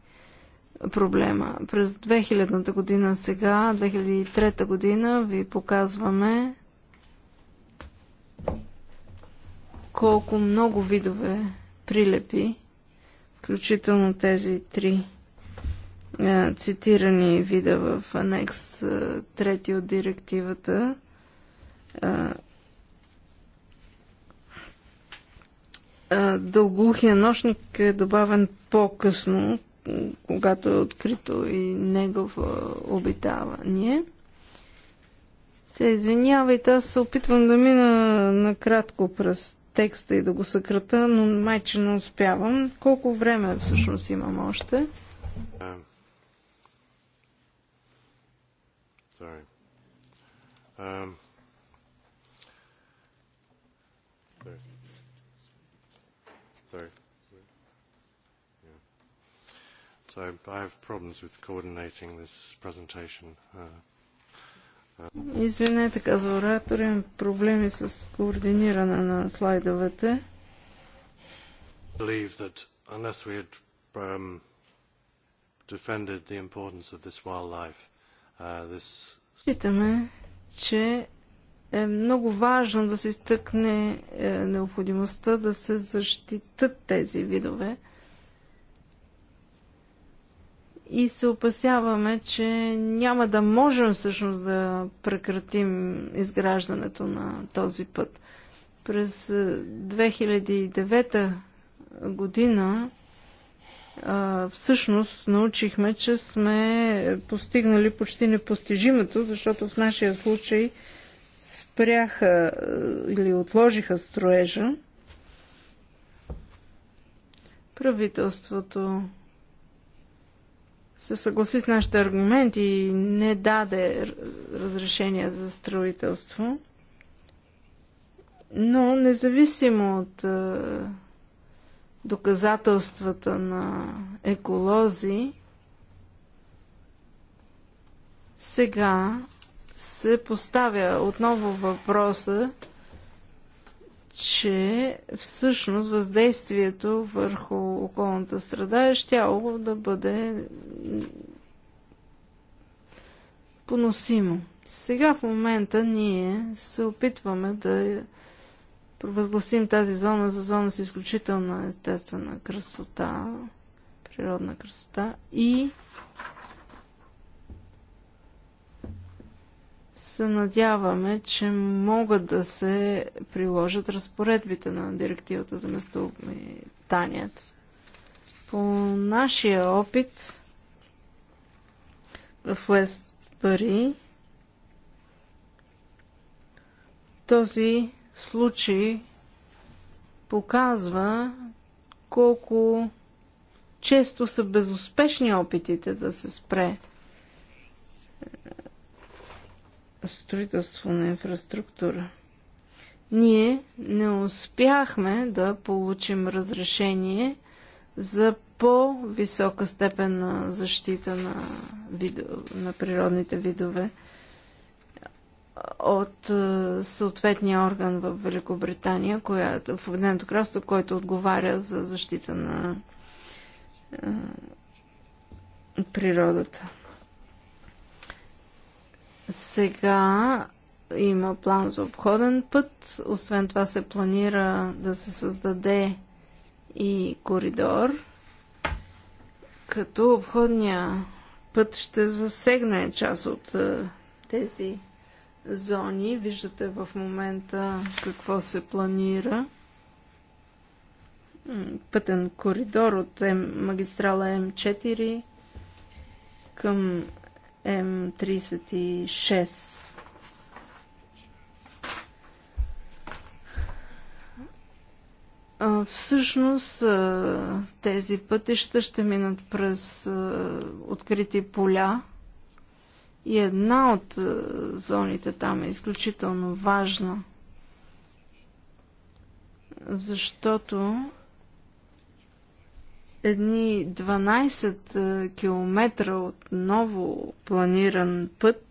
проблема. През 2000-та година сега, 2003 година ви показваме колко много видове прилепи, включително тези три цитирани вида в анекс 3 от директивата, Дългухия нощник е добавен по-късно, когато е открито и негово обитаване. Се извинявайте, аз се опитвам да мина накратко през текста и да го съкрата, но май, че не успявам. Колко време всъщност имам още? Um, sorry. Yeah. So I have problems with coordinating this presentation. Uh, Извинете, казва оратор, имам проблеми с координиране на слайдовете. Believe um, uh, Считаме, че е много важно да се изтъкне е, необходимостта да се защитат тези видове и се опасяваме, че няма да можем всъщност да прекратим изграждането на този път. През 2009 година всъщност научихме, че сме постигнали почти непостижимото, защото в нашия случай спряха или отложиха строежа. Правителството се съгласи с нашите аргументи и не даде разрешение за строителство. Но независимо от доказателствата на еколози, сега се поставя отново въпроса че всъщност въздействието върху околната среда е щяло да бъде поносимо. Сега в момента ние се опитваме да провъзгласим тази зона за зона с изключителна естествена красота, природна красота и се надяваме, че могат да се приложат разпоредбите на директивата за местообитанието. По нашия опит в Уестбъри този случай показва колко често са безуспешни опитите да се спре строителство на инфраструктура. Ние не успяхме да получим разрешение за по-висока степен на защита на, видо, на природните видове от е, съответния орган в Великобритания, която, в Обединеното кралство, който отговаря за защита на е, природата. Сега има план за обходен път. Освен това се планира да се създаде и коридор, като обходния път ще засегне част от е, тези зони. Виждате в момента какво се планира. Пътен коридор от магистрала М4 към М36. Всъщност тези пътища ще минат през открити поля и една от зоните там е изключително важна, защото едни 12 е, км от ново планиран път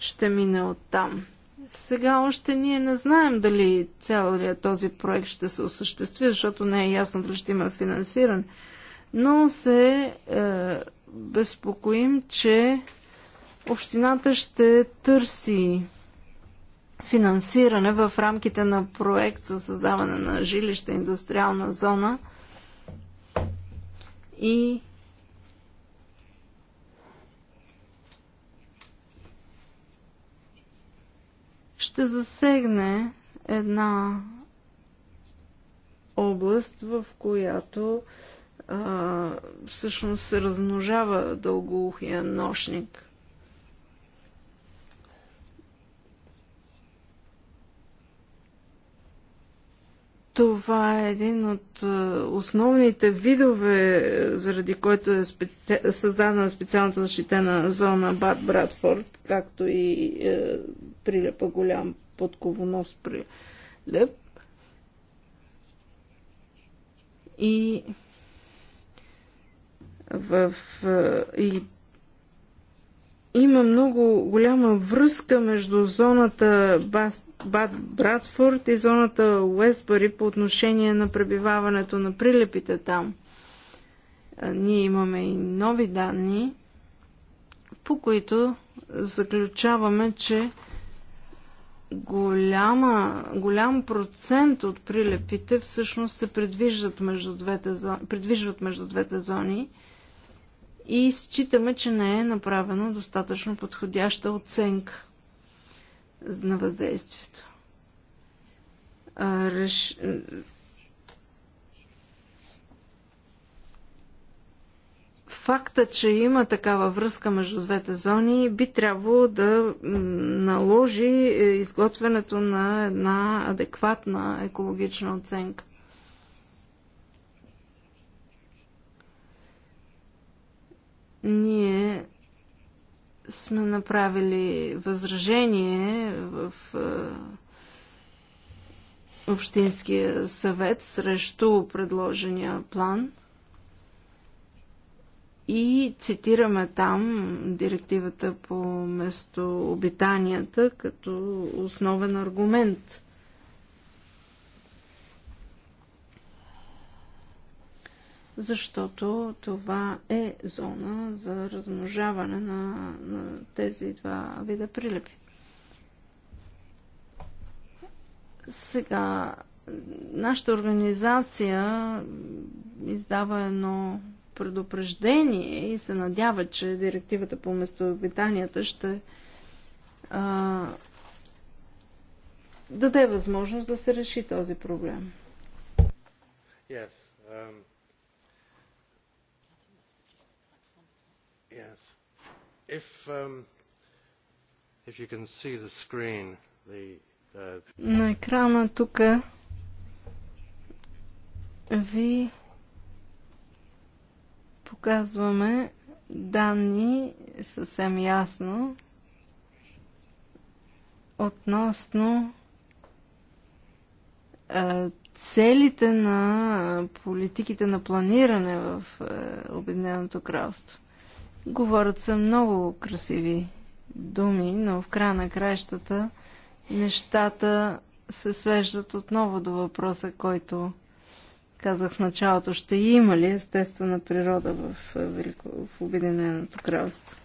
ще мине от там. Сега още ние не знаем дали целият този проект ще се осъществи, защото не е ясно дали ще има финансиране. Но се е, безпокоим, че общината ще търси финансиране в рамките на проект за създаване на жилища индустриална зона – и ще засегне една област, в която а, всъщност се размножава дългоухия нощник. Това е един от е, основните видове, е, заради който е специ... създадена специалната защитена зона Бад Братфорд, както и е, прилепа голям подковонос прилеп. И в, е, и има много голяма връзка между зоната Баст, Бад Братфорд и зоната Уестбъри по отношение на пребиваването на прилепите там. Ние имаме и нови данни, по които заключаваме, че голяма, голям процент от прилепите всъщност се предвиждат между двете, между двете зони – и считаме, че не е направено достатъчно подходяща оценка на въздействието. Реш... Факта, че има такава връзка между двете зони, би трябвало да наложи е, изготвянето на една адекватна екологична оценка. Ние сме направили възражение в Общинския съвет срещу предложения план и цитираме там директивата по местообитанията като основен аргумент. защото това е зона за размножаване на, на тези два вида прилепи. Сега, нашата организация издава едно предупреждение и се надява, че директивата по местообитанията ще а, даде възможност да се реши този проблем. Yes, um... If, um, if you can see the screen, the, uh, На екрана тук ви показваме данни съвсем ясно относно целите на политиките на планиране в Обединеното кралство. Говорят се много красиви думи, но в края на краищата нещата се свеждат отново до въпроса, който казах в началото. Ще има ли естествена природа в, е, Велико, в Обединеното кралство?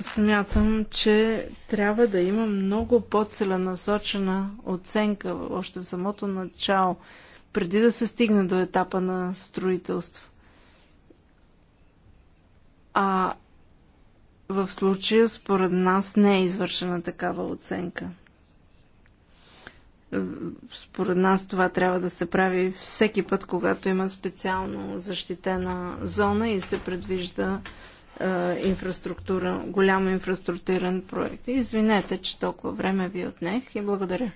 Смятам, че трябва да има много по-целенасочена оценка още в самото начало, преди да се стигне до етапа на строителство. А в случая, според нас, не е извършена такава оценка. Е, според нас това трябва да се прави всеки път, когато има специално защитена зона и се предвижда е, инфраструктура, голям инфраструктурен проект. Извинете, че толкова време ви отнех и благодаря.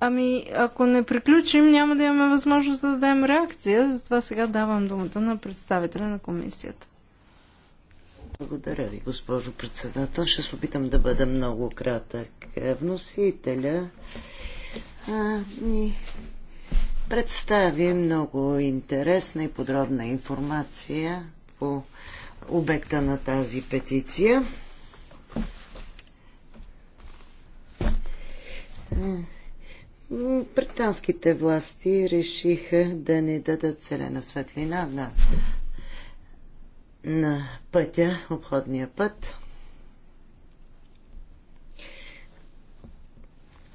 Ами, ако не приключим, няма да имаме възможност да дадем реакция, затова сега давам думата на представителя на комисията. Благодаря ви, госпожо председател. Ще се опитам да бъда много кратък. Е, вносителя а, ни представи много интересна и подробна информация по обекта на тази петиция. Е, британските власти решиха да не дадат зелена светлина на, на пътя, обходния път,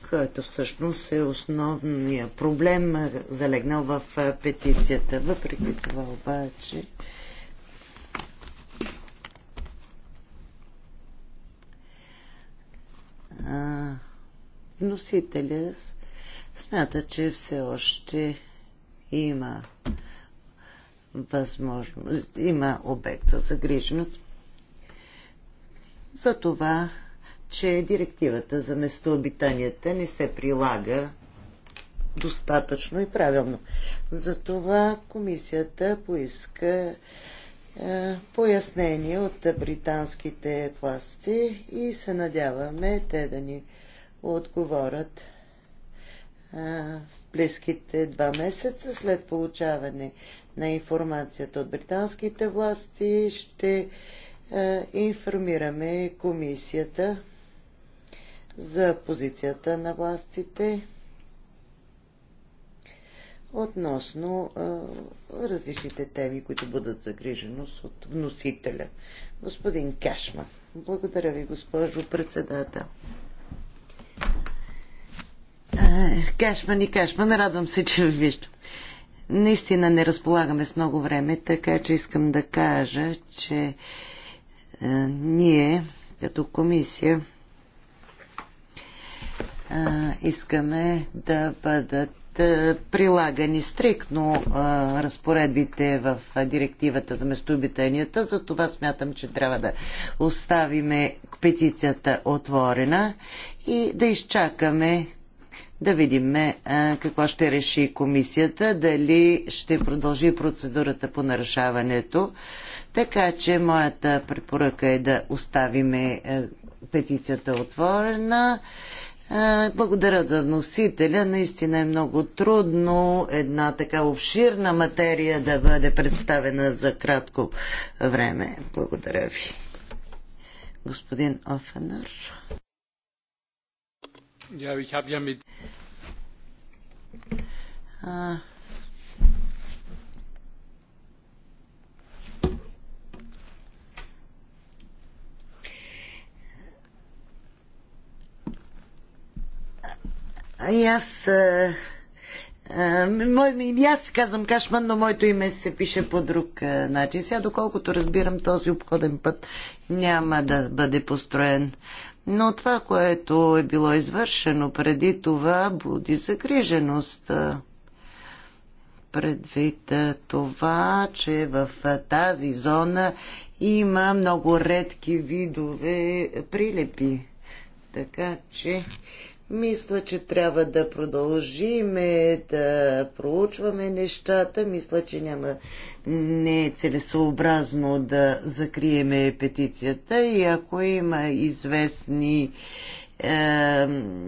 който всъщност е основният проблем, залегнал в петицията. Въпреки това обаче носителят смята, че все още има възможност, има обект за грижност за това, че директивата за местообитанията не се прилага достатъчно и правилно. Затова комисията поиска е, пояснение от британските власти и се надяваме те да ни отговорят близките два месеца след получаване на информацията от британските власти ще информираме комисията за позицията на властите относно а, различните теми, които бъдат загриженост от вносителя. Господин Кашма. Благодаря ви, госпожо председател. Кашман и Кашман, радвам се, че ви виждам. Наистина не разполагаме с много време, така че искам да кажа, че е, ние като комисия е, искаме да бъдат е, прилагани стриктно е, разпоредбите в директивата за местообитанията. За това смятам, че трябва да оставиме петицията отворена и да изчакаме да видим е, е, какво ще реши комисията, дали ще продължи процедурата по нарушаването. Така че моята препоръка е да оставиме е, петицията отворена. Благодаря за вносителя. Наистина е много трудно една така обширна материя да бъде представена за кратко време. Благодаря ви. Господин Офенър. Ja, ich habe ja mit. А... И аз Ами, и аз казвам Кашман, но моето име се пише по друг начин. Сега, доколкото разбирам, този обходен път няма да бъде построен. Но това, което е било извършено преди това, буди загриженост. Предвид това, че в тази зона има много редки видове прилепи. Така че мисля, че трябва да продължиме да проучваме нещата. Мисля, че няма не е целесообразно да закриеме петицията и ако има известни е,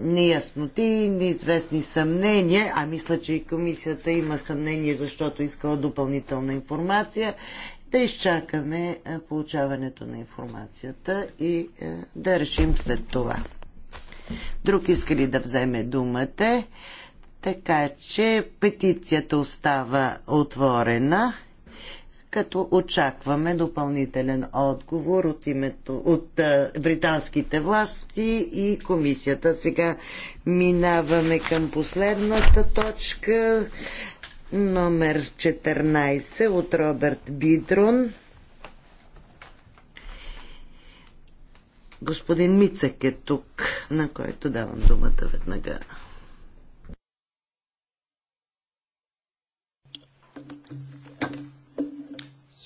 неясноти, неизвестни съмнения, а мисля, че и комисията има съмнение, защото искала допълнителна информация, да изчакаме е, получаването на информацията и е, да решим след това. Друг иска ли да вземе думата? Така че петицията остава отворена, като очакваме допълнителен отговор от, името, от британските власти и комисията. Сега минаваме към последната точка, номер 14 от Роберт Бидрон. Господин Мицък е тук, на който давам думата веднага.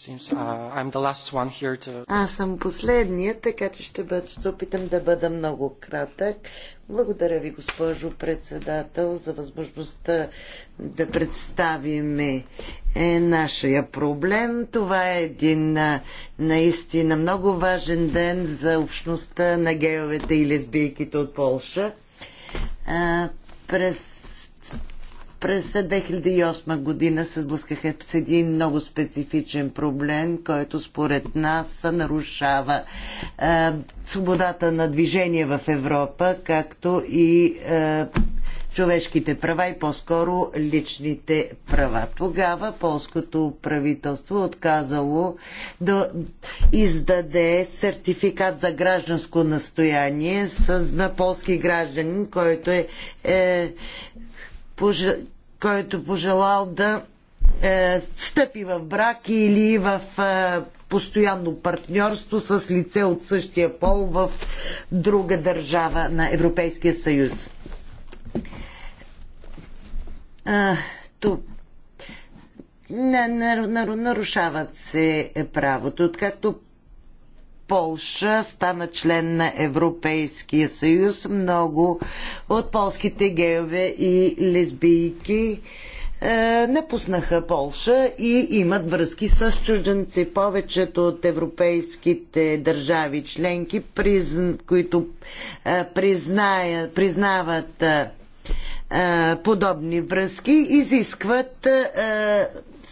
Uh, Аз съм последният, така че ще, бъд, ще опитам да бъда много кратък. Благодаря ви, госпожо председател, за възможността да представиме е нашия проблем. Това е един наистина много важен ден за общността на геовете и лесбийките от Полша. А, през през 2008 година се сблъскаха с един много специфичен проблем, който според нас нарушава е, свободата на движение в Европа, както и е, човешките права и по-скоро личните права. Тогава полското правителство отказало да издаде сертификат за гражданско настояние с, на полски гражданин, който е, е който пожелал да е, стъпи в брак или в е, постоянно партньорство с лице от същия пол в друга държава на Европейския съюз. А, тук нарушават се правото. Откакто Полша стана член на Европейския съюз. Много от полските геове и лесбийки е, напуснаха Полша и имат връзки с чужденци. Повечето от европейските държави членки, които е, признават е, подобни връзки, изискват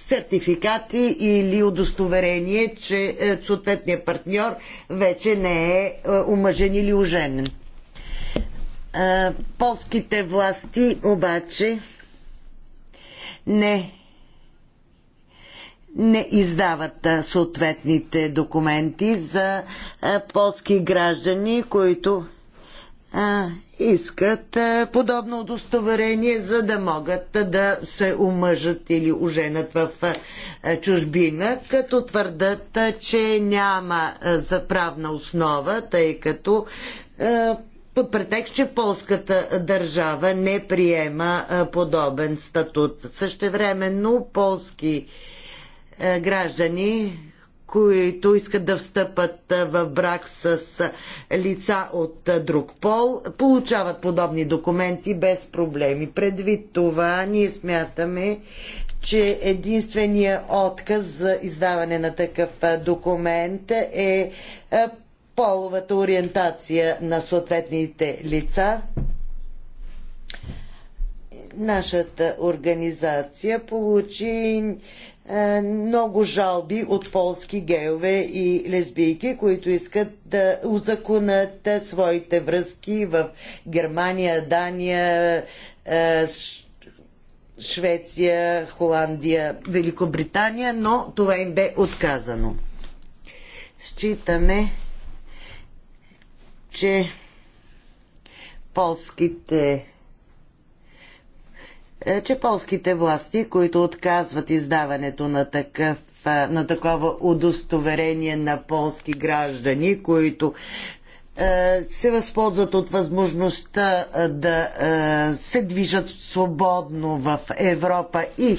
сертификати или удостоверение, че е, съответният партньор вече не е, е омъжен или оженен. Е, полските власти обаче не не издават съответните документи за полски граждани, които а, искат а, подобно удостоверение, за да могат а, да се омъжат или оженят в а, чужбина, като твърдат, а, че няма а, за правна основа, тъй като а, под претекст, че полската държава не приема а, подобен статут. Същевременно полски а, граждани които искат да встъпат в брак с лица от друг пол, получават подобни документи без проблеми. Предвид това, ние смятаме, че единственият отказ за издаване на такъв документ е половата ориентация на съответните лица. Нашата организация получи е, много жалби от полски гейове и лесбийки, които искат да узаконат своите връзки в Германия, Дания, е, Швеция, Холандия, Великобритания, но това им бе отказано. Считаме, че полските е, че полските власти, които отказват издаването на, такъв, е, на такова удостоверение на полски граждани, които е, се възползват от възможността да се движат свободно в Европа и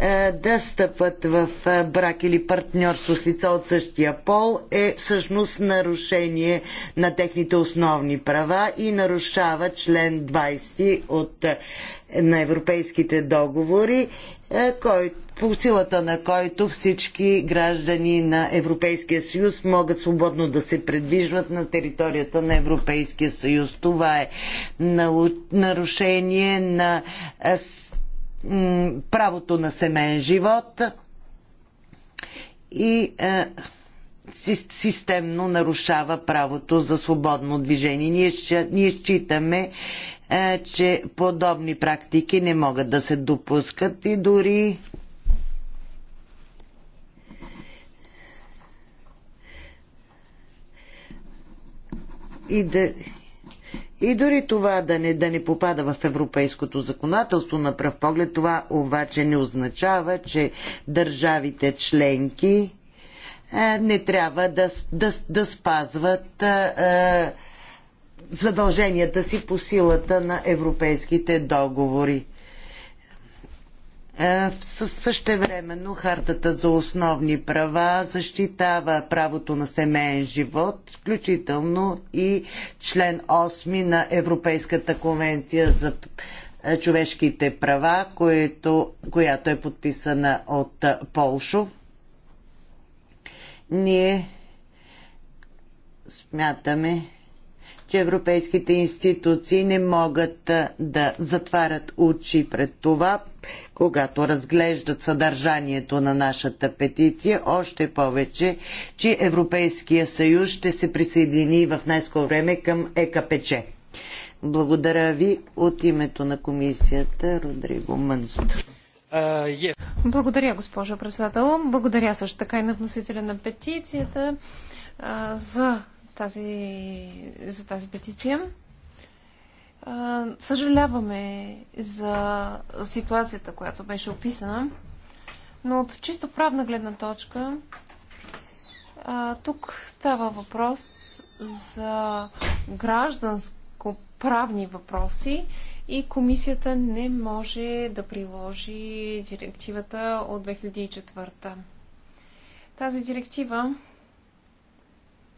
е, да стъпват в е, брак или партньорство с лица от същия пол е всъщност нарушение на техните основни права и нарушава член 20 от, е, на европейските договори, кой, по силата на който всички граждани на Европейския съюз могат свободно да се предвижват на територията на Европейския съюз. Това е нарушение на правото на семейен живот и е, системно нарушава правото за свободно движение. Ние, считаме, е, че подобни практики не могат да се допускат и дори и да и дори това да не, да не попада в европейското законодателство на пръв поглед, това обаче не означава, че държавите членки е, не трябва да, да, да спазват е, е, задълженията си по силата на европейските договори. Е, същевременно Хартата за основни права защитава правото на семейен живот, включително и член 8 на Европейската конвенция за е, човешките права, което, която е подписана от е, Полшо. Ние смятаме, че европейските институции не могат да затварят очи пред това, когато разглеждат съдържанието на нашата петиция, още повече, че Европейския съюз ще се присъедини в най-скоро време към ЕКПЧ. Благодаря ви от името на комисията Родриго Мънстър. Благодаря, госпожо председател. Благодаря също така и на вносителя на петицията за тази, за тази петиция. Съжаляваме за ситуацията, която беше описана, но от чисто правна гледна точка тук става въпрос за гражданско-правни въпроси и комисията не може да приложи директивата от 2004. Тази директива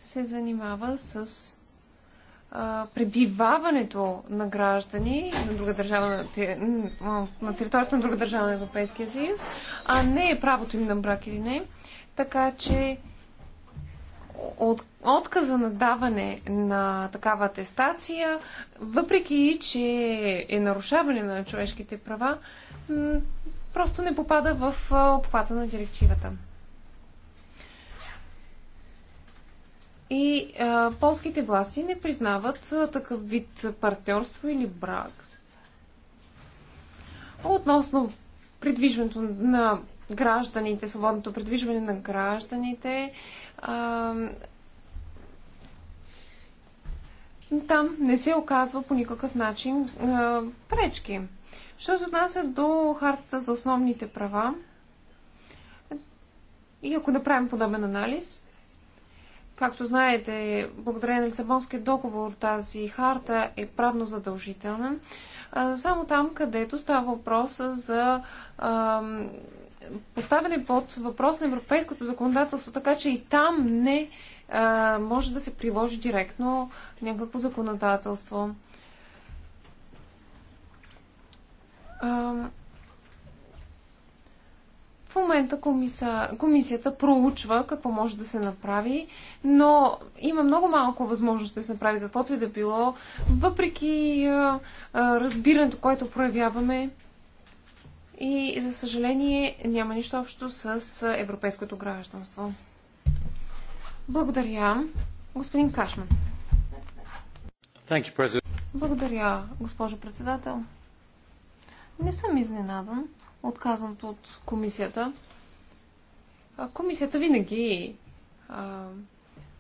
се занимава с а, пребиваването на граждани на, друга държава, на, на територията на друга държава на Европейския съюз, а не е правото им на брак или не. Така че от, отказа на даване на такава атестация, въпреки че е нарушаване на човешките права, просто не попада в обхвата на директивата. И а, полските власти не признават такъв вид партньорство или брак. Относно придвижването на гражданите, свободното придвижване на гражданите, а, там не се оказва по никакъв начин а, пречки. Що се отнася до хартата за основните права, и ако направим подобен анализ, Както знаете, благодарение на Лисабонския договор тази харта е правно задължителна. Само там, където става въпрос за поставяне под въпрос на европейското законодателство, така че и там не може да се приложи директно някакво законодателство. В момента комиса, комисията проучва какво може да се направи, но има много малко възможност да се направи каквото и да било, въпреки а, а, разбирането, което проявяваме. И, за съжаление, няма нищо общо с европейското гражданство. Благодаря. Господин Кашман. You, Благодаря, госпожо председател. Не съм изненадан отказаното от комисията. Комисията винаги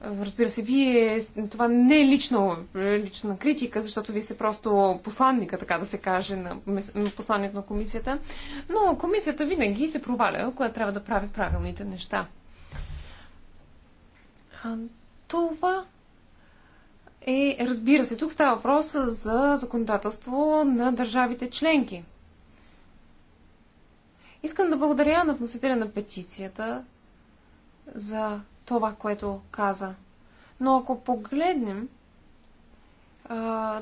Разбира се, вие, това не е лично, лична критика, защото вие сте просто посланника, така да се каже, на, на посланник на комисията, но комисията винаги се проваля, която трябва да прави правилните неща. А, това е, разбира се, тук става въпрос за законодателство на държавите членки – Искам да благодаря на вносителя на петицията за това, което каза. Но ако погледнем,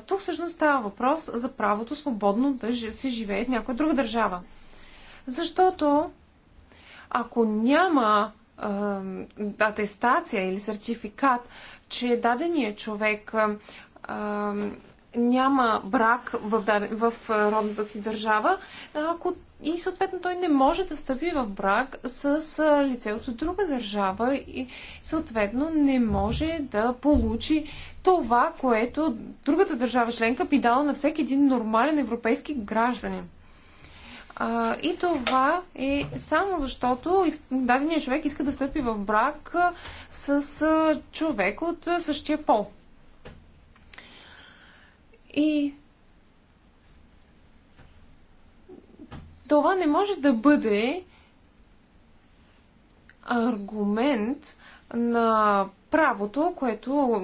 тук всъщност става въпрос за правото свободно да се живее в някоя друга държава. Защото ако няма атестация или сертификат, че дадения човек няма брак в, в родната си държава ако, и съответно той не може да стъпи в брак с лице от друга държава и съответно не може да получи това, което другата държава членка би дала на всеки един нормален европейски гражданин. А, и това е само защото дадения човек иска да стъпи в брак с човек от същия пол. И това не може да бъде аргумент на правото, което,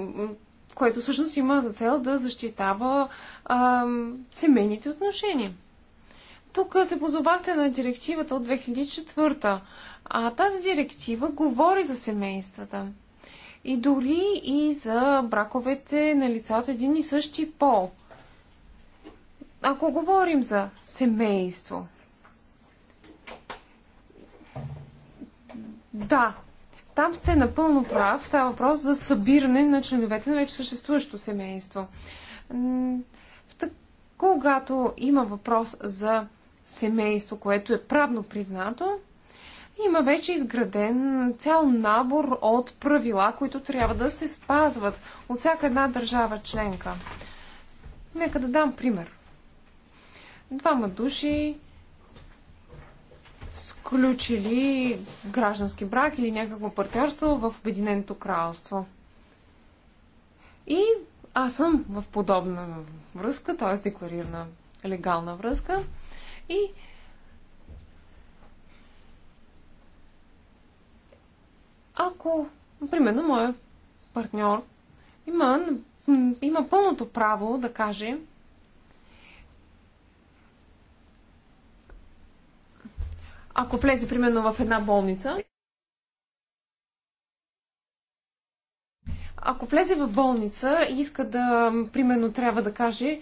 което всъщност има за цел да защитава а, семейните отношения. Тук се позовахте на директивата от 2004, а тази директива говори за семействата. И дори и за браковете на лица от един и същи пол ако говорим за семейство, да, там сте напълно прав. Става въпрос за събиране на членовете на вече съществуващо семейство. Когато има въпрос за семейство, което е правно признато, има вече изграден цял набор от правила, които трябва да се спазват от всяка една държава членка. Нека да дам пример двама души сключили граждански брак или някакво партньорство в Обединеното кралство. И аз съм в подобна връзка, т.е. декларирана легална връзка. И ако, примерно, моят партньор има, има пълното право да каже, ако влезе примерно в една болница, ако влезе в болница и иска да, примерно, трябва да каже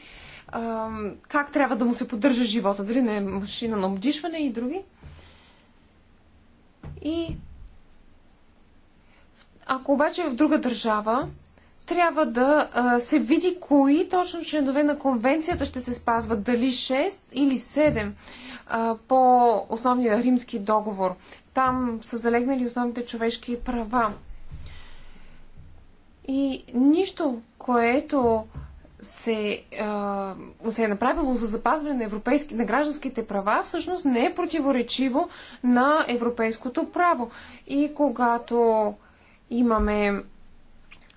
а, как трябва да му се поддържа живота, дали не е машина на обдишване и други. И ако обаче е в друга държава трябва да се види кои точно членове на конвенцията ще се спазват, дали 6 или 7 по основния римски договор. Там са залегнали основните човешки права. И нищо, което се, а, се е направило за запазване на, европейски, на гражданските права, всъщност не е противоречиво на европейското право. И когато имаме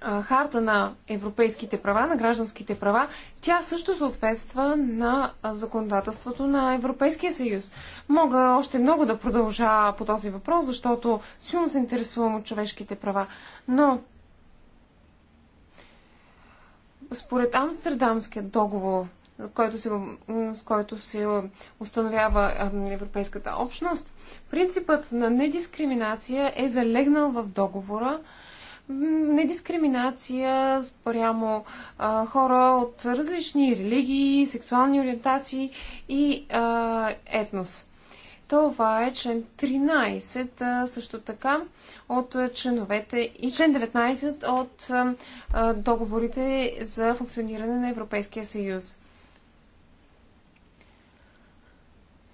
харта на европейските права, на гражданските права, тя също съответства на законодателството на Европейския съюз. Мога още много да продължа по този въпрос, защото силно се интересувам от човешките права. Но според Амстердамският договор, който се, с който се установява Европейската общност, принципът на недискриминация е залегнал в договора – недискриминация спрямо а, хора от различни религии, сексуални ориентации и а, етнос. Това е член 13 също така от членовете и член 19 от а, договорите за функциониране на Европейския съюз.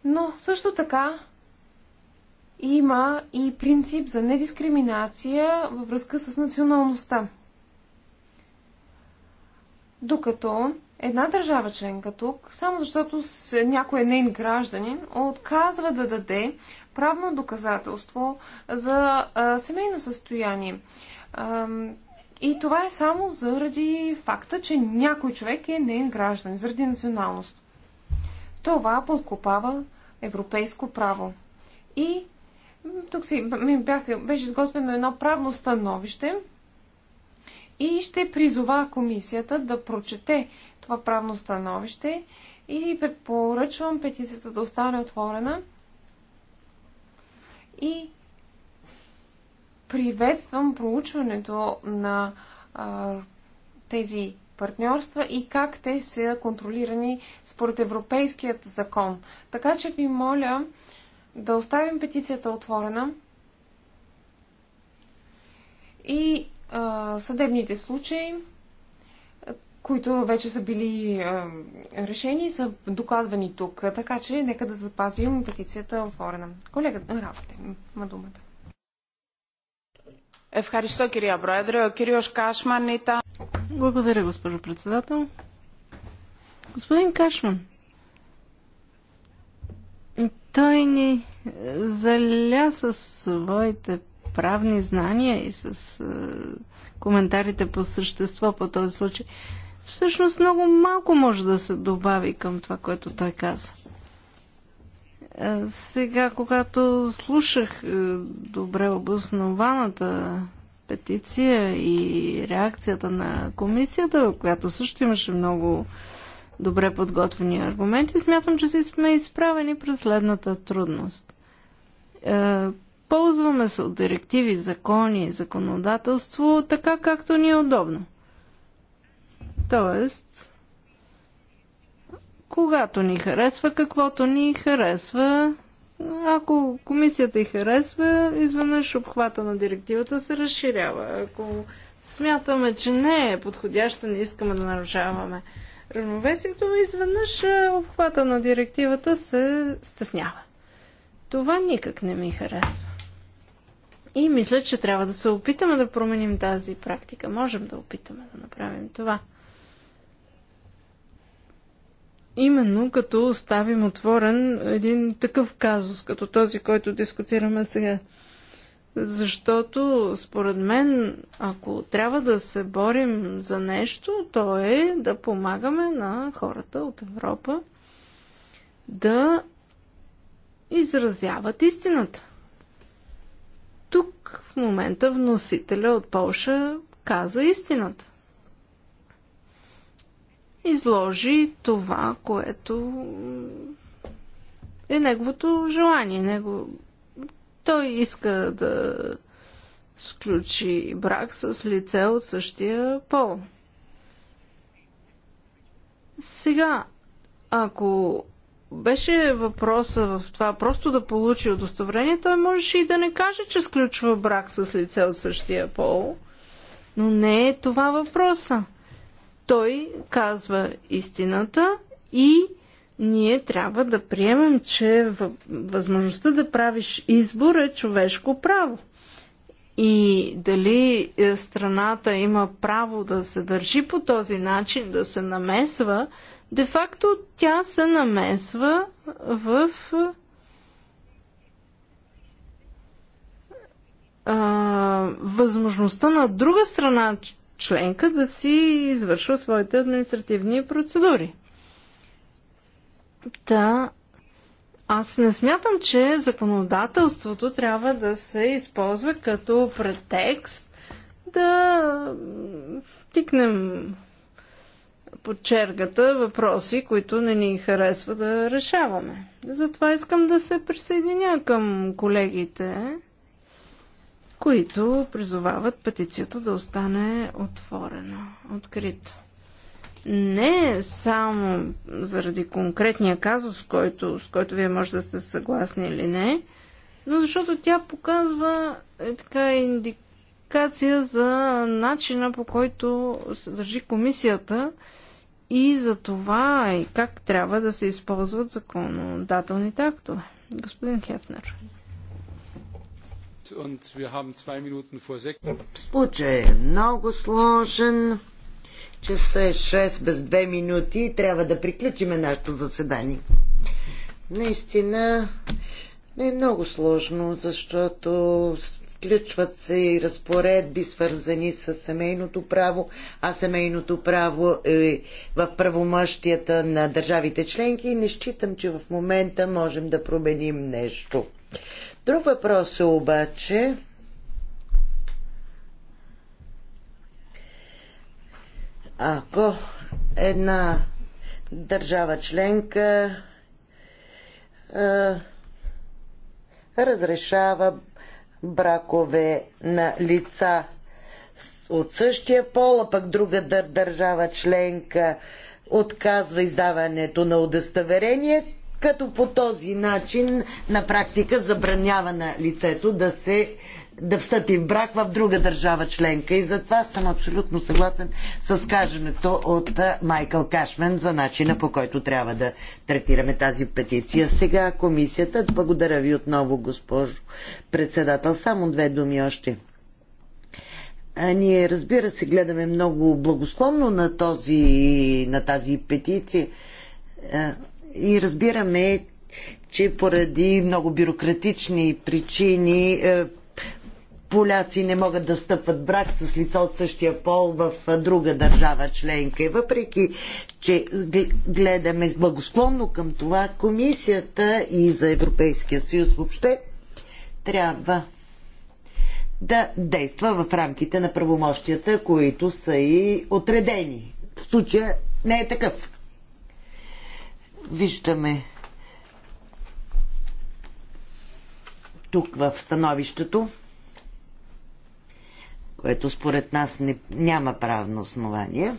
Но също така има и принцип за недискриминация във връзка с националността. Докато една държава членка тук, само защото някой е нейн гражданин, отказва да даде правно доказателство за а, семейно състояние. А, и това е само заради факта, че някой човек е нейн граждан, заради националност. Това подкопава европейско право и тук си, ми бяха, беше изготвено едно правно становище и ще призова комисията да прочете това правно становище и предпоръчвам петицията да остане отворена и приветствам проучването на а, тези партньорства и как те са контролирани според европейският закон. Така че ви моля да оставим петицията отворена и а, съдебните случаи, които вече са били а, решени, са докладвани тук. Така че нека да запазим петицията отворена. Колега, работе, има думата. Ευχαριστώ κυρία Πρόεδρε. Ο Кашман и там. Благодаря, госпожо председател. Господин Кашман, той ни заля със своите правни знания и с е, коментарите по същество по този случай. Всъщност много малко може да се добави към това, което той каза. Е, сега, когато слушах е, добре обоснованата петиция и реакцията на комисията, в която също имаше много добре подготвени аргументи, смятам, че сме изправени през следната трудност. Е, ползваме се от директиви, закони, законодателство, така както ни е удобно. Тоест, когато ни харесва, каквото ни харесва, ако комисията и харесва, изведнъж обхвата на директивата се разширява. Ако смятаме, че не е подходящо, не искаме да нарушаваме равновесието, изведнъж е, обхвата на директивата се стеснява. Това никак не ми харесва. И мисля, че трябва да се опитаме да променим тази практика. Можем да опитаме да направим това. Именно като оставим отворен един такъв казус, като този, който дискутираме сега. Защото, според мен, ако трябва да се борим за нещо, то е да помагаме на хората от Европа да изразяват истината. Тук в момента вносителя от Полша каза истината. Изложи това, което е неговото желание, него, той иска да сключи брак с лице от същия пол. Сега, ако беше въпроса в това просто да получи удостоверение, той можеше и да не каже, че сключва брак с лице от същия пол. Но не е това въпроса. Той казва истината и ние трябва да приемем, че възможността да правиш избор е човешко право. И дали е, страната има право да се държи по този начин, да се намесва, де-факто тя се намесва в а, е, възможността на друга страна членка да си извършва своите административни процедури. Та, аз не смятам, че законодателството трябва да се използва като претекст да тикнем под чергата въпроси, които не ни харесва да решаваме. Затова искам да се присъединя към колегите, които призовават петицията да остане отворена, открита не само заради конкретния казус, с който, с който вие може да сте съгласни или не, но защото тя показва е, така индикация за начина по който се държи комисията и за това и как трябва да се използват законодателните актове. Господин Хефнер. Случай е много сложен. Часа е 6 без 2 минути и трябва да приключиме нашето заседание. Наистина не е много сложно, защото включват се и разпоредби, свързани с семейното право, а семейното право е в правомъщията на държавите членки и не считам, че в момента можем да променим нещо. Друг въпрос е обаче Ако една държава членка разрешава бракове на лица от същия пол, а пък друга държава членка отказва издаването на удостоверение, като по този начин на практика забранява на лицето да се да встъпи в брак в друга държава членка. И затова съм абсолютно съгласен с каженето от Майкъл Кашмен за начина по който трябва да третираме тази петиция. Сега комисията. Благодаря ви отново, госпожо председател. Само две думи още. А ние, разбира се, гледаме много благосклонно на, този, на тази петиция и разбираме, че поради много бюрократични причини поляци не могат да стъпват брак с лица от същия пол в друга държава членка. И въпреки, че гледаме благосклонно към това, комисията и за Европейския съюз въобще трябва да действа в рамките на правомощията, които са и отредени. В случая не е такъв. Виждаме тук в становището, което според нас не, няма правно основание.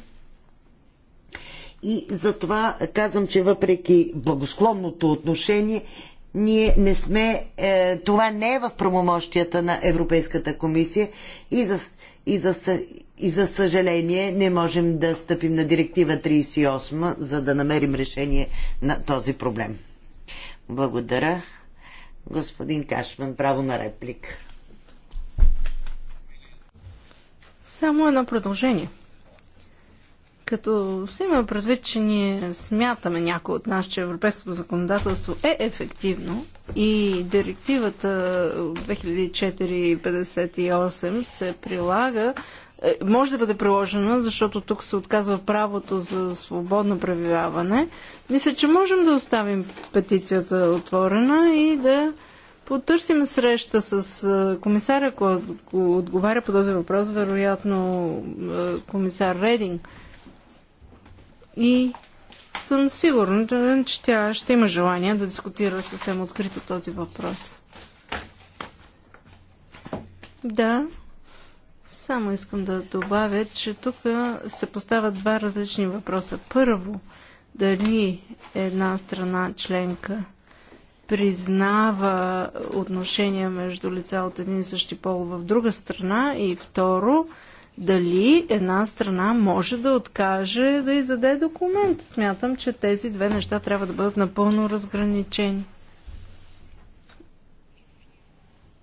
И затова казвам, че въпреки благосклонното отношение, ние не сме. Е, това не е в правомощията на Европейската комисия и за, и, за, и за съжаление не можем да стъпим на директива 38, за да намерим решение на този проблем. Благодаря. Господин Кашман, право на реплика. Само едно продължение. Като си има предвид, че ние смятаме някой от нас, че европейското законодателство е ефективно и директивата от 2004-58 се прилага, е, може да бъде приложена, защото тук се отказва правото за свободно пребиваване, мисля, че можем да оставим петицията отворена и да потърсим среща с комисаря, който отговаря по този въпрос, вероятно комисар Рединг. И съм сигурна, че тя ще има желание да дискутира съвсем открито този въпрос. Да, само искам да добавя, че тук се поставят два различни въпроса. Първо, дали една страна членка признава отношения между лица от един и същи пол в друга страна и второ, дали една страна може да откаже да издаде документ. Смятам, че тези две неща трябва да бъдат напълно разграничени.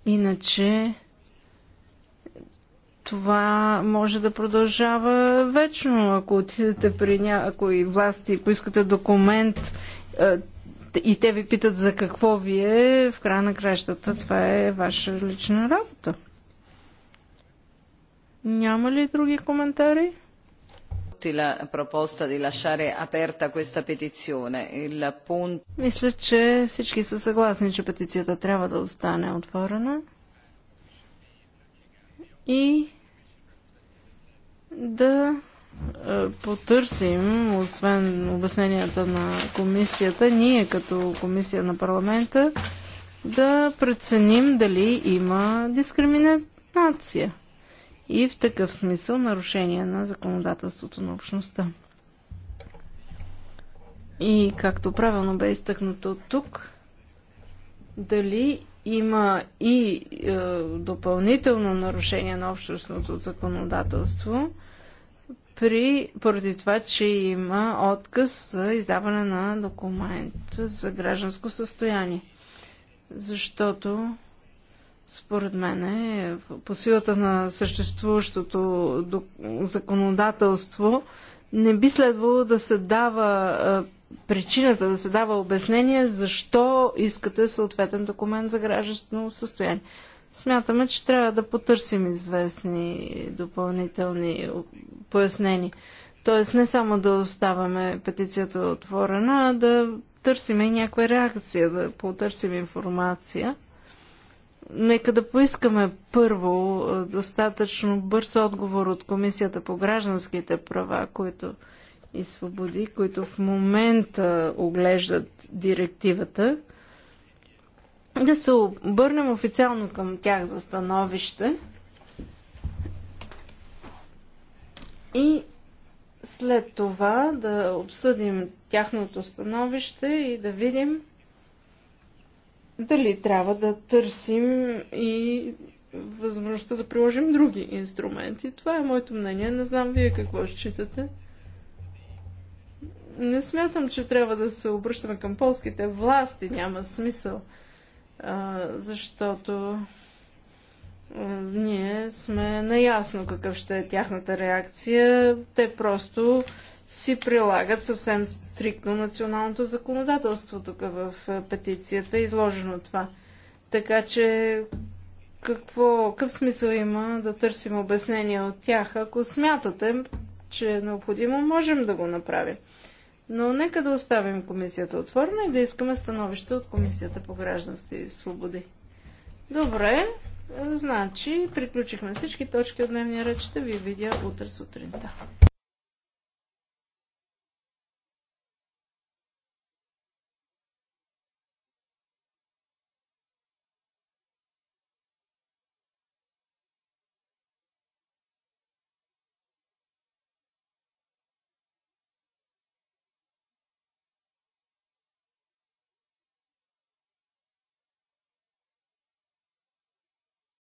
Иначе това може да продължава вечно. Ако отидете при някои власти и поискате документ, е, и те ви питат за какво ви е, в края на кращата това е ваша лична работа. Няма ли други коментари? la proposta di lasciare aperta questa petizione. Il punto... Мисля, че всички са съгласни, че петицията трябва да остане отворена и да е, потърсим, освен обясненията на комисията, ние като комисия на парламента да преценим дали има дискриминация и в такъв смисъл нарушение на законодателството на общността. И както правилно бе изтъкнато тук, дали има и е, допълнително нарушение на общностното законодателство – при, поради това, че има отказ за издаване на документ за гражданско състояние. Защото, според мен, е, по силата на съществуващото законодателство, не би следвало да се дава причината, да се дава обяснение защо искате съответен документ за гражданско състояние. Смятаме, че трябва да потърсим известни допълнителни пояснения. Тоест не само да оставаме петицията отворена, а да търсим и някаква реакция, да потърсим информация. Нека да поискаме първо достатъчно бърз отговор от Комисията по гражданските права, които и свободи, които в момента оглеждат директивата да се обърнем официално към тях за становище и след това да обсъдим тяхното становище и да видим дали трябва да търсим и възможността да приложим други инструменти. Това е моето мнение. Не знам вие какво считате. Не смятам, че трябва да се обръщаме към полските власти. Няма смисъл защото ние сме наясно какъв ще е тяхната реакция. Те просто си прилагат съвсем стриктно националното законодателство тук в петицията, изложено това. Така че какво, какъв смисъл има да търсим обяснение от тях? Ако смятате, че е необходимо, можем да го направим. Но нека да оставим комисията отворена и да искаме становище от комисията по гражданство и свободи. Добре, значи приключихме всички точки от дневния ред. Ще ви видя утре сутринта.